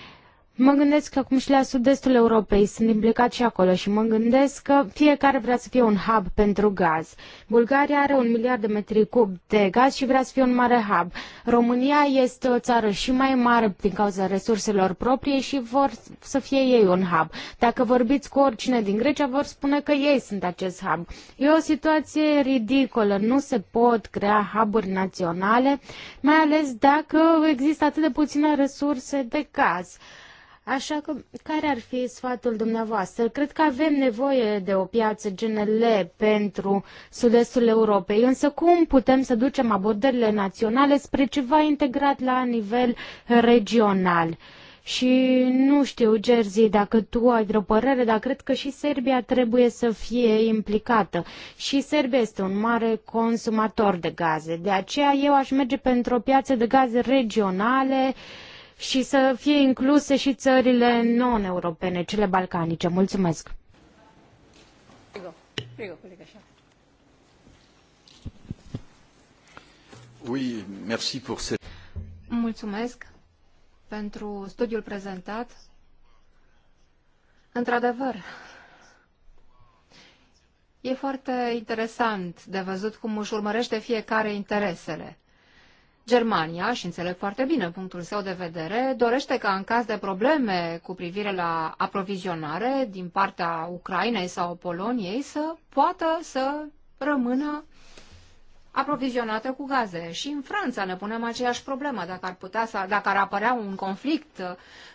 Mă gândesc că acum și la sud-estul Europei sunt implicat și acolo și mă gândesc că fiecare vrea să fie un hub pentru gaz. Bulgaria are un miliard de metri cub de gaz și vrea să fie un mare hub. România este o țară și mai mare din cauza resurselor proprie și vor să fie ei un hub. Dacă vorbiți cu oricine din Grecia, vor spune că ei sunt acest hub. E o situație ridicolă. Nu se pot crea huburi naționale, mai ales dacă există atât de puține resurse de gaz. Așa că, care ar fi sfatul dumneavoastră? Cred că avem nevoie de o piață GNL pentru sud-estul Europei, însă cum putem să ducem abordările naționale spre ceva integrat la nivel regional? Și nu știu, Gerzi, dacă tu ai vreo părere, dar cred că și Serbia trebuie să fie implicată. Și Serbia este un mare consumator de gaze. De aceea eu aș merge pentru o piață de gaze regionale, uh, și să fie incluse și țările non-europene, cele balcanice. Mulțumesc! Mulțumesc pentru studiul prezentat. Într-adevăr, e foarte interesant de văzut cum își urmărește fiecare interesele. Germania, și înțeleg foarte bine punctul său de vedere, dorește ca în caz de probleme cu privire la aprovizionare din partea Ucrainei sau Poloniei să poată să rămână aprovizionată cu gaze. Și în Franța ne punem aceeași problemă. Dacă ar, putea să, dacă ar apărea un conflict uh,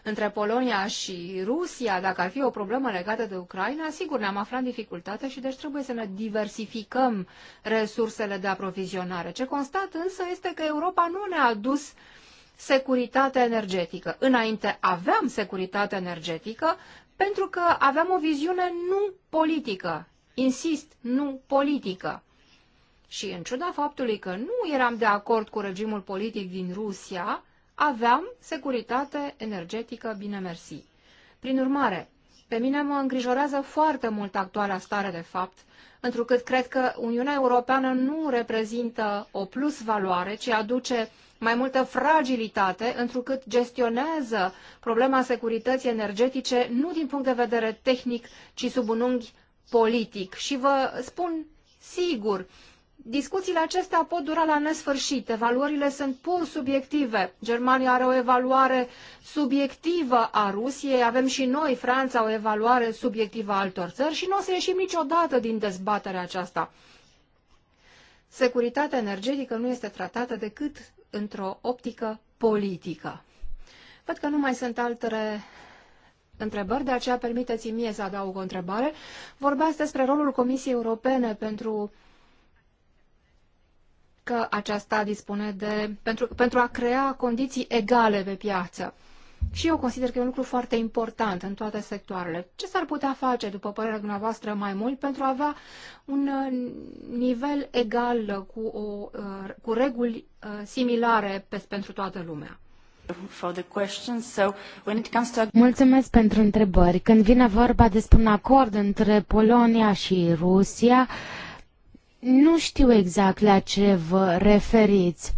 între Polonia și Rusia, dacă ar fi o problemă legată de Ucraina, sigur ne-am aflat în dificultate și deci trebuie să ne diversificăm resursele de aprovizionare. Ce constat însă este că Europa nu ne-a adus securitate energetică. Înainte aveam securitate energetică pentru că aveam o viziune nu politică. Insist, nu politică. Și în ciuda faptului că nu eram de acord cu regimul politic din Rusia, aveam securitate energetică bine mersi. Prin urmare, pe mine mă îngrijorează foarte mult actuala stare de fapt, întrucât cred că Uniunea Europeană nu reprezintă o plus valoare, ci aduce mai multă fragilitate, întrucât gestionează problema securității energetice nu din punct de vedere tehnic, ci sub un unghi politic. Și vă spun sigur, Discuțiile acestea pot dura la nesfârșit. Evaluările sunt pur subiective. Germania are o evaluare subiectivă a Rusiei, avem și noi, Franța, o evaluare subiectivă a altor țări și nu o să ieșim niciodată din dezbaterea aceasta. Securitatea energetică nu este tratată decât într-o optică politică. Văd că nu mai sunt alte întrebări, de aceea permiteți-mi mie să adaug o întrebare. Vorbeați despre rolul Comisiei Europene pentru că aceasta dispune de... pentru, pentru a crea condiții egale pe piață. Și eu consider că e un lucru foarte important în toate sectoarele. Ce s-ar putea face, după părerea dumneavoastră, mai mult pentru a avea un uh, nivel egal cu, o, uh, cu reguli uh, similare pe, pentru toată lumea? Mulțumesc pentru întrebări. Când vine vorba despre un acord între Polonia și Rusia, uh, nu știu exact la ce vă referiți.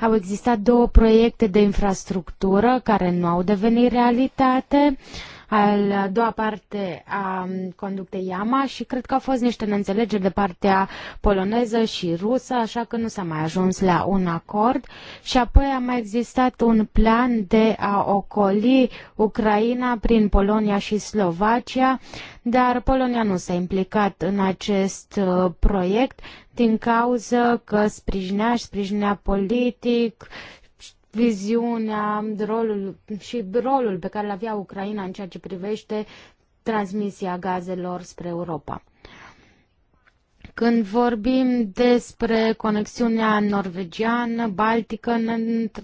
Au existat două proiecte de infrastructură care nu au devenit realitate. Uh, al a doua parte a conductei IAMA și cred că au fost niște neînțelegeri de partea poloneză și rusă, așa că nu s-a mai ajuns la un acord și apoi a mai existat un plan de a ocoli Ucraina prin Polonia și Slovacia, dar Polonia nu s-a implicat în acest uh, proiect din cauză că sprijinea și sprijinea politic viziunea, rolul și rolul pe care îl avea Ucraina în ceea ce privește transmisia gazelor spre Europa. Când vorbim despre conexiunea norvegiană, baltică,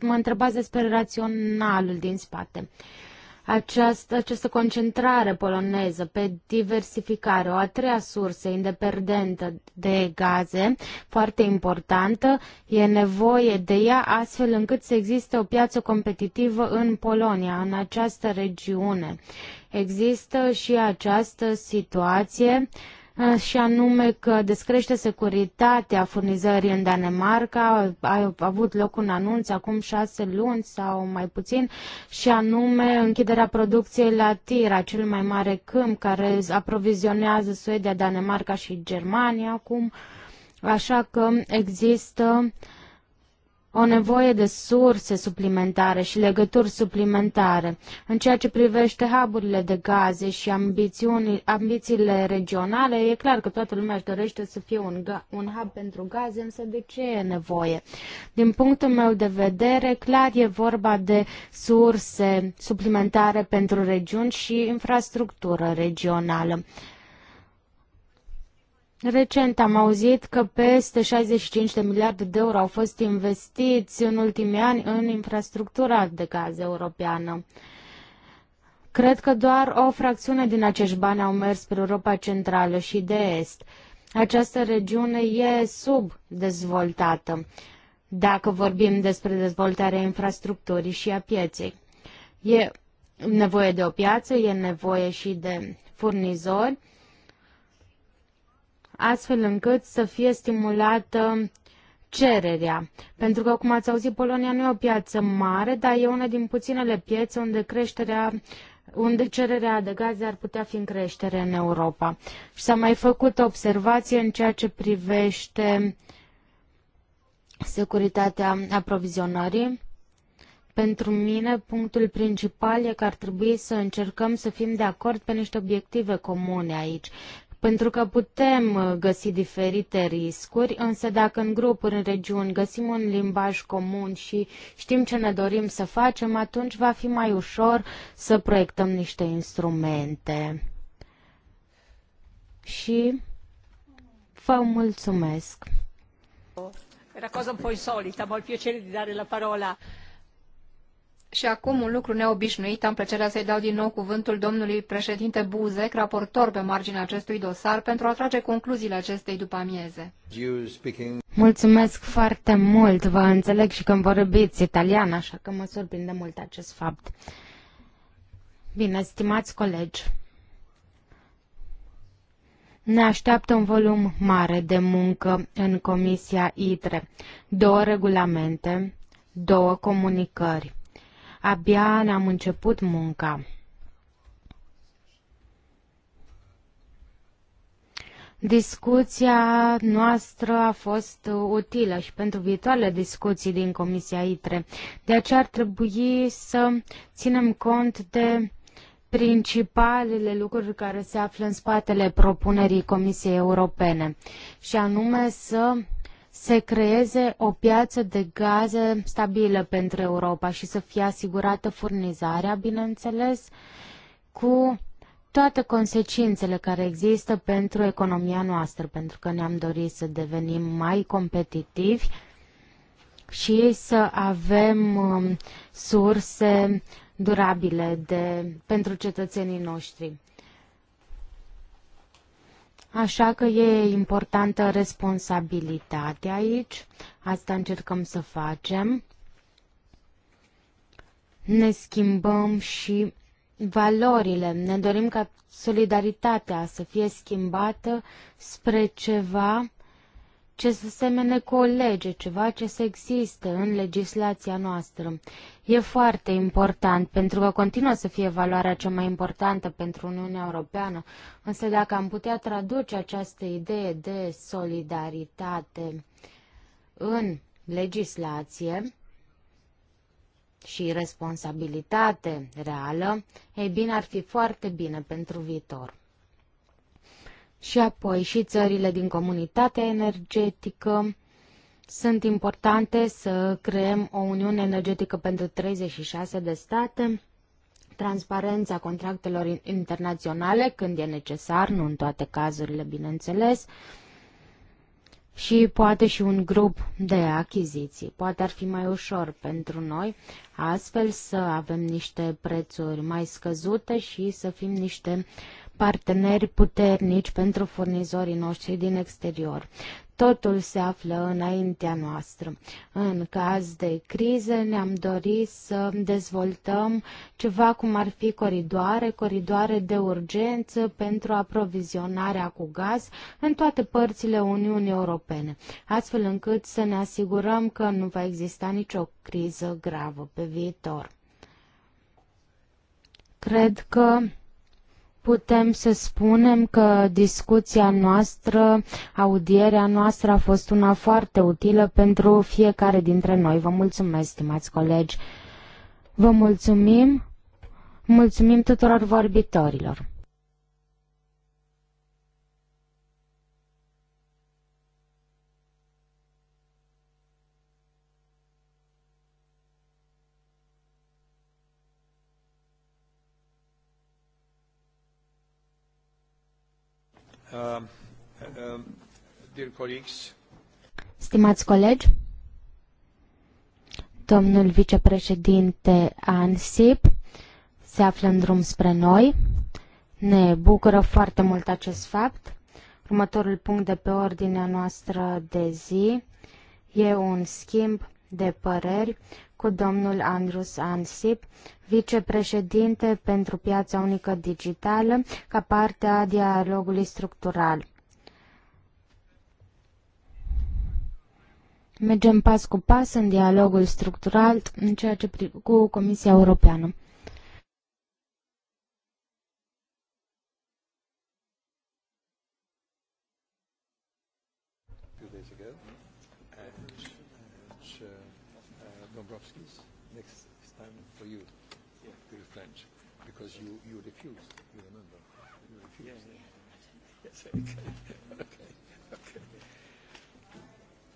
mă întrebați despre raționalul din spate. Uh, această, această concentrare poloneză pe diversificare, o a treia sursă independentă de gaze, foarte importantă, e nevoie de ea astfel încât să existe o piață competitivă în Polonia, în această regiune. Există și această situație uh, și anume că descrește securitatea furnizării în Danemarca. A avut loc un anunț acum șase luni sau mai puțin și anume închiderea producției la Tira, cel mai mare câmp care aprovizionează Suedia, Danemarca și Germania acum. Așa că există uh, o nevoie de surse suplimentare și legături suplimentare. În ceea ce privește haburile de gaze și ambițiile regionale, e clar că toată lumea își dorește să fie un, un hub pentru gaze, însă de ce e nevoie? Din punctul meu de vedere, clar e vorba de surse suplimentare pentru regiuni și infrastructură regională. Recent am auzit că peste 65 de miliarde de euro au fost investiți în ultimii ani în infrastructura de gaz europeană. Cred că doar o fracțiune din acești bani au mers spre Europa Centrală și de Est. Această regiune e subdezvoltată, dacă vorbim despre dezvoltarea infrastructurii și a pieței. E nevoie de o piață, e nevoie și de furnizori astfel încât să fie stimulată cererea. Pentru că, cum ați auzit, Polonia nu e o piață mare, dar e una din puținele piețe unde creșterea unde cererea de gaze ar putea fi în creștere în Europa. Și s-a mai făcut observație în ceea ce privește securitatea aprovizionării. Pentru mine, punctul principal e că ar trebui să încercăm să fim de acord pe niște obiective comune aici pentru că putem uh, găsi diferite riscuri, însă dacă în grupuri, în regiuni, găsim un limbaj comun și știm ce ne dorim să facem, atunci va fi mai ușor să proiectăm niște instrumente. Și vă mulțumesc! Era cosa un po' insolita, ma ho il piacere di dare la parola și acum un lucru neobișnuit, am plăcerea să-i dau din nou cuvântul domnului președinte Buzek, raportor pe marginea acestui dosar, pentru a trage concluziile acestei după amieze. Mulțumesc foarte mult, vă înțeleg și când vorbiți italian, așa că mă surprinde mult acest fapt. Bine, stimați colegi, ne așteaptă un volum mare de muncă în Comisia ITRE, două regulamente, două comunicări. Abia n am început munca. Discuția noastră a fost utilă și pentru viitoarele discuții din Comisia ITRE. De aceea ar trebui să ținem cont de principalele lucruri care se află în spatele propunerii Comisiei Europene și anume să se creeze o piață de gaze stabilă pentru Europa și să fie asigurată furnizarea, bineînțeles, cu toate consecințele care există pentru economia noastră, pentru că ne-am dorit să devenim mai competitivi și să avem um, surse durabile de, pentru cetățenii noștri. Așa că e importantă responsabilitatea aici. Asta încercăm să facem. Ne schimbăm și valorile. Ne dorim ca solidaritatea să fie schimbată spre ceva ce să semene cu o lege, ceva ce să existe în legislația noastră. E foarte important, pentru că continuă să fie valoarea cea mai importantă pentru Uniunea Europeană, însă dacă am putea traduce această idee de solidaritate în legislație și responsabilitate reală, ei bine, ar fi foarte bine pentru viitor și apoi și țările din comunitatea energetică. Sunt importante să creăm o uniune energetică pentru 36 de state, transparența contractelor internaționale când e necesar, nu în toate cazurile, bineînțeles, și poate și un grup de achiziții. Poate ar fi mai ușor pentru noi astfel să avem niște prețuri mai scăzute și să fim niște uh, parteneri puternici pentru furnizorii noștri din exterior. Totul se află înaintea noastră. În caz de crize ne-am dorit să dezvoltăm ceva cum ar fi coridoare, coridoare de urgență pentru aprovizionarea cu gaz în toate părțile Uniunii Europene, astfel încât să ne asigurăm că nu va exista nicio criză gravă pe viitor. Cred că Putem să spunem că discuția noastră, audierea noastră a fost una foarte utilă pentru fiecare dintre noi. Vă mulțumesc, stimați colegi. Vă mulțumim. Mulțumim tuturor vorbitorilor. Stimați colegi, domnul vicepreședinte Ansip se află în drum spre noi. Ne bucură foarte mult acest fapt. Următorul punct de pe ordinea noastră de zi e un schimb de păreri cu domnul Andrus Ansip, vicepreședinte pentru piața unică digitală, ca parte a dialogului structural. Mergem pas cu pas în dialogul structural în ceea ce, cu Comisia Europeană. okay. Okay.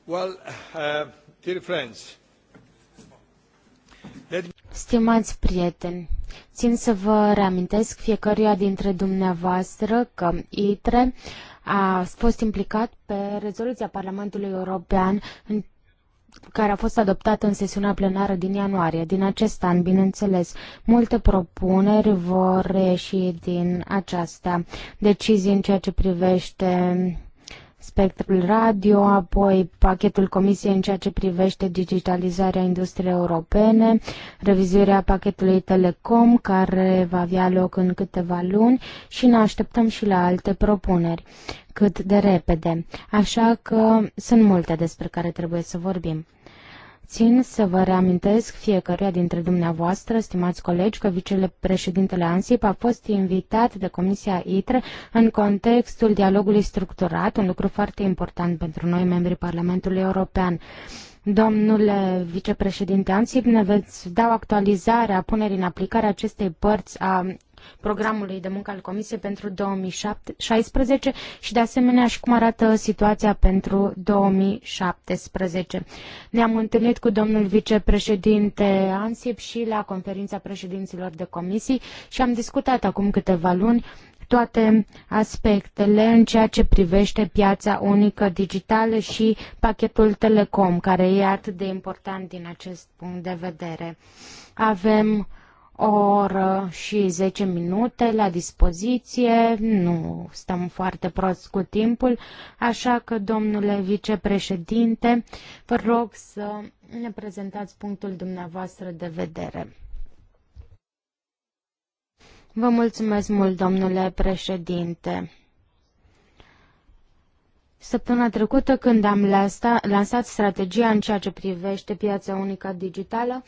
Well, uh, dear friends, let me... Stimați prieteni, țin să vă reamintesc fiecăruia dintre dumneavoastră că ITRE a fost implicat pe rezoluția Parlamentului European în care a fost adoptată în sesiunea plenară din ianuarie. Din acest an, bineînțeles, multe propuneri vor ieși din aceasta. Decizii în ceea ce privește spectrul radio, apoi pachetul Comisiei în ceea ce privește digitalizarea industriei europene, revizuirea pachetului Telecom, care va avea loc în câteva luni și ne așteptăm și la alte propuneri cât de repede. Așa că sunt multe despre care trebuie să vorbim. Țin să vă reamintesc fiecăruia dintre dumneavoastră, stimați colegi, că vicepreședintele ANSIP a fost invitat de Comisia ITRE în contextul dialogului structurat, un lucru foarte important pentru noi, membrii Parlamentului European. Domnule vicepreședinte Ansip, ne veți da o actualizare a punerii în aplicare acestei părți a programului de muncă al Comisiei pentru 2016 și de asemenea și cum arată situația pentru 2017. Ne-am întâlnit cu domnul vicepreședinte Ansip și la conferința președinților de comisii și am discutat acum câteva luni toate aspectele în ceea ce privește piața unică digitală și pachetul Telecom, care e atât de important din acest punct de vedere. Avem o oră și 10 minute la dispoziție, nu stăm foarte prost cu timpul, așa că, domnule vicepreședinte, vă rog să ne prezentați punctul dumneavoastră de vedere. Vă mulțumesc mult, domnule președinte. Săptămâna trecută, când am lansat strategia în ceea ce privește piața unică digitală,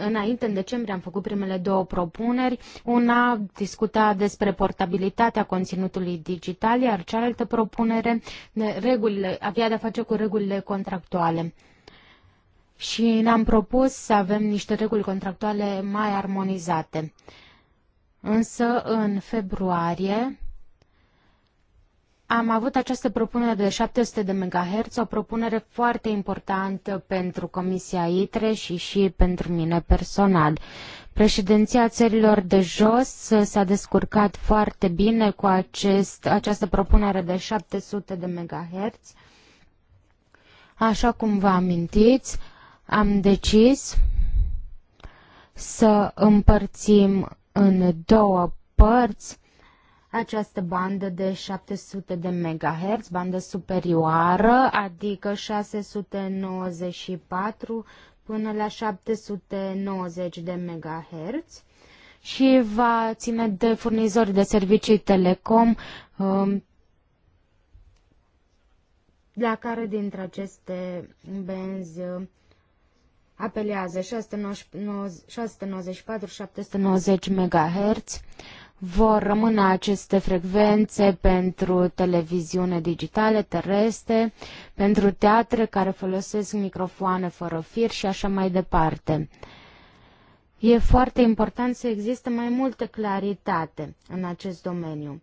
Înainte, în decembrie, am făcut primele două propuneri. Una discuta despre portabilitatea conținutului digital, iar cealaltă propunere regulile, avea de-a face cu regulile contractuale. Și ne-am propus să avem niște reguli contractuale mai armonizate. Însă, în februarie, am avut această propunere de 700 de MHz, o propunere foarte importantă pentru Comisia ITRE și și pentru mine personal. Președinția țărilor de jos s-a descurcat foarte bine cu acest, această propunere de 700 de MHz. Așa cum vă amintiți, am decis să împărțim în două părți această bandă de 700 de MHz, bandă superioară, adică 694 până la 790 de MHz și va ține de furnizori de servicii telecom um, la care dintre aceste benzi uh, apelează 694-790 MHz vor rămâne aceste frecvențe pentru televiziune digitale, terestre, pentru teatre care folosesc microfoane fără fir și așa mai departe. E foarte important să existe mai multă claritate în acest domeniu.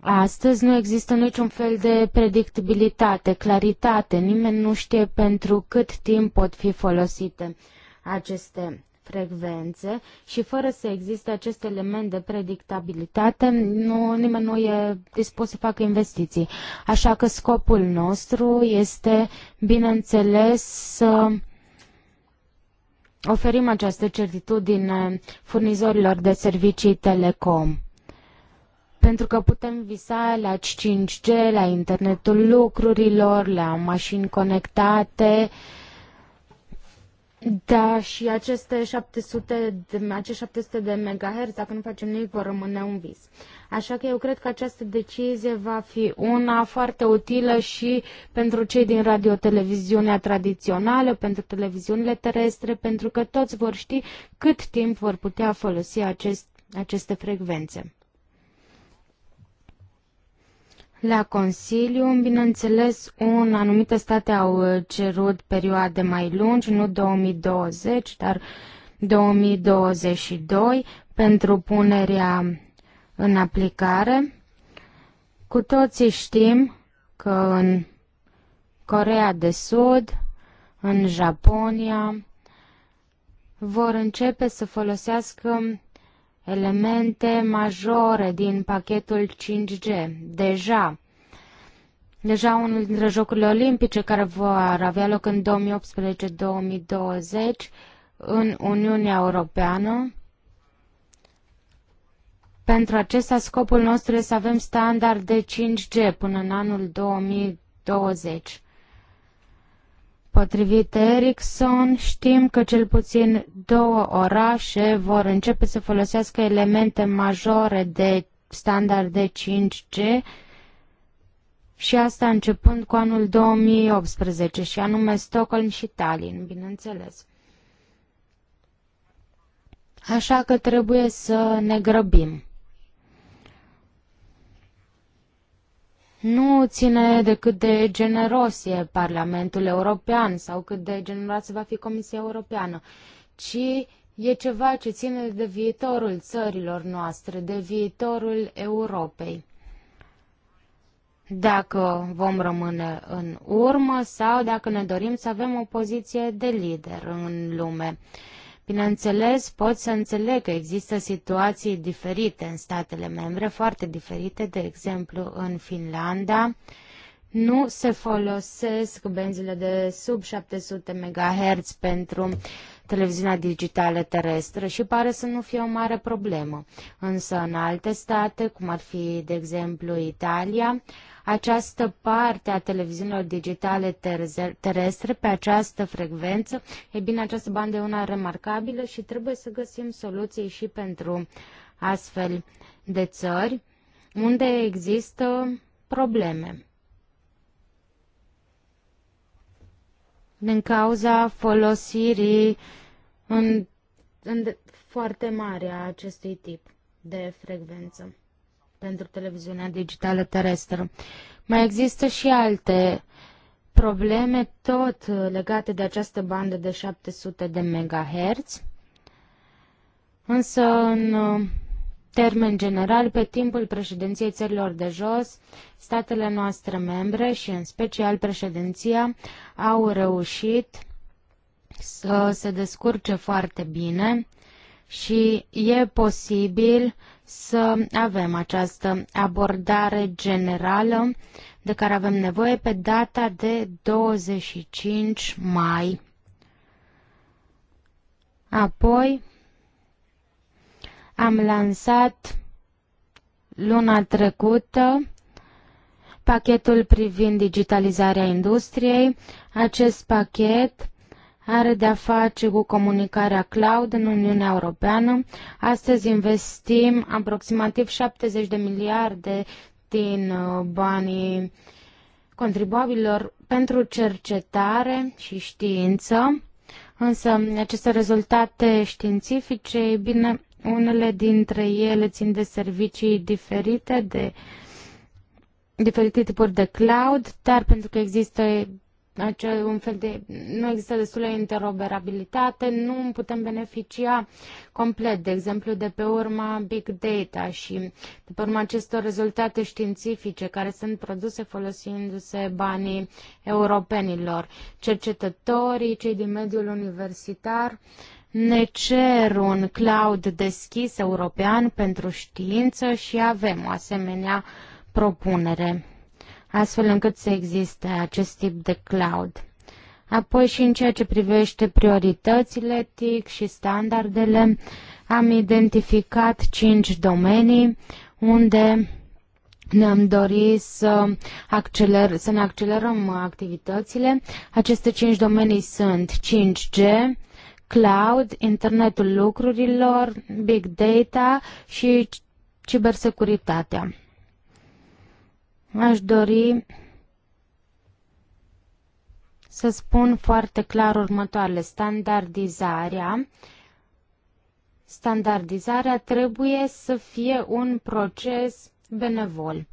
Astăzi nu există niciun fel de predictibilitate, claritate, nimeni nu știe pentru cât timp pot fi folosite aceste frecvențe și fără să existe acest element de predictabilitate, nu, nimeni nu e dispus să facă investiții. Așa că scopul nostru este, bineînțeles, să oferim această certitudine furnizorilor de servicii telecom pentru că putem visa la 5G, la internetul lucrurilor, la mașini conectate, uh, da, și aceste 700, de, acești 700 de MHz, dacă nu facem nimic, vor rămâne un vis. Așa că eu cred că această decizie va fi una foarte utilă și pentru cei din radioteleviziunea tradițională, pentru televiziunile terestre, pentru că toți vor ști cât timp vor putea folosi acest, aceste frecvențe. La Consiliu, bineînțeles, un anumite state au uh, cerut perioade mai lungi, nu 2020, dar 2022, pentru punerea în aplicare. Cu toții știm că în Corea de Sud, în Japonia, vor începe să folosească elemente majore din pachetul 5G. Deja, deja unul dintre Jocurile Olimpice care vor avea loc în 2018-2020 în Uniunea Europeană. Pentru acesta, scopul nostru este să avem standard de 5G până în anul 2020. Potrivit Ericsson, știm că cel puțin două orașe vor începe să folosească elemente majore de standarde 5G și asta începând cu anul 2018 și anume Stockholm și Tallinn, bineînțeles. Așa că trebuie să ne grăbim. nu ține de cât de generos e Parlamentul European sau cât de generoasă va fi Comisia Europeană, ci e ceva ce ține de viitorul țărilor noastre, de viitorul Europei. Dacă vom rămâne în urmă sau dacă ne dorim să avem o poziție de lider în lume. Bineînțeles, pot să înțeleg că există situații diferite în statele membre, foarte diferite, de exemplu în Finlanda, nu se folosesc benzile de sub 700 MHz pentru uh, televiziunea digitală terestră și pare să nu fie o mare problemă. Însă în alte state, cum ar fi, de exemplu, Italia, această parte a televiziunilor digitale terestre pe această frecvență, e bine, această bandă e una remarcabilă și trebuie să găsim soluții și pentru astfel de țări unde există probleme. din cauza folosirii în, în foarte mare a acestui tip de frecvență pentru televiziunea digitală terestră. Mai există și alte probleme tot legate de această bandă de 700 de MHz, însă în termen general, pe timpul președinției țărilor de jos, statele noastre membre și în special președinția au reușit să se descurce foarte bine și e posibil să avem această abordare generală de care avem nevoie pe data de 25 mai. Apoi, am lansat luna trecută pachetul privind digitalizarea industriei. Acest pachet are de-a face cu comunicarea cloud în Uniunea Europeană. Astăzi investim aproximativ 70 de miliarde din uh, banii contribuabilor pentru cercetare și știință, însă aceste rezultate științifice, bine, unele dintre ele țin de servicii diferite, de diferite tipuri de cloud, dar pentru că există acel, un fel de, nu există destulă interoperabilitate, nu putem beneficia complet, de exemplu, de pe urma big data și de pe urma acestor rezultate științifice care sunt produse folosindu-se banii europenilor. Cercetătorii, cei din mediul universitar, uh, ne cer un cloud deschis european pentru știință și avem o asemenea propunere, astfel încât să existe acest tip de cloud. Apoi și în ceea ce privește prioritățile TIC și standardele, am identificat cinci domenii unde ne-am dorit să, acceler, să ne accelerăm activitățile. Aceste cinci domenii sunt 5G, cloud, internetul lucrurilor, big data și cibersecuritatea. Aș dori să spun foarte clar următoarele. Standardizarea standardizarea trebuie să fie un proces benevol.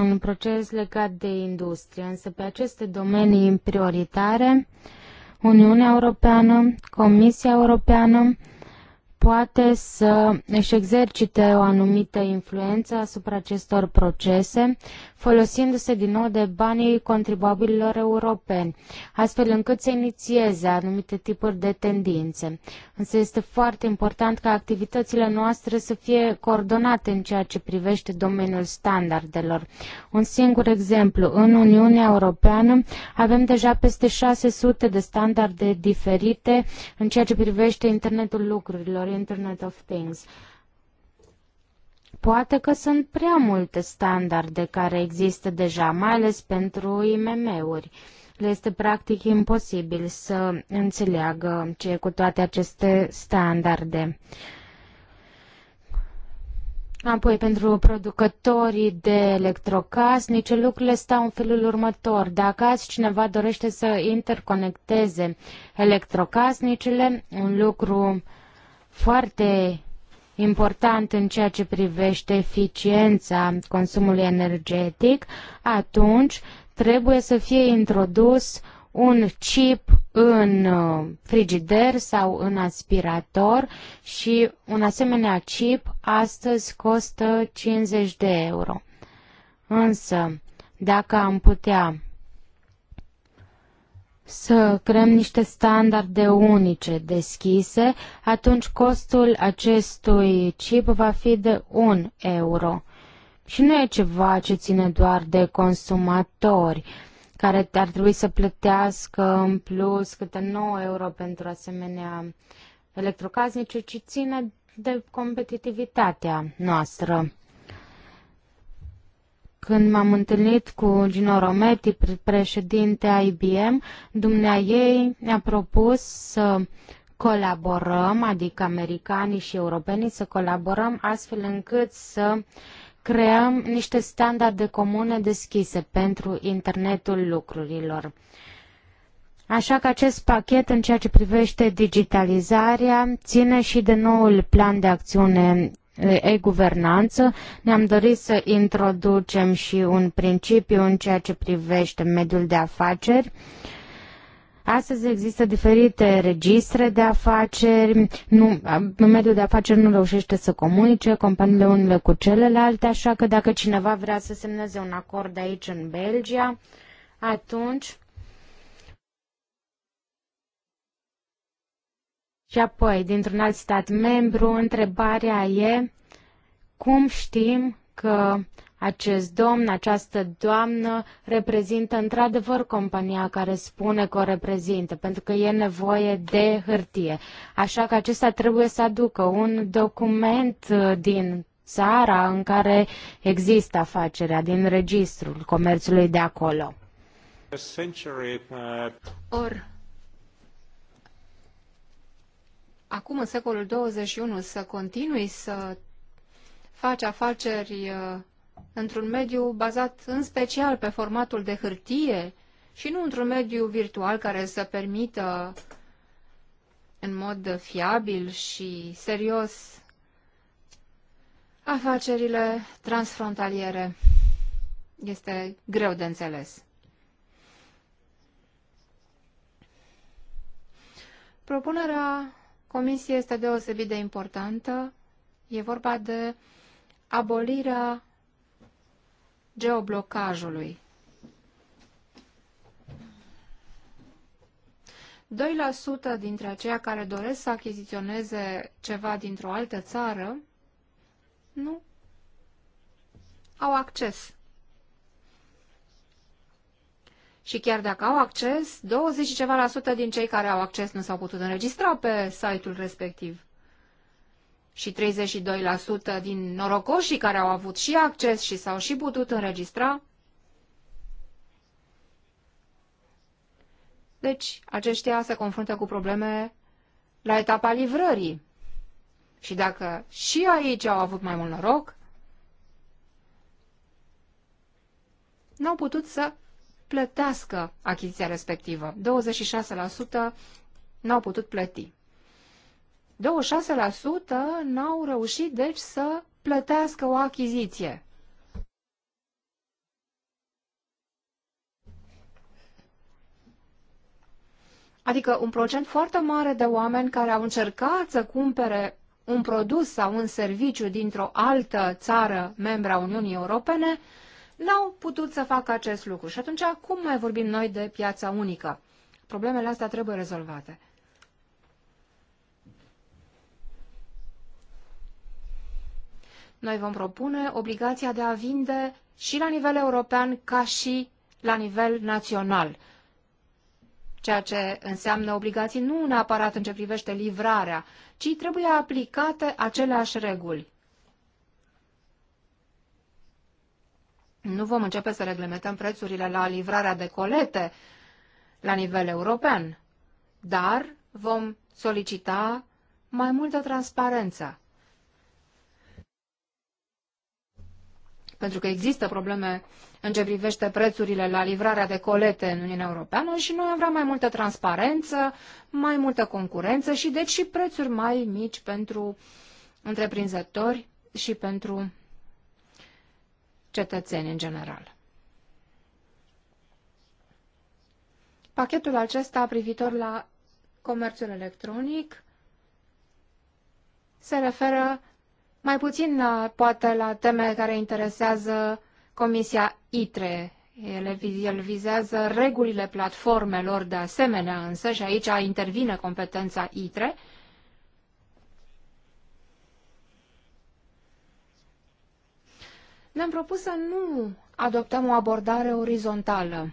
un proces legat de industrie, însă pe aceste domenii prioritare, Uniunea Europeană, Comisia Europeană poate să își exercite o anumită influență asupra acestor procese, folosindu-se din nou de banii contribuabililor europeni, astfel încât să inițieze anumite tipuri de tendințe. Însă este foarte important ca activitățile noastre să fie coordonate în ceea ce privește domeniul standardelor. Un singur exemplu, în Uniunea Europeană avem deja peste 600 de standarde diferite în ceea ce privește internetul lucrurilor, Internet of Things. Poate că sunt prea multe standarde care există deja, mai ales pentru IMM-uri. Le este practic imposibil să înțeleagă ce e cu toate aceste standarde. Apoi, pentru producătorii de electrocasnice, lucrurile stau în felul următor. Dacă azi cineva dorește să interconecteze electrocasnicele, un lucru uh, foarte important în ceea ce privește eficiența consumului energetic, atunci trebuie să fie introdus un chip în uh, frigider sau în aspirator și un asemenea chip astăzi costă 50 de euro. Însă, dacă am putea să creăm niște standarde unice deschise, atunci costul acestui chip va fi de 1 euro. Și nu e ceva ce ține doar de consumatori care ar trebui să plătească în plus câte 9 euro pentru asemenea electrocasnice, ci ține de competitivitatea noastră. Când m-am întâlnit cu Gino Rometti, președinte a IBM, dumnea ei ne-a propus să colaborăm, adică americanii și europenii, să colaborăm astfel încât să creăm niște standarde comune deschise pentru internetul lucrurilor. Așa că acest pachet în ceea ce privește digitalizarea ține și de noul plan de acțiune e-guvernanță, ne-am dorit să introducem și un principiu în ceea ce privește mediul de afaceri. Astăzi există diferite registre de afaceri, nu, mediul de afaceri nu reușește să comunice companiile unele cu celelalte, așa că dacă cineva vrea să semneze un acord aici în Belgia, atunci Și apoi, dintr-un alt stat membru, întrebarea e cum știm că acest domn, această doamnă reprezintă într-adevăr compania care spune că o reprezintă, pentru că e nevoie de hârtie. Așa că acesta trebuie să aducă un document uh, din țara în care există afacerea, din registrul comerțului de acolo. Uh, Or, acum în secolul 21 să continui să faci afaceri uh, într-un mediu bazat în special pe formatul de hârtie și nu într-un mediu virtual care să permită în mod fiabil și serios afacerile transfrontaliere. Este greu de înțeles. Propunerea comisie este deosebit de importantă. E vorba de abolirea geoblocajului. 2% dintre aceia care doresc să achiziționeze ceva dintr-o altă țară nu au acces și chiar dacă au acces, 20 și ceva la sută din cei care au acces nu s-au putut înregistra pe site-ul respectiv. Și 32% din norocoșii care au avut și acces și s-au și putut înregistra. Deci, aceștia se confruntă cu probleme la etapa livrării. Și dacă și aici au avut mai mult noroc, n-au putut să plătească achiziția respectivă. 26% n-au putut plăti. 26% n-au reușit, deci, să plătească o achiziție. Adică un procent foarte mare de oameni care au încercat să cumpere un produs sau un serviciu dintr-o altă țară membra Uniunii Europene n-au putut să facă acest lucru. Și atunci, cum mai vorbim noi de piața unică? Problemele astea trebuie rezolvate. Noi vom propune obligația de a vinde și la nivel european ca și la nivel național ceea ce înseamnă obligații nu neapărat în ce privește livrarea, ci trebuie aplicate aceleași reguli. Nu vom începe să reglementăm prețurile la livrarea de colete la nivel european, dar vom solicita mai multă transparență. Pentru că există probleme în ce privește prețurile la livrarea de colete în Uniunea Europeană și noi am vrea mai multă transparență, mai multă concurență și deci și prețuri mai mici pentru întreprinzători și pentru cetățeni în general. Pachetul acesta privitor la comerțul electronic se referă mai puțin, poate, la teme care interesează Comisia ITRE. El, el vizează regulile platformelor de asemenea însă și aici intervine competența ITRE, ne-am propus să nu adoptăm o abordare orizontală,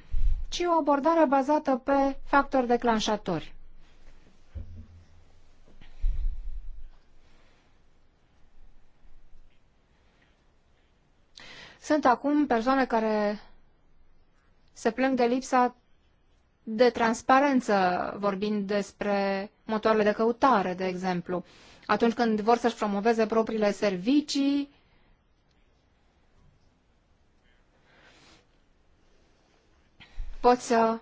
ci o abordare bazată pe factori declanșatori. Sunt acum persoane care se plâng de lipsa de transparență, vorbind despre motoarele de căutare, de exemplu. Atunci când vor să-și promoveze propriile servicii, poți să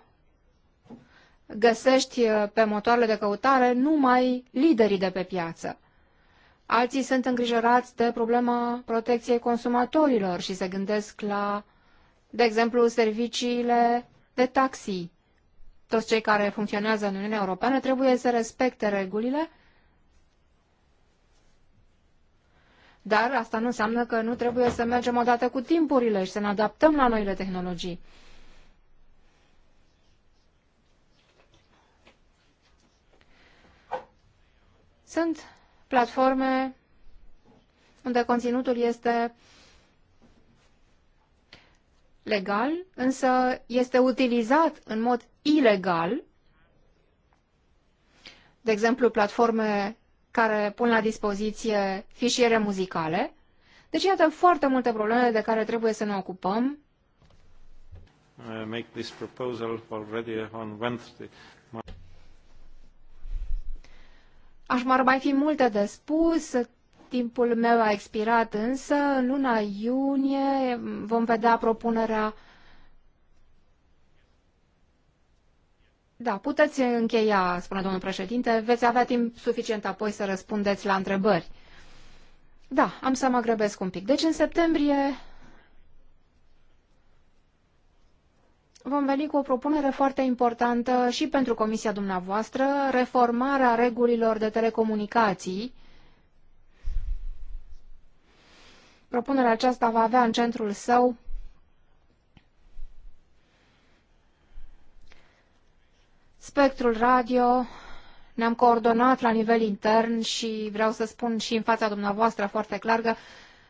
găsești uh, pe motoarele de căutare numai liderii de pe piață. Alții sunt îngrijorați de problema protecției consumatorilor și se gândesc la, de exemplu, serviciile de taxi. Toți cei care funcționează în Uniunea Europeană trebuie să respecte regulile, dar asta nu înseamnă că nu trebuie să mergem odată cu timpurile și să ne adaptăm la noile tehnologii. Sunt platforme unde conținutul este legal, însă este utilizat în mod ilegal, de exemplu platforme care pun la dispoziție fișiere muzicale. Deci iată foarte multe probleme de care trebuie să ne ocupăm. make this proposal already on Wednesday. Aș mai mai fi multe de spus, timpul meu a expirat însă, în luna iunie vom vedea propunerea Da, puteți încheia, spune domnul președinte. Veți avea timp suficient apoi să răspundeți la întrebări. Da, am să mă grăbesc un pic. Deci în septembrie vom veni cu o propunere foarte importantă și pentru comisia dumneavoastră, reformarea regulilor de telecomunicații. Propunerea aceasta va avea în centrul său spectrul radio, ne-am coordonat la nivel intern și vreau să spun și în fața dumneavoastră foarte clar că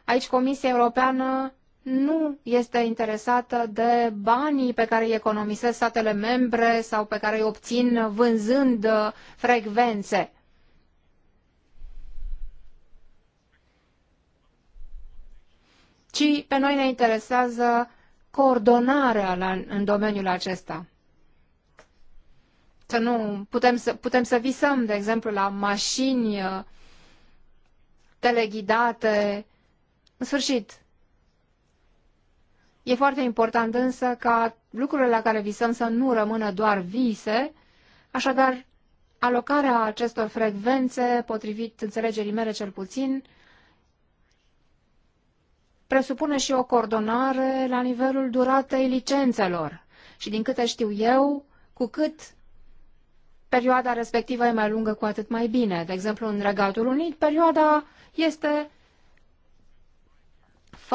aici Comisia Europeană nu este interesată de banii pe care îi economisesc statele membre sau pe care îi obțin vânzând uh, frecvențe. Ci pe noi ne interesează coordonarea la, în domeniul acesta. Să nu putem să, putem să visăm, de exemplu, la mașini uh, teleghidate. În sfârșit, E foarte important însă ca lucrurile la care visăm să nu rămână doar vise, așadar alocarea acestor frecvențe, potrivit înțelegerii mele cel puțin, presupune și o coordonare la nivelul duratei licențelor. Și din câte știu eu, cu cât perioada respectivă e mai lungă, cu atât mai bine. De exemplu, în Regatul Unit, perioada este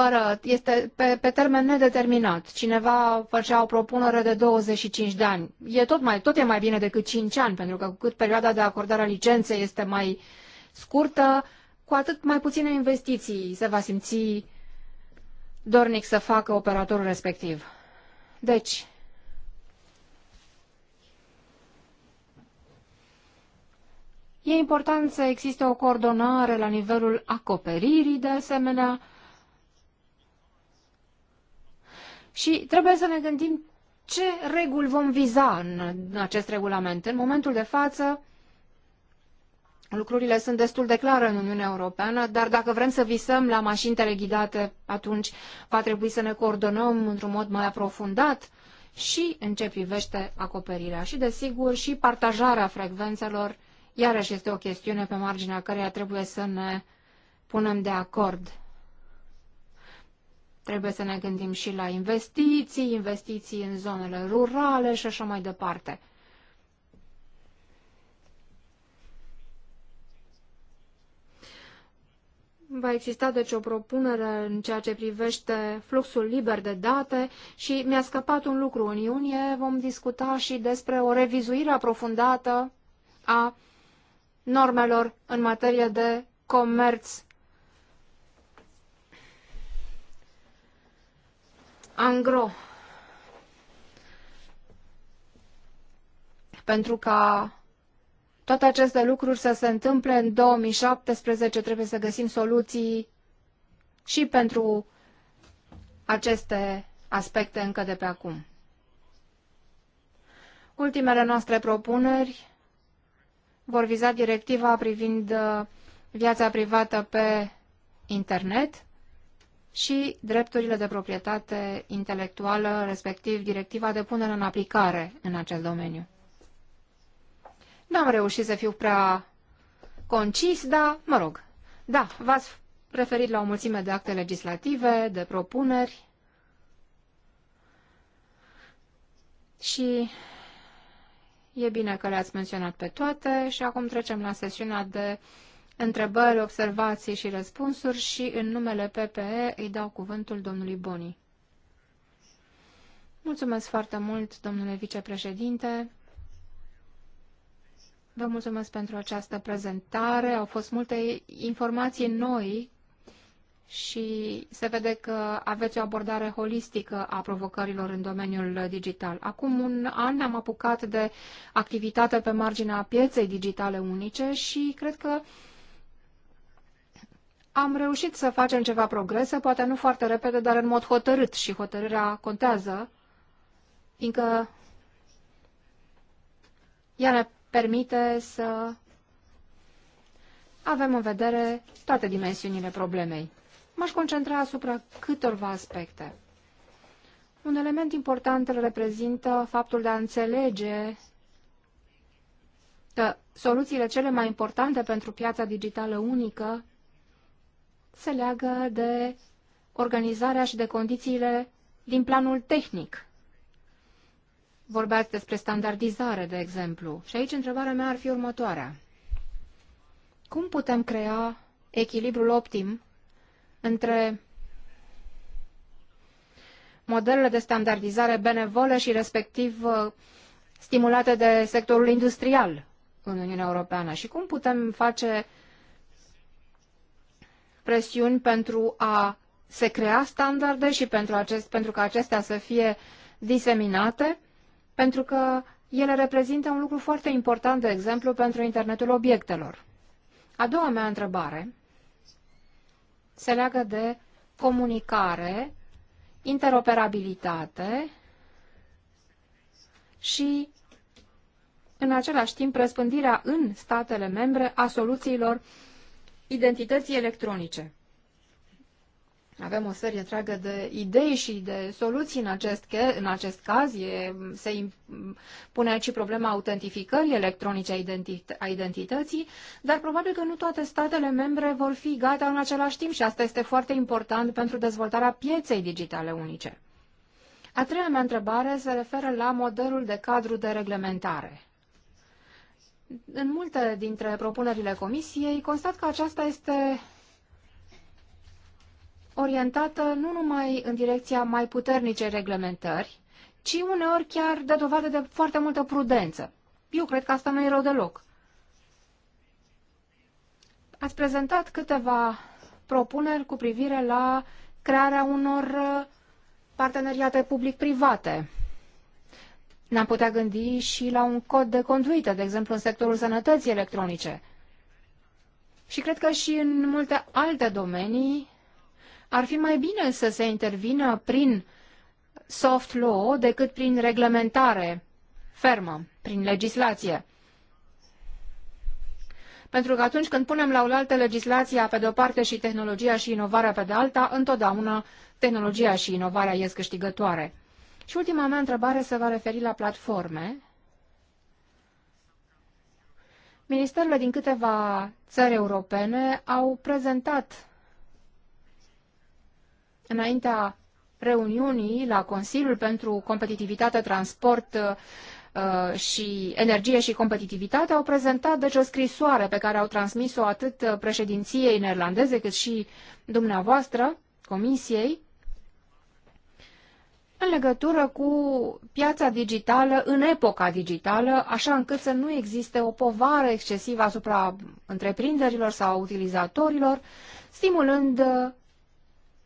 fără, este pe, pe termen nedeterminat. Cineva făcea o propunere de 25 de ani. E tot, mai, tot e mai bine decât 5 ani, pentru că cu cât perioada de acordare a licenței este mai scurtă, cu atât mai puține investiții se va simți dornic să facă operatorul respectiv. Deci, E important să existe o coordonare la nivelul acoperirii, de asemenea, Și trebuie să ne gândim ce reguli vom viza în acest regulament. În momentul de față, lucrurile sunt destul de clare în Uniunea Europeană, dar dacă vrem să visăm la mașini teleghidate, atunci va trebui să ne coordonăm într-un mod mai aprofundat și în ce privește acoperirea și, desigur, și partajarea frecvențelor, iarăși este o chestiune pe marginea căreia trebuie să ne punem de acord. Trebuie să ne gândim și la investiții, investiții în zonele rurale și așa mai departe. Va exista deci o propunere în ceea ce privește fluxul liber de date și mi-a scăpat un lucru. În iunie vom discuta și despre o revizuire aprofundată a normelor în materie de comerț angro. Pentru ca toate aceste lucruri să se întâmple în 2017, trebuie să găsim soluții și pentru aceste aspecte încă de pe acum. Ultimele noastre propuneri vor viza directiva privind uh, viața privată pe internet, și drepturile de proprietate intelectuală, respectiv directiva de punere în aplicare în acest domeniu. N-am reușit să fiu prea concis, dar, mă rog, da, v-ați referit la o mulțime de acte legislative, de propuneri și e bine că le-ați menționat pe toate și acum trecem la sesiunea de uh, întrebări, observații și răspunsuri și în numele PPE îi dau cuvântul domnului Boni. Mulțumesc foarte mult, domnule vicepreședinte. Vă mulțumesc pentru această prezentare. Au fost multe informații noi și se vede că aveți o abordare holistică a provocărilor în domeniul digital. Acum un an am apucat de activitate pe marginea pieței digitale unice și cred că am reușit să facem ceva progrese, poate nu foarte repede, dar în mod hotărât și hotărârea contează, fiindcă ea ne permite să avem în vedere toate dimensiunile problemei. M-aș concentra asupra câtorva aspecte. Un element important îl reprezintă faptul de a înțelege că soluțiile cele mai importante pentru piața digitală unică se leagă de organizarea și de condițiile din planul tehnic. Vorbeați despre standardizare, de exemplu. Și aici întrebarea mea ar fi următoarea. Cum putem crea echilibrul optim între modelele de standardizare benevole și respectiv uh, stimulate de sectorul industrial în Uniunea Europeană și cum putem face presiuni pentru a se crea standarde și pentru, acest, pentru ca acestea să fie diseminate, pentru că ele reprezintă un lucru foarte important, de exemplu, pentru internetul obiectelor. A doua mea întrebare se leagă de comunicare, interoperabilitate și, în același timp, răspândirea în statele membre a soluțiilor uh, identității electronice. Avem o serie întreagă de idei și de soluții în acest, în acest caz. E, se pune aici problema autentificării electronice a, identit- a identității, dar probabil că nu toate statele membre vor fi gata în același timp și asta este foarte important pentru dezvoltarea pieței digitale unice. A treia mea întrebare se referă la modelul de cadru de reglementare. În multe dintre propunerile comisiei constat că aceasta este orientată nu numai în direcția mai puternice reglementări, ci uneori chiar dă dovadă de foarte multă prudență. Eu cred că asta nu e rău deloc. Ați prezentat câteva propuneri cu privire la crearea unor uh, parteneriate public-private ne-am putea gândi și la un cod de conduită, de exemplu în sectorul sănătății electronice. Și cred că și în multe alte domenii ar fi mai bine să se intervină prin soft law decât prin reglementare fermă, prin legislație. Pentru că atunci când punem la oaltă legislația pe de-o parte și tehnologia și inovarea pe de alta, întotdeauna tehnologia și inovarea ies câștigătoare. Și ultima mea întrebare se va referi la platforme. Ministerele din câteva țări europene au prezentat înaintea reuniunii la Consiliul pentru Competitivitate, Transport uh, și Energie și Competitivitate au prezentat deci o scrisoare pe care au transmis-o atât președinției neerlandeze cât și dumneavoastră, Comisiei, în legătură cu piața digitală în epoca digitală, așa încât să nu existe o povară excesivă asupra întreprinderilor sau utilizatorilor, stimulând uh,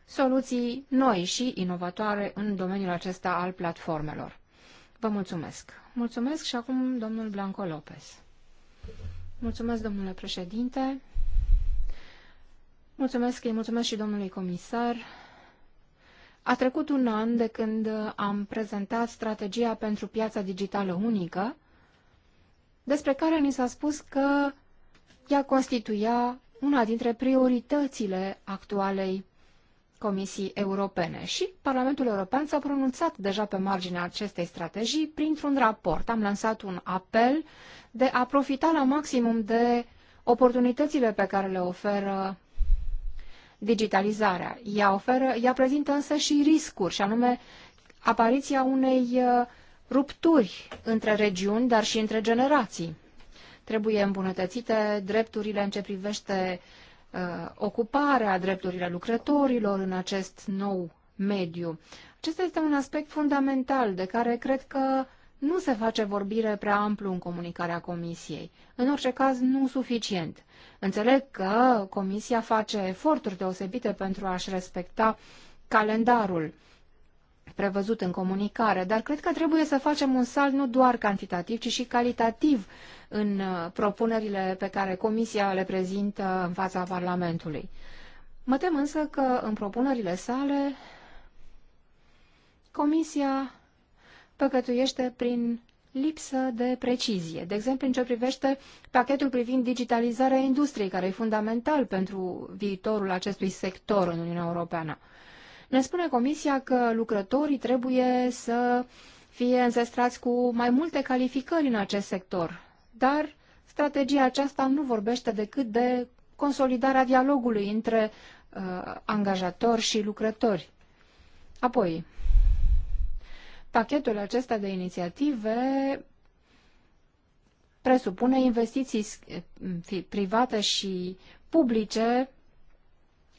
soluții noi și inovatoare în domeniul acesta al platformelor. Vă mulțumesc. Mulțumesc și acum domnul Blanco Lopez. Mulțumesc, domnule președinte. Mulțumesc, îi mulțumesc și domnului comisar a trecut un an de când am prezentat strategia pentru piața digitală unică, despre care ni s-a spus că ea constituia una dintre prioritățile actualei Comisii Europene și Parlamentul European s-a pronunțat deja pe marginea acestei strategii printr-un raport. Am lansat un apel de a profita la maximum de oportunitățile pe care le oferă digitalizarea. Ea, oferă, ea prezintă însă și riscuri, și anume apariția unei uh, rupturi între regiuni, dar și între generații. Trebuie îmbunătățite drepturile în ce privește uh, ocuparea, drepturile lucrătorilor în acest nou mediu. Acesta este un aspect fundamental de care cred că nu se face vorbire prea amplu în comunicarea comisiei, în orice caz nu suficient. Înțeleg că comisia face eforturi deosebite pentru a-și respecta calendarul prevăzut în comunicare, dar cred că trebuie să facem un salt nu doar cantitativ, ci și calitativ în uh, propunerile pe care Comisia le prezintă în fața Parlamentului. Mă tem însă că în propunerile sale Comisia păcătuiește prin lipsă de precizie. De exemplu, în ce privește pachetul privind digitalizarea industriei, care e fundamental pentru viitorul acestui sector în Uniunea Europeană. Ne spune Comisia că lucrătorii trebuie să fie înzestrați cu mai multe calificări în acest sector, dar strategia aceasta nu vorbește decât de consolidarea dialogului între uh, angajatori și lucrători. Apoi, Pachetul acesta de inițiative presupune investiții private și publice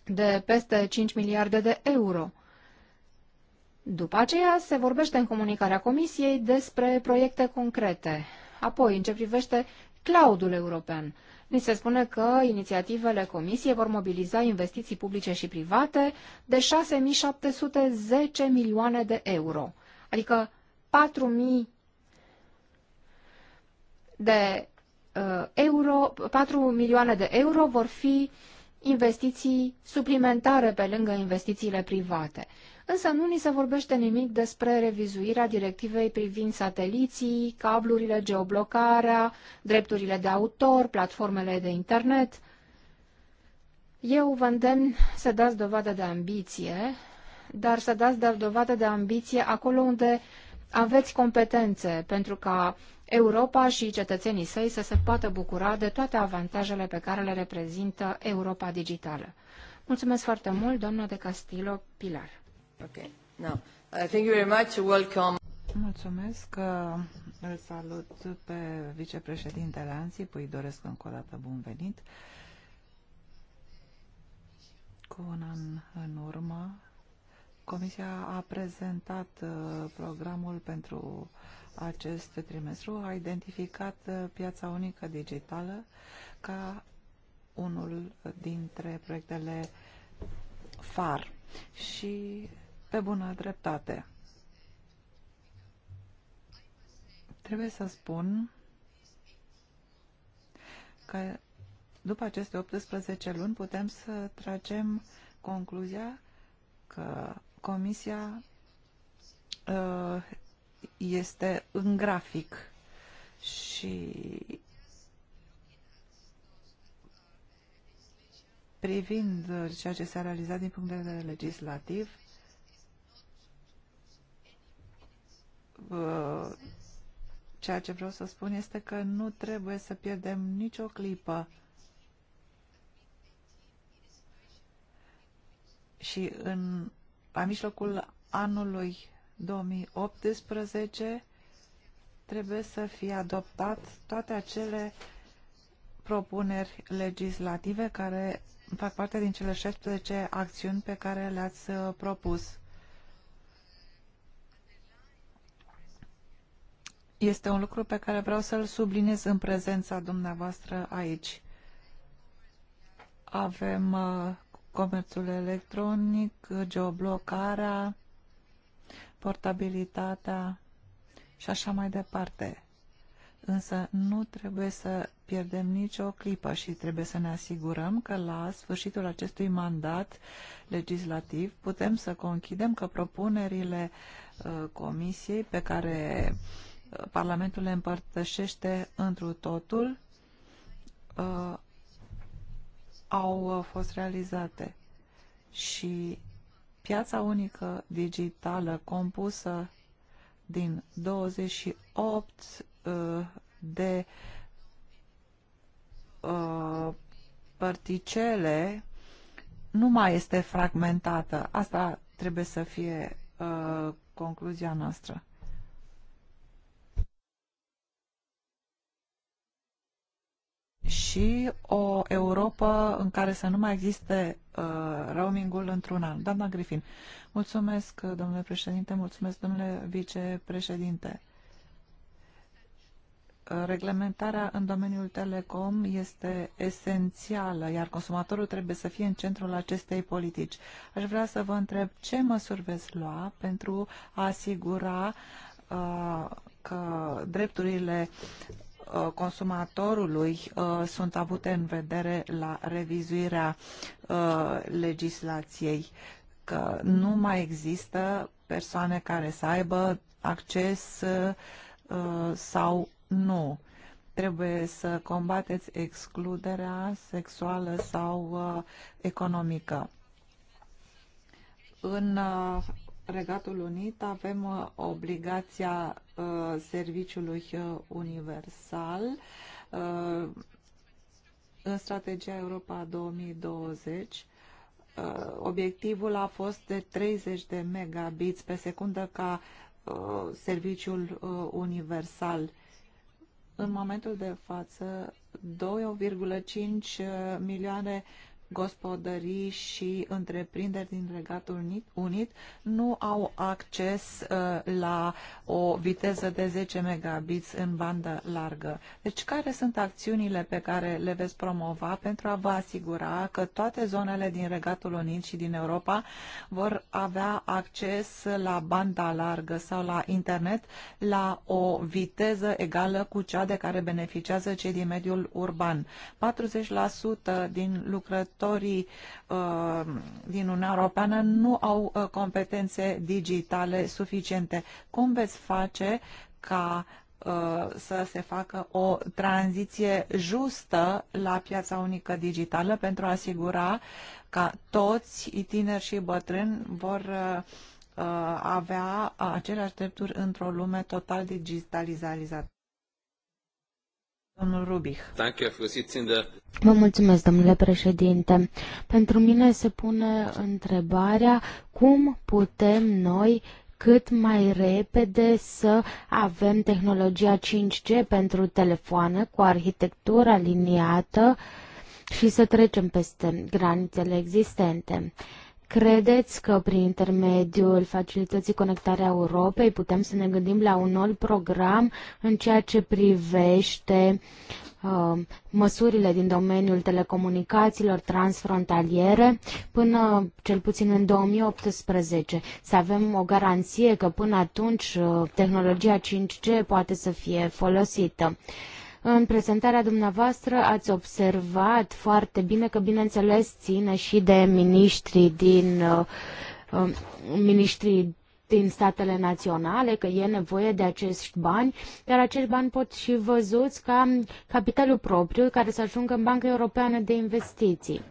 de peste 5 miliarde de euro. După aceea se vorbește în comunicarea Comisiei despre proiecte concrete. Apoi, în ce privește cloudul european, ni se spune că inițiativele Comisiei vor mobiliza investiții publice și private de 6.710 milioane de euro adică 4.000 de uh, euro, 4 milioane de euro vor fi investiții suplimentare pe lângă investițiile private. Însă nu ni se vorbește nimic despre revizuirea directivei privind sateliții, cablurile, geoblocarea, drepturile de autor, platformele de internet. Eu vă îndemn să dați dovadă de ambiție dar să dați dar dovadă de ambiție acolo unde aveți competențe pentru ca Europa și cetățenii săi să se poată bucura de toate avantajele pe care le reprezintă Europa digitală. Mulțumesc foarte mult, doamna de Castillo Pilar. Ok. Now, uh, thank you very much. Welcome. Mulțumesc că uh, îl salut pe vicepreședintele Anții, îi doresc încă o dată bun venit. Cu un an în urmă, Comisia a prezentat uh, programul pentru acest trimestru, a identificat uh, piața unică digitală ca unul dintre proiectele FAR și pe bună dreptate. Trebuie să spun că după aceste 18 luni putem să tragem concluzia că Comisia uh, este în grafic și privind ceea ce s-a realizat din punct de vedere legislativ, uh, ceea ce vreau să spun este că nu trebuie să pierdem nicio clipă și în la mijlocul anului 2018 trebuie să fie adoptat toate acele propuneri legislative care fac parte din cele 16 acțiuni pe care le-ați uh, propus. Este un lucru pe care vreau să-l subliniez în prezența dumneavoastră aici. Avem uh, comerțul electronic, geoblocarea, portabilitatea și așa mai departe. Însă nu trebuie să pierdem nicio clipă și trebuie să ne asigurăm că la sfârșitul acestui mandat legislativ putem să conchidem că propunerile uh, comisiei pe care uh, Parlamentul le împărtășește întru totul uh, au uh, fost realizate și piața unică digitală compusă din 28 uh, de uh, particele nu mai este fragmentată. Asta trebuie să fie concluzia noastră. și o Europa în care să nu mai existe uh, roamingul într-un an. Doamna Griffin, mulțumesc, domnule președinte, mulțumesc, domnule vicepreședinte. Reglementarea în domeniul telecom este esențială, iar consumatorul trebuie să fie în centrul acestei politici. Aș vrea să vă întreb ce măsuri veți lua pentru a asigura uh, că drepturile Uh, consumatorului uh, sunt avute în vedere la revizuirea uh, legislației, că nu mai există persoane care să aibă acces sau nu. Trebuie să combateți excluderea sexuală sau economică. În Regatul Unit avem uh, obligația uh, serviciului uh, universal în strategia Europa 2020 obiectivul a fost de 30 de megabits pe secundă ca serviciul universal. În momentul de față, 2,5 milioane gospodării și întreprinderi din Regatul Unit nu au acces uh, la o viteză de 10 megabits în bandă largă. Deci care sunt acțiunile pe care le veți promova pentru a vă asigura că toate zonele din Regatul Unit și din Europa vor avea acces la banda largă sau la internet la o viteză egală cu cea de care beneficiază cei din mediul urban. 40% din lucrători actorii uh, din Uniunea Europeană nu au uh, competențe digitale suficiente. Cum veți face ca uh, să se facă o tranziție justă la piața unică digitală pentru a asigura ca toți tineri și bătrâni vor uh, uh, avea aceleași drepturi într-o lume total digitalizată. Domnul Vă mulțumesc, domnule președinte. Pentru mine se pune întrebarea cum putem noi cât mai repede să avem tehnologia 5G pentru telefoane cu arhitectură aliniată și să trecem peste granițele existente. Credeți că prin intermediul facilității conectarea Europei putem să ne gândim la un nou program în ceea ce privește uh, măsurile din domeniul telecomunicațiilor transfrontaliere până cel puțin în 2018. Să avem o garanție că până atunci uh, tehnologia 5G poate să fie folosită. Uh, în prezentarea dumneavoastră ați observat foarte bine că, bineînțeles, ține și de miniștrii din, uh, um, miniștrii din statele naționale, că e nevoie de acești bani, dar acești bani pot și văzuți ca capitalul propriu care să ajungă în Banca Europeană de Investiții.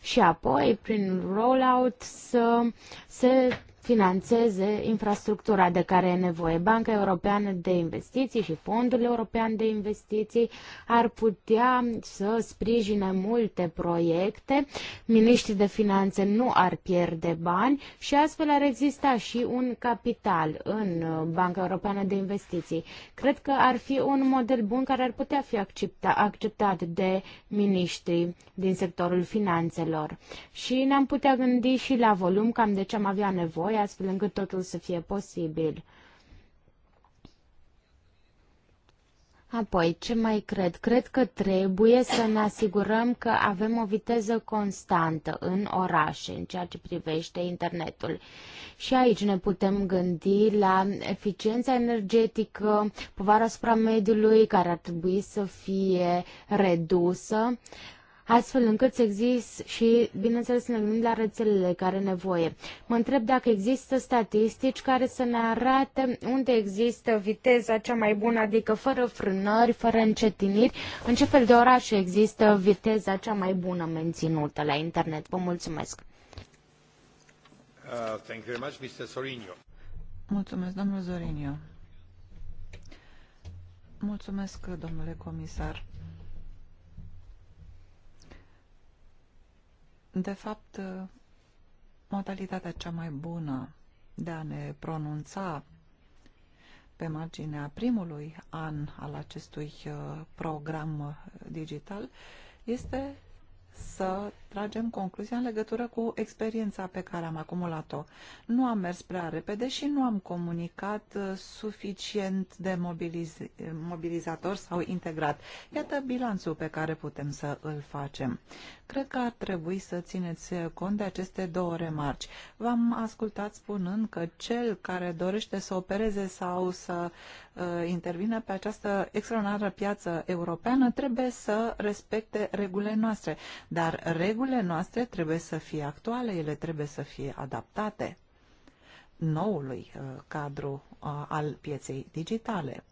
Și apoi, prin rollout, să se financeze infrastructura de care e nevoie. Banca Europeană de Investiții și Fondul European de Investiții ar putea să sprijine multe proiecte, miniștrii de finanțe nu ar pierde bani și astfel ar exista și un capital în Banca Europeană de Investiții. Cred că ar fi un model bun care ar putea fi accepta, acceptat de miniștrii din sectorul finanțelor. Și ne-am putea gândi și la volum, cam de ce am avea nevoie, astfel încât totul să fie posibil. Apoi, ce mai cred? Cred că trebuie să ne asigurăm că avem o viteză constantă în orașe, în ceea ce privește internetul. Și aici ne putem gândi la eficiența energetică, povara asupra mediului care ar trebui să fie redusă. Uh, astfel încât să existe și, bineînțeles, ne gândim la rețelele care nevoie. Mă întreb dacă există statistici care să ne arate unde există viteza cea mai bună, adică fără frânări, fără încetiniri, în ce fel de orașe există viteza cea mai bună menținută la internet. Vă mulțumesc! Uh, thank you very much, Mr. Sorinio. Mulțumesc, domnul Zorinio. Mulțumesc, domnule comisar. De fapt, modalitatea cea mai bună de a ne pronunța pe marginea primului an al acestui uh, program digital este să tragem concluzia în legătură cu experiența pe care am acumulat-o. Nu am mers prea repede și nu am comunicat uh, suficient de mobiliz mobilizator sau integrat. Iată bilanțul pe care putem să îl facem. Cred că ar trebui să țineți cont de aceste două remarci. V-am ascultat spunând că cel care dorește să opereze sau să uh, intervină pe această extraordinară piață europeană trebuie să respecte regulile noastre. Dar regulile Regulile noastre trebuie să fie actuale, ele trebuie să fie adaptate noului uh, cadru uh, al pieței digitale.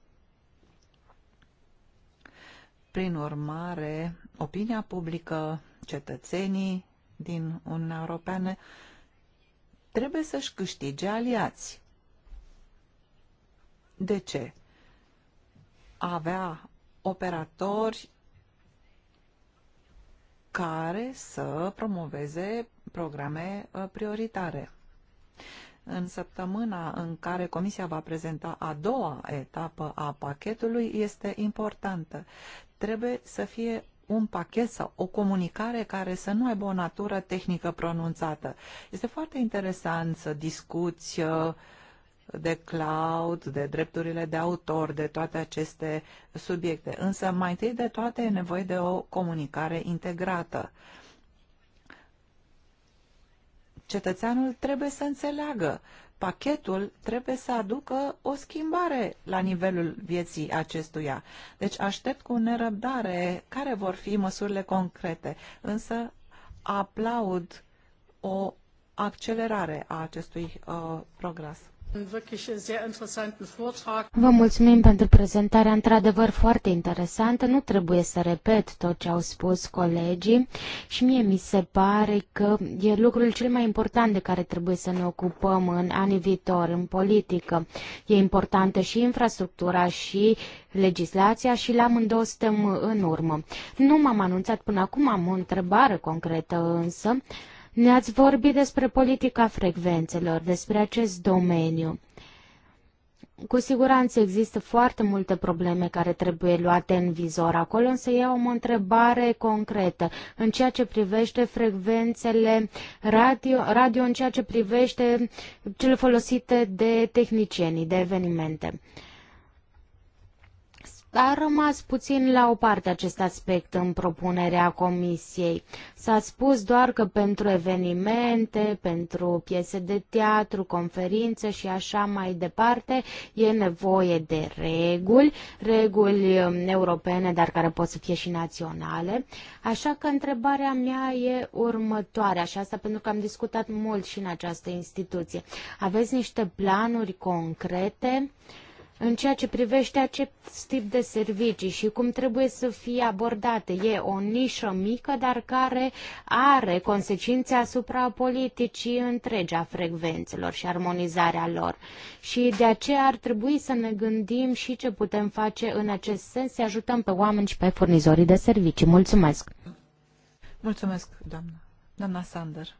Prin urmare, opinia publică, cetățenii din Uniunea Europeană trebuie să-și câștige aliați. De ce? avea operatori care să promoveze programe uh, prioritare. În săptămâna în care Comisia va prezenta a doua etapă a pachetului este importantă. Trebuie să fie un pachet sau o comunicare care să nu aibă o natură tehnică pronunțată. Este foarte interesant să discuți uh, de cloud, de drepturile de autor, de toate aceste subiecte. Însă, mai întâi de toate, e nevoie de o comunicare integrată. Cetățeanul trebuie să înțeleagă. Pachetul trebuie să aducă o schimbare la nivelul vieții acestuia. Deci aștept cu nerăbdare care vor fi măsurile concrete. Însă aplaud o accelerare a acestui uh, progres. Vă mulțumim pentru prezentarea într-adevăr foarte interesantă. Nu trebuie să repet tot ce au spus colegii și mie mi se pare că e lucrul cel mai important de care trebuie să ne ocupăm în anii viitor, în politică. E importantă și infrastructura și legislația și la amândouă suntem în urmă. Nu m-am anunțat până acum, am o întrebare concretă însă. Ne-ați vorbit despre politica frecvențelor, despre acest domeniu. Cu siguranță există foarte multe probleme care trebuie luate în vizor acolo, însă eu am o întrebare concretă în ceea ce privește frecvențele radio, radio în ceea ce privește cele folosite de tehnicienii, de evenimente. Uh, a rămas puțin la o parte acest aspect în propunerea comisiei. S-a spus doar că pentru evenimente, pentru piese de teatru, conferințe și așa mai departe, e nevoie de reguli, reguli um, europene, dar care pot să fie și naționale. Așa că întrebarea mea e următoarea și asta pentru că am discutat mult și în această instituție. Aveți niște planuri concrete? în ceea ce privește acest tip de servicii și cum trebuie să fie abordate. E o nișă mică, dar care are consecințe asupra politicii întregi a frecvențelor și armonizarea lor. Și de aceea ar trebui să ne gândim și ce putem face în acest sens, să ajutăm pe oameni și pe furnizorii de servicii. Mulțumesc! Mulțumesc, doamna. Doamna Sander.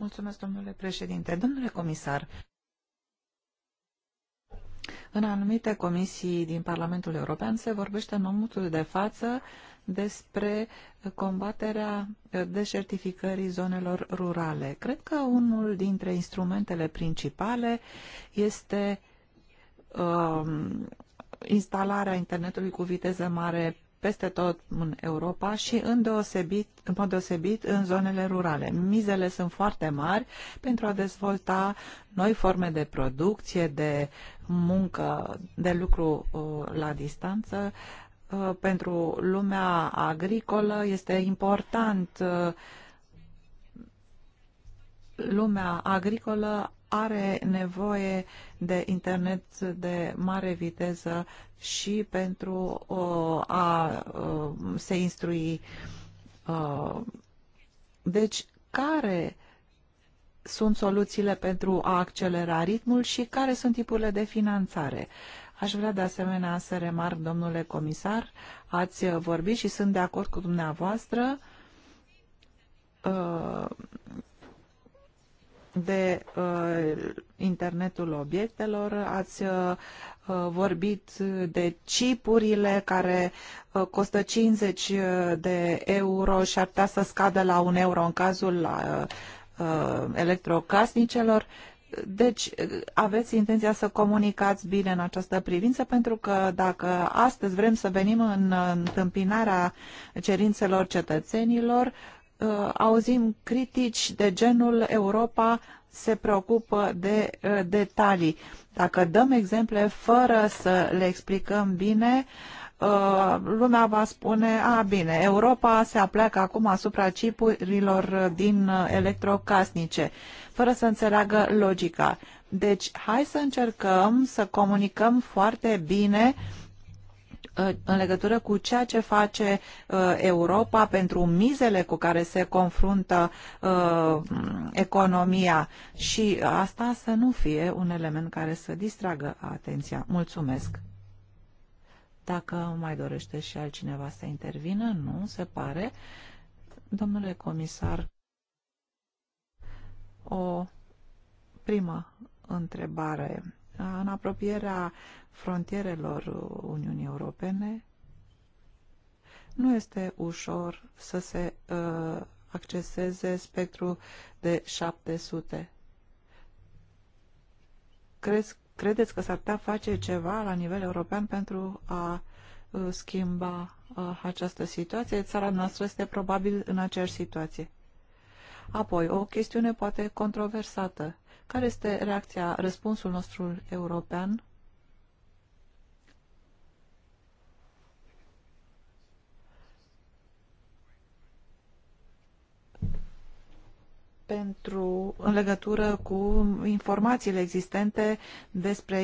Mulțumesc, domnule președinte. Domnule comisar, în anumite comisii din Parlamentul European se vorbește în momentul de față despre combaterea deșertificării zonelor rurale. Cred că unul dintre instrumentele principale este um, instalarea internetului cu viteză mare peste tot în Europa și în, deosebit, în mod deosebit în zonele rurale. Mizele sunt foarte mari pentru a dezvolta noi forme de producție, de muncă, de lucru uh, la distanță. Uh, pentru lumea agricolă este important uh, lumea agricolă are nevoie de internet de mare viteză și pentru uh, a uh, se instrui. Uh, deci, care sunt soluțiile pentru a accelera ritmul și care sunt tipurile de finanțare? Aș vrea de asemenea să remarc, domnule comisar, ați vorbit și sunt de acord cu dumneavoastră de uh, internetul obiectelor, ați uh, uh, vorbit de chipurile care uh, costă 50 de euro și ar putea să scadă la un euro în cazul uh, uh, electrocasnicelor. Deci uh, aveți intenția să comunicați bine în această privință pentru că dacă astăzi vrem să venim în uh, întâmpinarea cerințelor cetățenilor, uh, uh, auzim critici de genul Europa se preocupă de uh, detalii. Dacă dăm exemple fără să le explicăm bine, uh, lumea va spune, a, bine, Europa se apleacă acum asupra cipurilor din uh, electrocasnice, fără să înțeleagă logica. Deci, hai să încercăm să comunicăm foarte bine în legătură cu ceea ce face uh, Europa pentru mizele cu care se confruntă uh, economia și asta să nu fie un element care să distragă atenția. Mulțumesc! Dacă mai dorește și altcineva să intervină, nu se pare. Domnule comisar, o primă întrebare. În apropierea frontierelor Uniunii Europene, nu este ușor să se uh, acceseze spectru de 700. Crezi, credeți că s-ar putea face ceva la nivel european pentru a uh, schimba uh, această situație? Țara noastră este probabil în aceeași situație. Apoi, o chestiune poate controversată. Care este reacția, răspunsul nostru european pentru, în legătură cu informațiile existente despre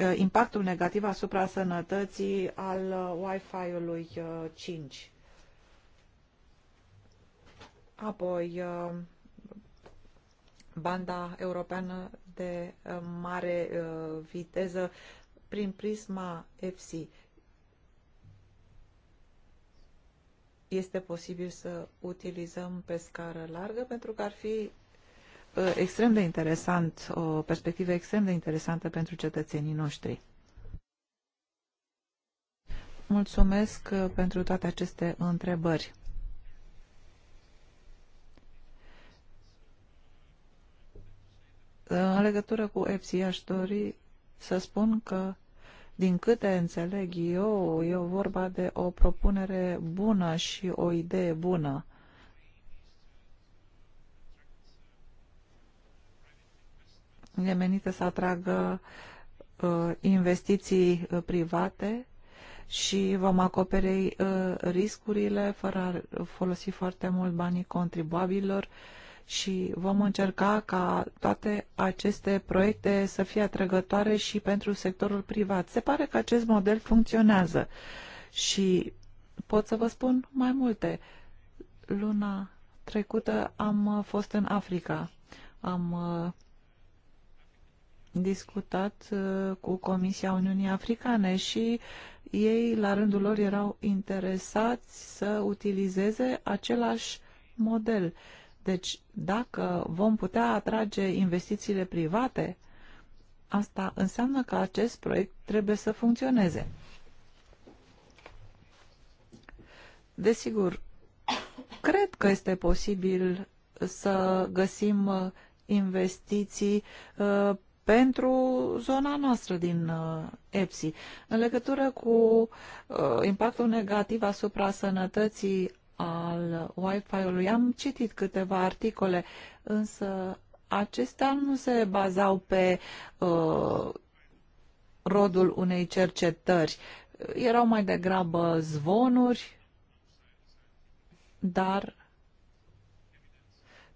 uh, impactul negativ asupra sănătății al uh, Wi-Fi-ului 5. Uh, Apoi, banda europeană de mare viteză prin prisma EFSI. este posibil să utilizăm pe scară largă pentru că ar fi uh, extrem de interesant, o perspectivă extrem de interesantă pentru cetățenii noștri. Mulțumesc uh, pentru toate aceste întrebări. În legătură cu EPSI aș dori să spun că din câte înțeleg eu, e vorba de o propunere bună și o idee bună. E menită să atragă uh, investiții uh, private și vom acoperi uh, riscurile fără a folosi foarte mult banii contribuabililor uh, și vom încerca ca toate aceste proiecte să fie atrăgătoare și pentru sectorul privat. Se pare că acest model funcționează și pot să vă spun mai multe. Luna trecută am uh, fost în Africa. Am uh, discutat uh, cu Comisia Uniunii Africane și ei, la rândul lor, erau interesați să utilizeze același model deci, dacă vom putea atrage investițiile private, asta înseamnă că acest proiect trebuie să funcționeze. Desigur, cred că este posibil să găsim uh, investiții uh, pentru zona noastră din uh, EPSI. În legătură cu impactul negativ asupra sănătății al Wi-Fi-ului. Am citit câteva articole, însă acestea nu se bazau pe uh, rodul unei cercetări. Erau mai degrabă zvonuri, dar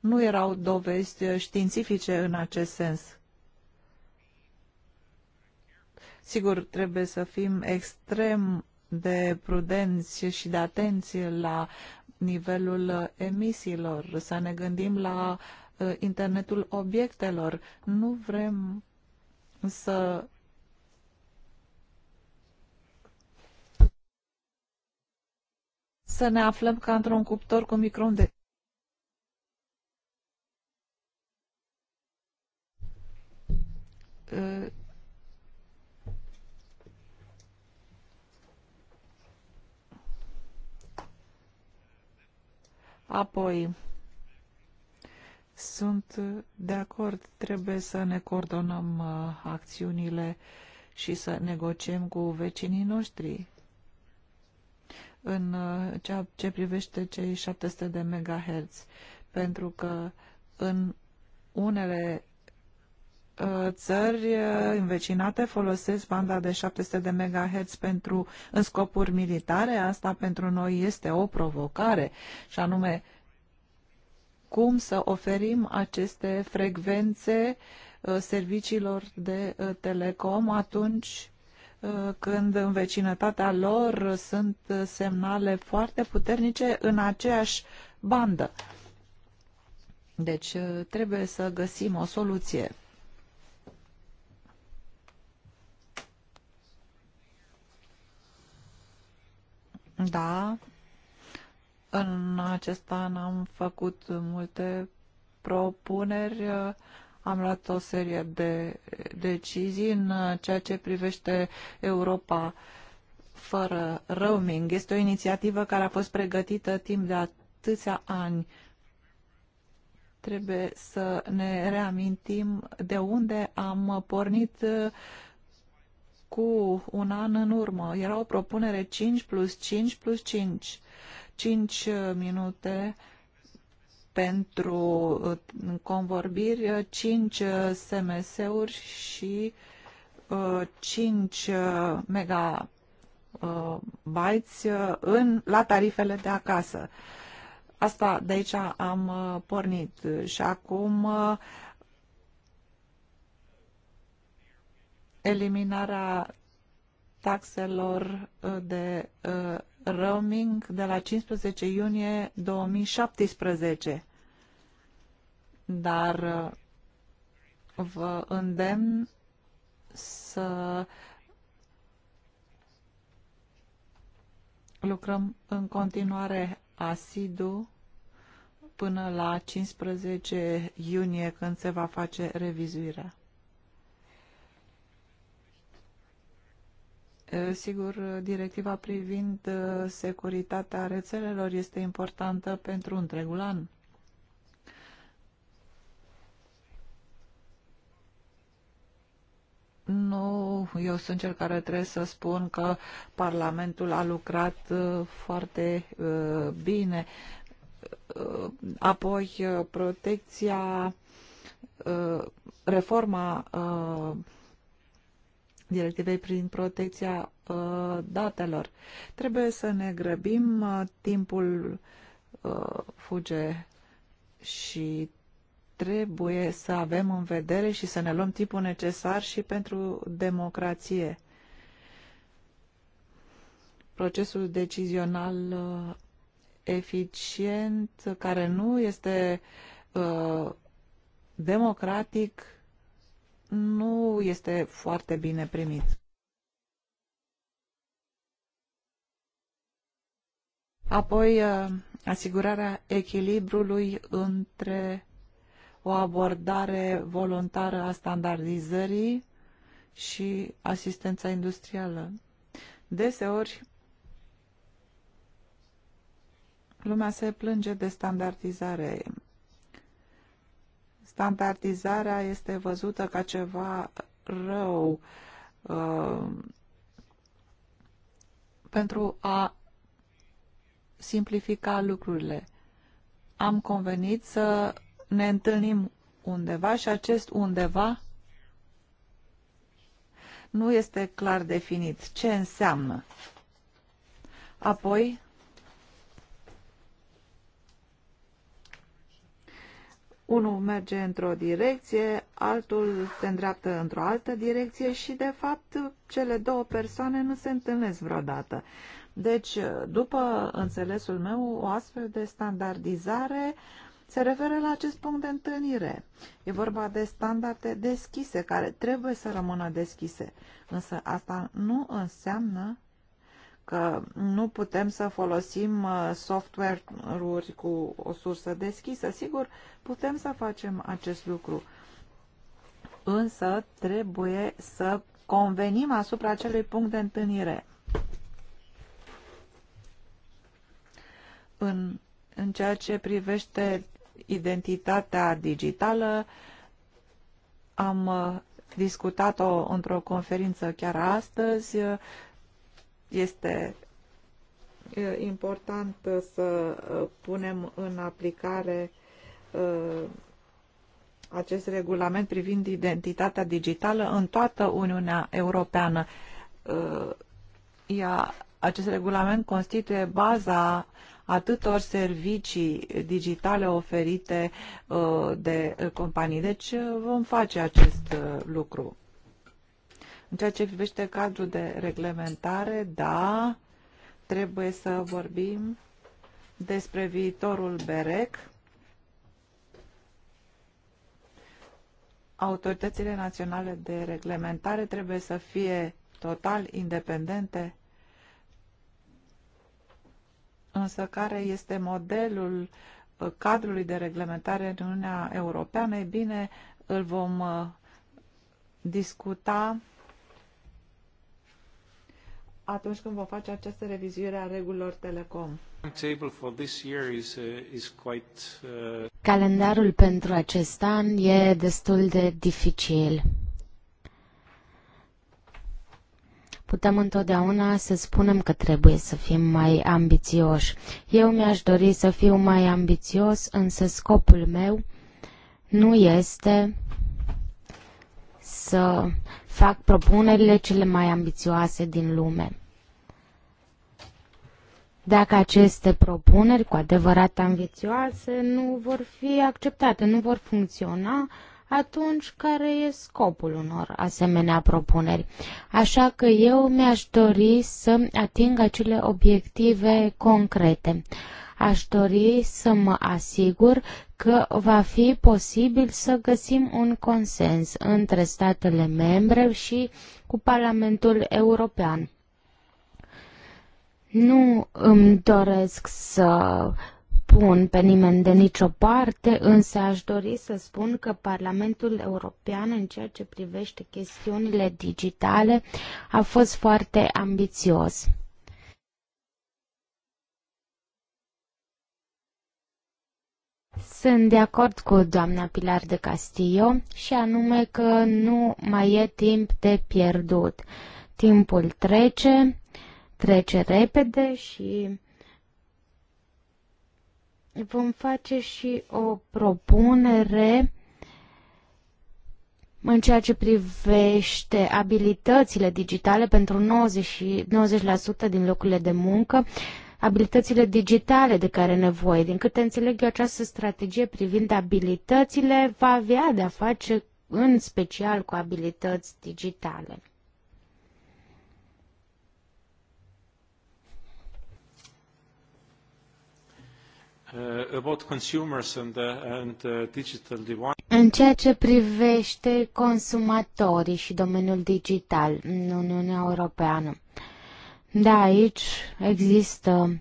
nu erau dovezi științifice în acest sens. Sigur, trebuie să fim extrem de prudenți și de atenție la nivelul emisiilor, să ne gândim la uh, internetul obiectelor. Nu vrem să să ne aflăm ca într-un cuptor cu microunde. Uh, Apoi, sunt de acord, trebuie să ne coordonăm uh, acțiunile și să negociem cu vecinii noștri. În uh, ceea ce privește cei 700 de MHz, pentru că în unele Uh, țări uh, învecinate folosesc banda de 700 de MHz pentru, în scopuri militare. Asta pentru noi este o provocare și anume cum să oferim aceste frecvențe uh, serviciilor de telecom atunci când în vecinătatea lor sunt semnale foarte puternice în aceeași bandă. Deci trebuie să găsim o soluție. Da, în acest an am făcut multe propuneri, am luat o serie de decizii în ceea ce privește Europa fără roaming. Este o inițiativă care a fost pregătită timp de atâția ani. Trebuie să ne reamintim de unde am pornit uh, cu un an în urmă. Era o propunere 5 plus 5 plus 5. 5 uh, minute pentru uh, convorbiri, 5 uh, SMS-uri și 5 megabytes în, la tarifele de acasă. Asta de aici am pornit și acum eliminarea taxelor uh, de uh, roaming de la 15 iunie 2017. Dar uh, vă îndemn să lucrăm în continuare asidu până la 15 iunie când se va face revizuirea. Sigur, directiva privind securitatea rețelelor este importantă pentru întregul an. Nu, eu sunt cel care trebuie să spun că Parlamentul a lucrat foarte bine. Apoi, protecția, reforma directivei prin protecția uh, datelor. Trebuie să ne grăbim, uh, timpul uh, fuge și trebuie să avem în vedere și să ne luăm timpul necesar și pentru democrație. Procesul decizional uh, eficient, care nu este uh, democratic, nu este foarte bine primit. Apoi, uh, asigurarea echilibrului între o abordare voluntară a standardizării și asistența industrială. Deseori, lumea se plânge de standardizare. Standardizarea este văzută ca ceva rău uh, pentru a simplifica lucrurile. Am convenit să ne întâlnim undeva și acest undeva nu este clar definit ce înseamnă. Apoi, Unul merge într-o direcție, altul se îndreaptă într-o altă direcție și, de fapt, cele două persoane nu se întâlnesc vreodată. Deci, după înțelesul meu, o astfel de standardizare se referă la acest punct de întâlnire. E vorba de standarde deschise, care trebuie să rămână deschise. Însă asta nu înseamnă că nu putem să folosim uh, software-uri cu o sursă deschisă. Sigur, putem să facem acest lucru, însă trebuie să convenim asupra acelui punct de întâlnire. În, în ceea ce privește identitatea digitală, am uh, discutat-o într-o conferință chiar astăzi, uh, este important să punem în aplicare acest regulament privind identitatea digitală în toată Uniunea Europeană. Ia, acest regulament constituie baza atâtor servicii digitale oferite de companii. Deci vom face acest lucru. În ceea ce privește cadrul de reglementare, da, trebuie să vorbim despre viitorul BEREC. Autoritățile naționale de reglementare trebuie să fie total independente, însă care este modelul uh, cadrului de reglementare în Uniunea Europeană, e bine, îl vom uh, discuta atunci când vom face această revizuire a regulilor telecom. Uh, uh, Calendarul pentru acest an e destul de dificil. Putem întotdeauna să spunem că trebuie să fim mai ambițioși. Eu mi-aș dori să fiu mai ambițios, însă scopul meu nu este să fac propunerile cele mai ambițioase din lume. Dacă aceste propuneri cu adevărat ambițioase nu vor fi acceptate, nu vor funcționa, atunci care e scopul unor asemenea propuneri. Așa că eu mi-aș dori să ating acele obiective concrete. Aș dori să mă asigur că va fi posibil să găsim un consens între statele membre și cu Parlamentul European. Nu îmi doresc să pun pe nimeni de nicio parte, însă aș dori să spun că Parlamentul European, în ceea ce privește chestiunile digitale, a fost foarte ambițios. Sunt de acord cu doamna Pilar de Castillo și anume că nu mai e timp de pierdut. Timpul trece, trece repede și vom face și o propunere în ceea ce privește abilitățile digitale pentru 90, 90% din locurile de muncă abilitățile digitale de care nevoie. Din câte înțeleg eu, această strategie privind abilitățile va avea de-a face în special cu abilități digitale. Uh, uh, uh, în ceea ce privește consumatorii și domeniul digital în Uniunea Europeană, da, aici există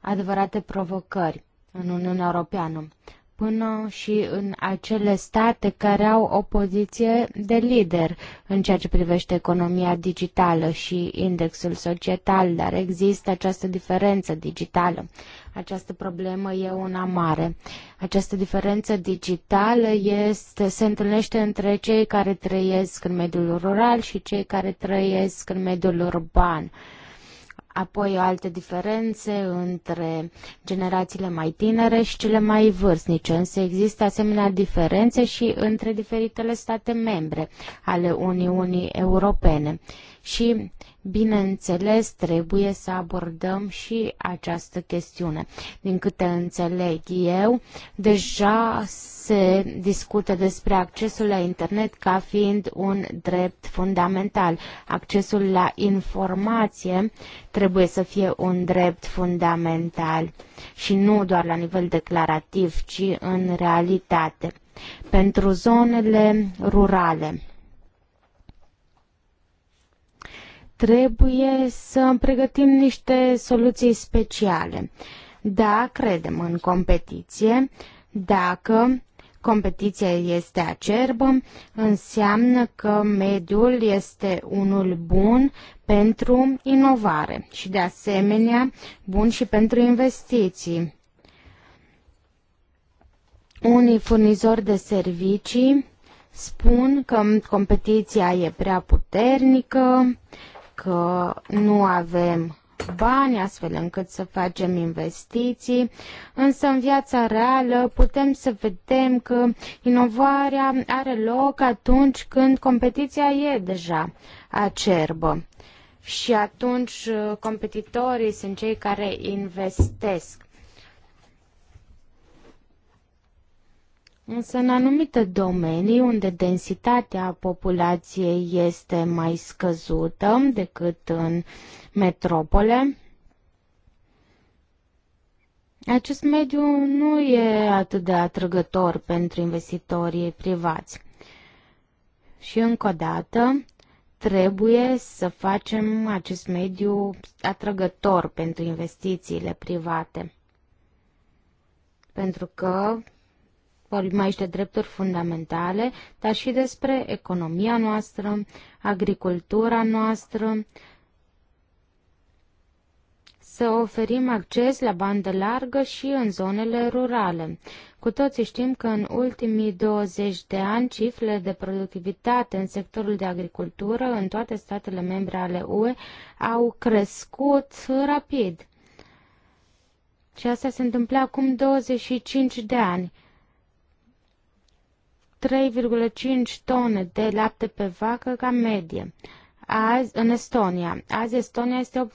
adevărate provocări în Uniunea Europeană până și în acele state care au o poziție de lider în ceea ce privește economia digitală și indexul societal, dar există această diferență digitală. Această problemă e una mare. Această diferență digitală este, se întâlnește între cei care trăiesc în mediul rural și cei care trăiesc în mediul urban apoi alte diferențe între generațiile mai tinere și cele mai vârstnice, însă există asemenea diferențe și între diferitele state membre ale Uniunii Europene. Și Bineînțeles, trebuie să abordăm și această chestiune. Din câte înțeleg eu, deja se discută despre accesul la internet ca fiind un drept fundamental. Accesul la informație trebuie să fie un drept fundamental și nu doar la nivel declarativ, ci în realitate. Pentru zonele rurale Trebuie să pregătim niște soluții speciale. Da, credem în competiție. Dacă competiția este acerbă, înseamnă că mediul este unul bun pentru inovare și de asemenea bun și pentru investiții. Unii furnizori de servicii spun că competiția e prea puternică, că nu avem bani astfel încât să facem investiții, însă în viața reală putem să vedem că inovarea are loc atunci când competiția e deja acerbă și atunci uh, competitorii sunt cei care investesc Însă în anumite domenii unde densitatea populației este mai scăzută decât în metropole, acest mediu nu e atât de atrăgător pentru investitorii privați. Și încă o dată, trebuie să facem acest mediu atrăgător pentru investițiile private. Pentru că vorbim aici de drepturi fundamentale, dar și despre economia noastră, agricultura noastră, să oferim acces la bandă largă și în zonele rurale. Cu toții știm că în ultimii 20 de ani cifrele de productivitate în sectorul de agricultură în toate statele membre ale UE au crescut rapid. Și asta se întâmplă acum 25 de ani. 3,5 tone de lapte pe vacă ca medie. Azi, în Estonia. Azi Estonia este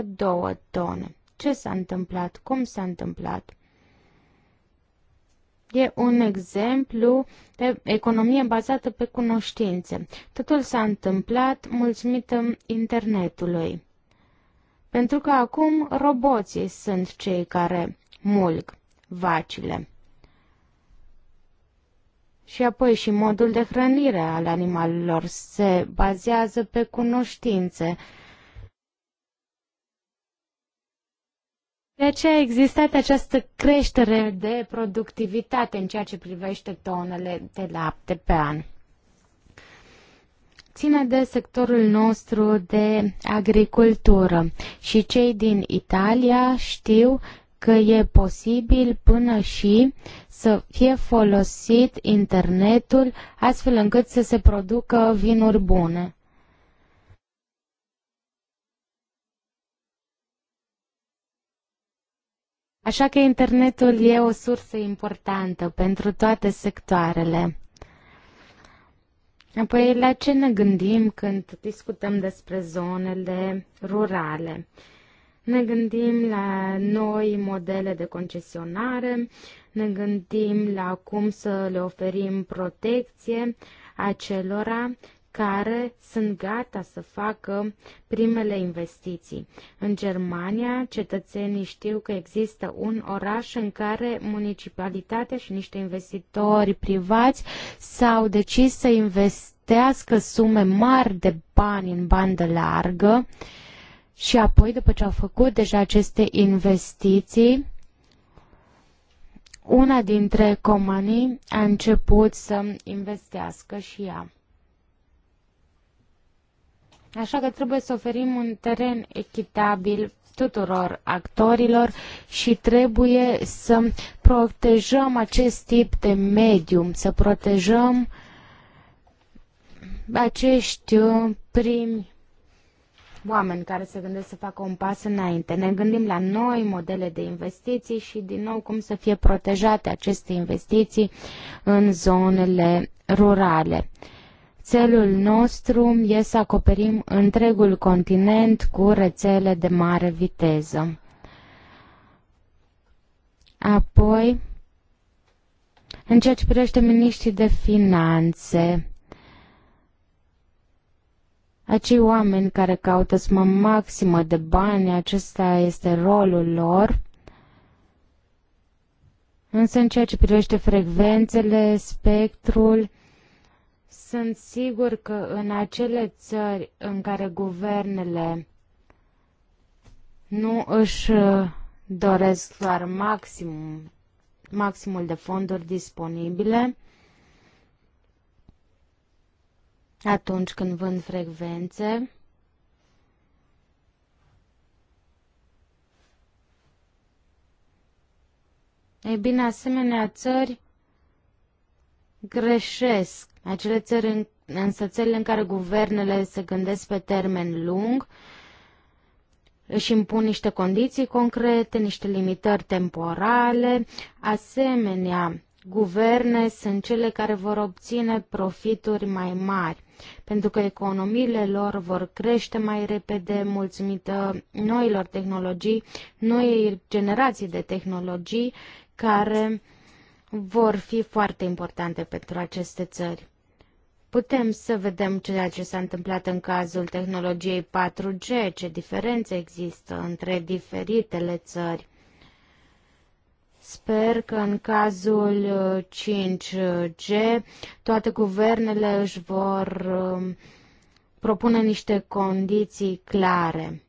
8,2 tone. Ce s-a întâmplat? Cum s-a întâmplat? E un exemplu de economie bazată pe cunoștințe. Totul s-a întâmplat mulțumită internetului. Pentru că acum roboții sunt cei care mulg vacile. Și apoi și modul de hrănire al animalelor se bazează pe cunoștințe. De aceea a existat această creștere de productivitate în ceea ce privește tonele de lapte pe an. Ține de sectorul nostru de agricultură și cei din Italia știu că e posibil până și să fie folosit internetul astfel încât să se producă vinuri bune. Așa că internetul e o sursă importantă pentru toate sectoarele. Apoi, la ce ne gândim când discutăm despre zonele rurale? Ne gândim la noi modele de concesionare, ne gândim la cum să le oferim protecție acelora care sunt gata să facă primele investiții. În Germania, cetățenii știu că există un oraș în care municipalitatea și niște investitori privați s-au decis să investească sume mari de bani în bandă largă, și apoi, după ce au făcut deja aceste investiții, una dintre companii a început să investească și ea. Așa că trebuie să oferim un teren echitabil tuturor actorilor și trebuie să protejăm acest tip de mediu, să protejăm acești primi oameni care se gândesc să facă un pas înainte. Ne gândim la noi modele de investiții și din nou cum să fie protejate aceste investiții în zonele rurale. Țelul nostru e să acoperim întregul continent cu rețele de mare viteză. Apoi, în ceea ce privește miniștrii de finanțe, acei oameni care caută sumă maximă de bani, acesta este rolul lor. Însă în ceea ce privește frecvențele, spectrul, sunt sigur că în acele țări în care guvernele nu își uh, doresc doar maxim, maximul de fonduri disponibile, atunci când vând frecvențe. Ei bine, asemenea țări greșesc. Acele țări, în, însă țările în care guvernele se gândesc pe termen lung, își impun niște condiții concrete, niște limitări temporale, asemenea guverne sunt cele care vor obține profituri mai mari, pentru că economiile lor vor crește mai repede mulțumită noilor tehnologii, noi generații de tehnologii care vor fi foarte importante pentru aceste țări. Putem să vedem ceea ce s-a întâmplat în cazul tehnologiei 4G, ce diferențe există între diferitele țări. Sper că în cazul 5G uh, toate guvernele își vor um, propune niște condiții clare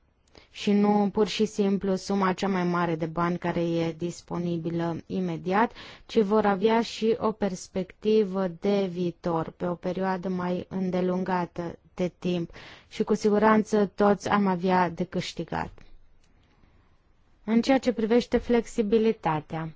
și nu pur și simplu suma cea mai mare de bani care e disponibilă imediat, ci vor avea și o perspectivă de viitor pe o perioadă mai îndelungată de timp și cu siguranță toți am avea de câștigat. În ceea ce privește flexibilitatea,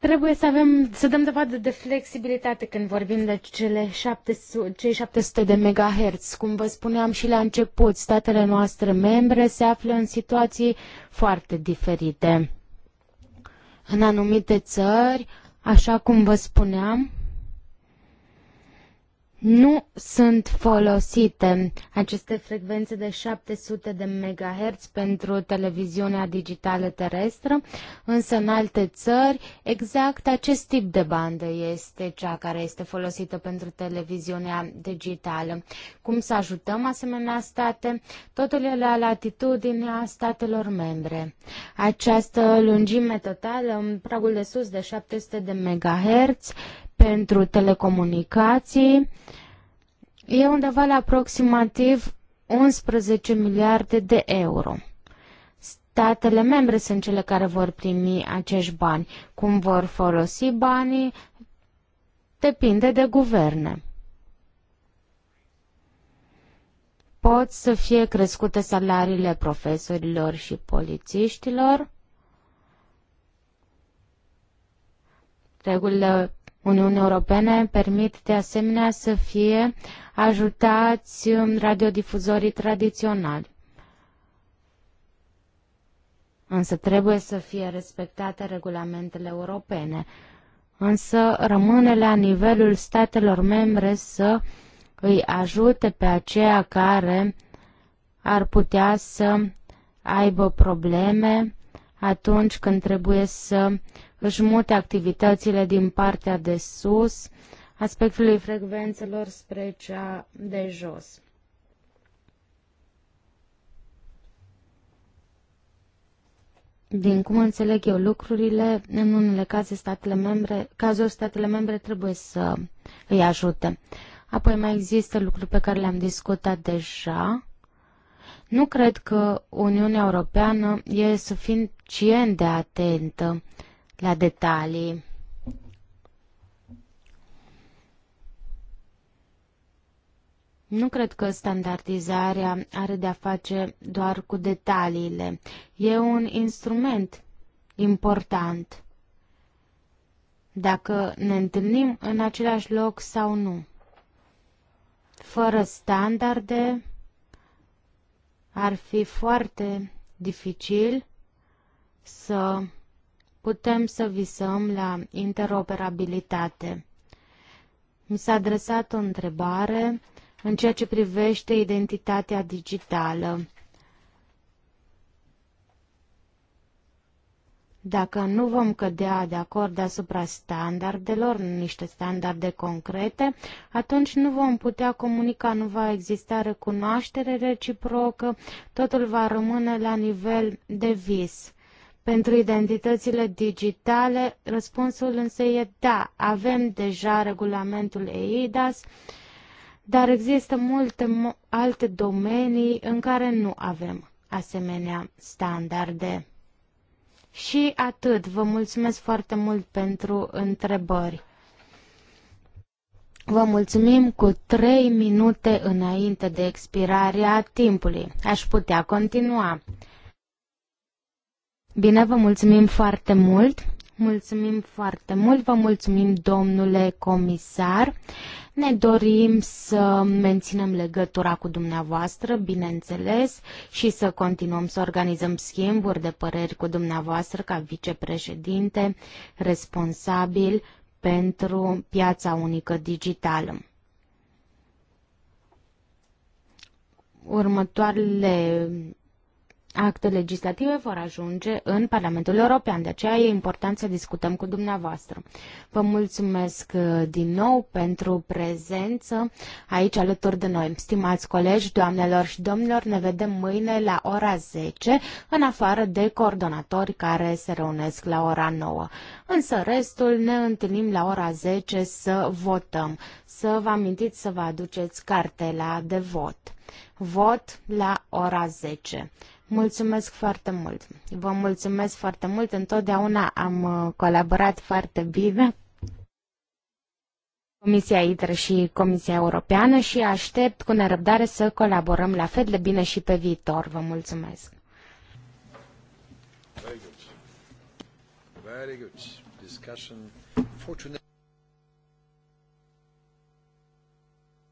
Trebuie să avem, să dăm dovadă de flexibilitate când vorbim de cele 700, cei 700 de megahertz. Cum vă spuneam și la început, statele noastre membre se află în situații foarte diferite. În anumite țări, așa cum vă spuneam, nu sunt folosite aceste frecvențe de 700 de MHz pentru televiziunea digitală terestră, însă în alte țări exact acest tip de bandă este cea care este folosită pentru televiziunea digitală. Cum să ajutăm asemenea state? Totul e la latitudinea statelor membre. Această lungime totală, în pragul de sus de 700 de MHz, pentru telecomunicații e undeva la aproximativ 11 miliarde de euro. Statele membre sunt cele care vor primi acești bani. Cum vor folosi banii depinde de guverne. Pot să fie crescute salariile profesorilor și polițiștilor, regulile Uniunii Europene permit de asemenea să fie ajutați radiodifuzorii tradiționali. Însă trebuie să fie respectate regulamentele europene. Însă rămâne la nivelul statelor membre să îi ajute pe aceia care ar putea să aibă probleme atunci când trebuie să își mute activitățile din partea de sus a spectrului frecvențelor spre cea de jos. Din cum înțeleg eu lucrurile, în unele cazuri statele membre, cazuri statele membre trebuie să îi ajute. Apoi mai există lucruri pe care le-am discutat deja. Nu cred că Uniunea Europeană e suficient de atentă la detalii. Nu cred că standardizarea are de-a face doar cu detaliile. E un instrument important. Dacă ne întâlnim în același loc sau nu. Fără standarde ar fi foarte dificil să putem să visăm la interoperabilitate. Mi s-a adresat o întrebare în ceea ce privește identitatea digitală. Dacă nu vom cădea de acord asupra standardelor, niște standarde concrete, atunci nu vom putea comunica, nu va exista recunoaștere reciprocă, totul va rămâne la nivel de vis. Pentru identitățile digitale, răspunsul însă e da, avem deja regulamentul EIDAS, dar există multe alte domenii în care nu avem asemenea standarde. Și atât, vă mulțumesc foarte mult pentru întrebări. Vă mulțumim cu 3 minute înainte de expirarea timpului. Aș putea continua. Bine, vă mulțumim foarte mult. Mulțumim foarte mult, vă mulțumim domnule comisar. Ne dorim să menținem legătura cu dumneavoastră, bineînțeles, și să continuăm să organizăm schimburi de păreri cu dumneavoastră ca vicepreședinte responsabil pentru piața unică digitală. Următoarele acte legislative vor ajunge în Parlamentul European. De aceea e important să discutăm cu dumneavoastră. Vă mulțumesc uh, din nou pentru prezență aici alături de noi. Stimați colegi, doamnelor și domnilor, ne vedem mâine la ora 10, în afară de coordonatori care se reunesc la ora 9. Însă restul ne întâlnim la ora 10 să votăm. Să vă amintiți să vă aduceți cartela de vot. Vot la ora 10. Mulțumesc foarte mult. Vă mulțumesc foarte mult. Întotdeauna am uh, colaborat foarte bine. Comisia ITRE și Comisia Europeană și aștept cu nerăbdare să colaborăm la fel de bine și pe viitor. Vă mulțumesc. Very good. Very good. Discussion. Fortunate...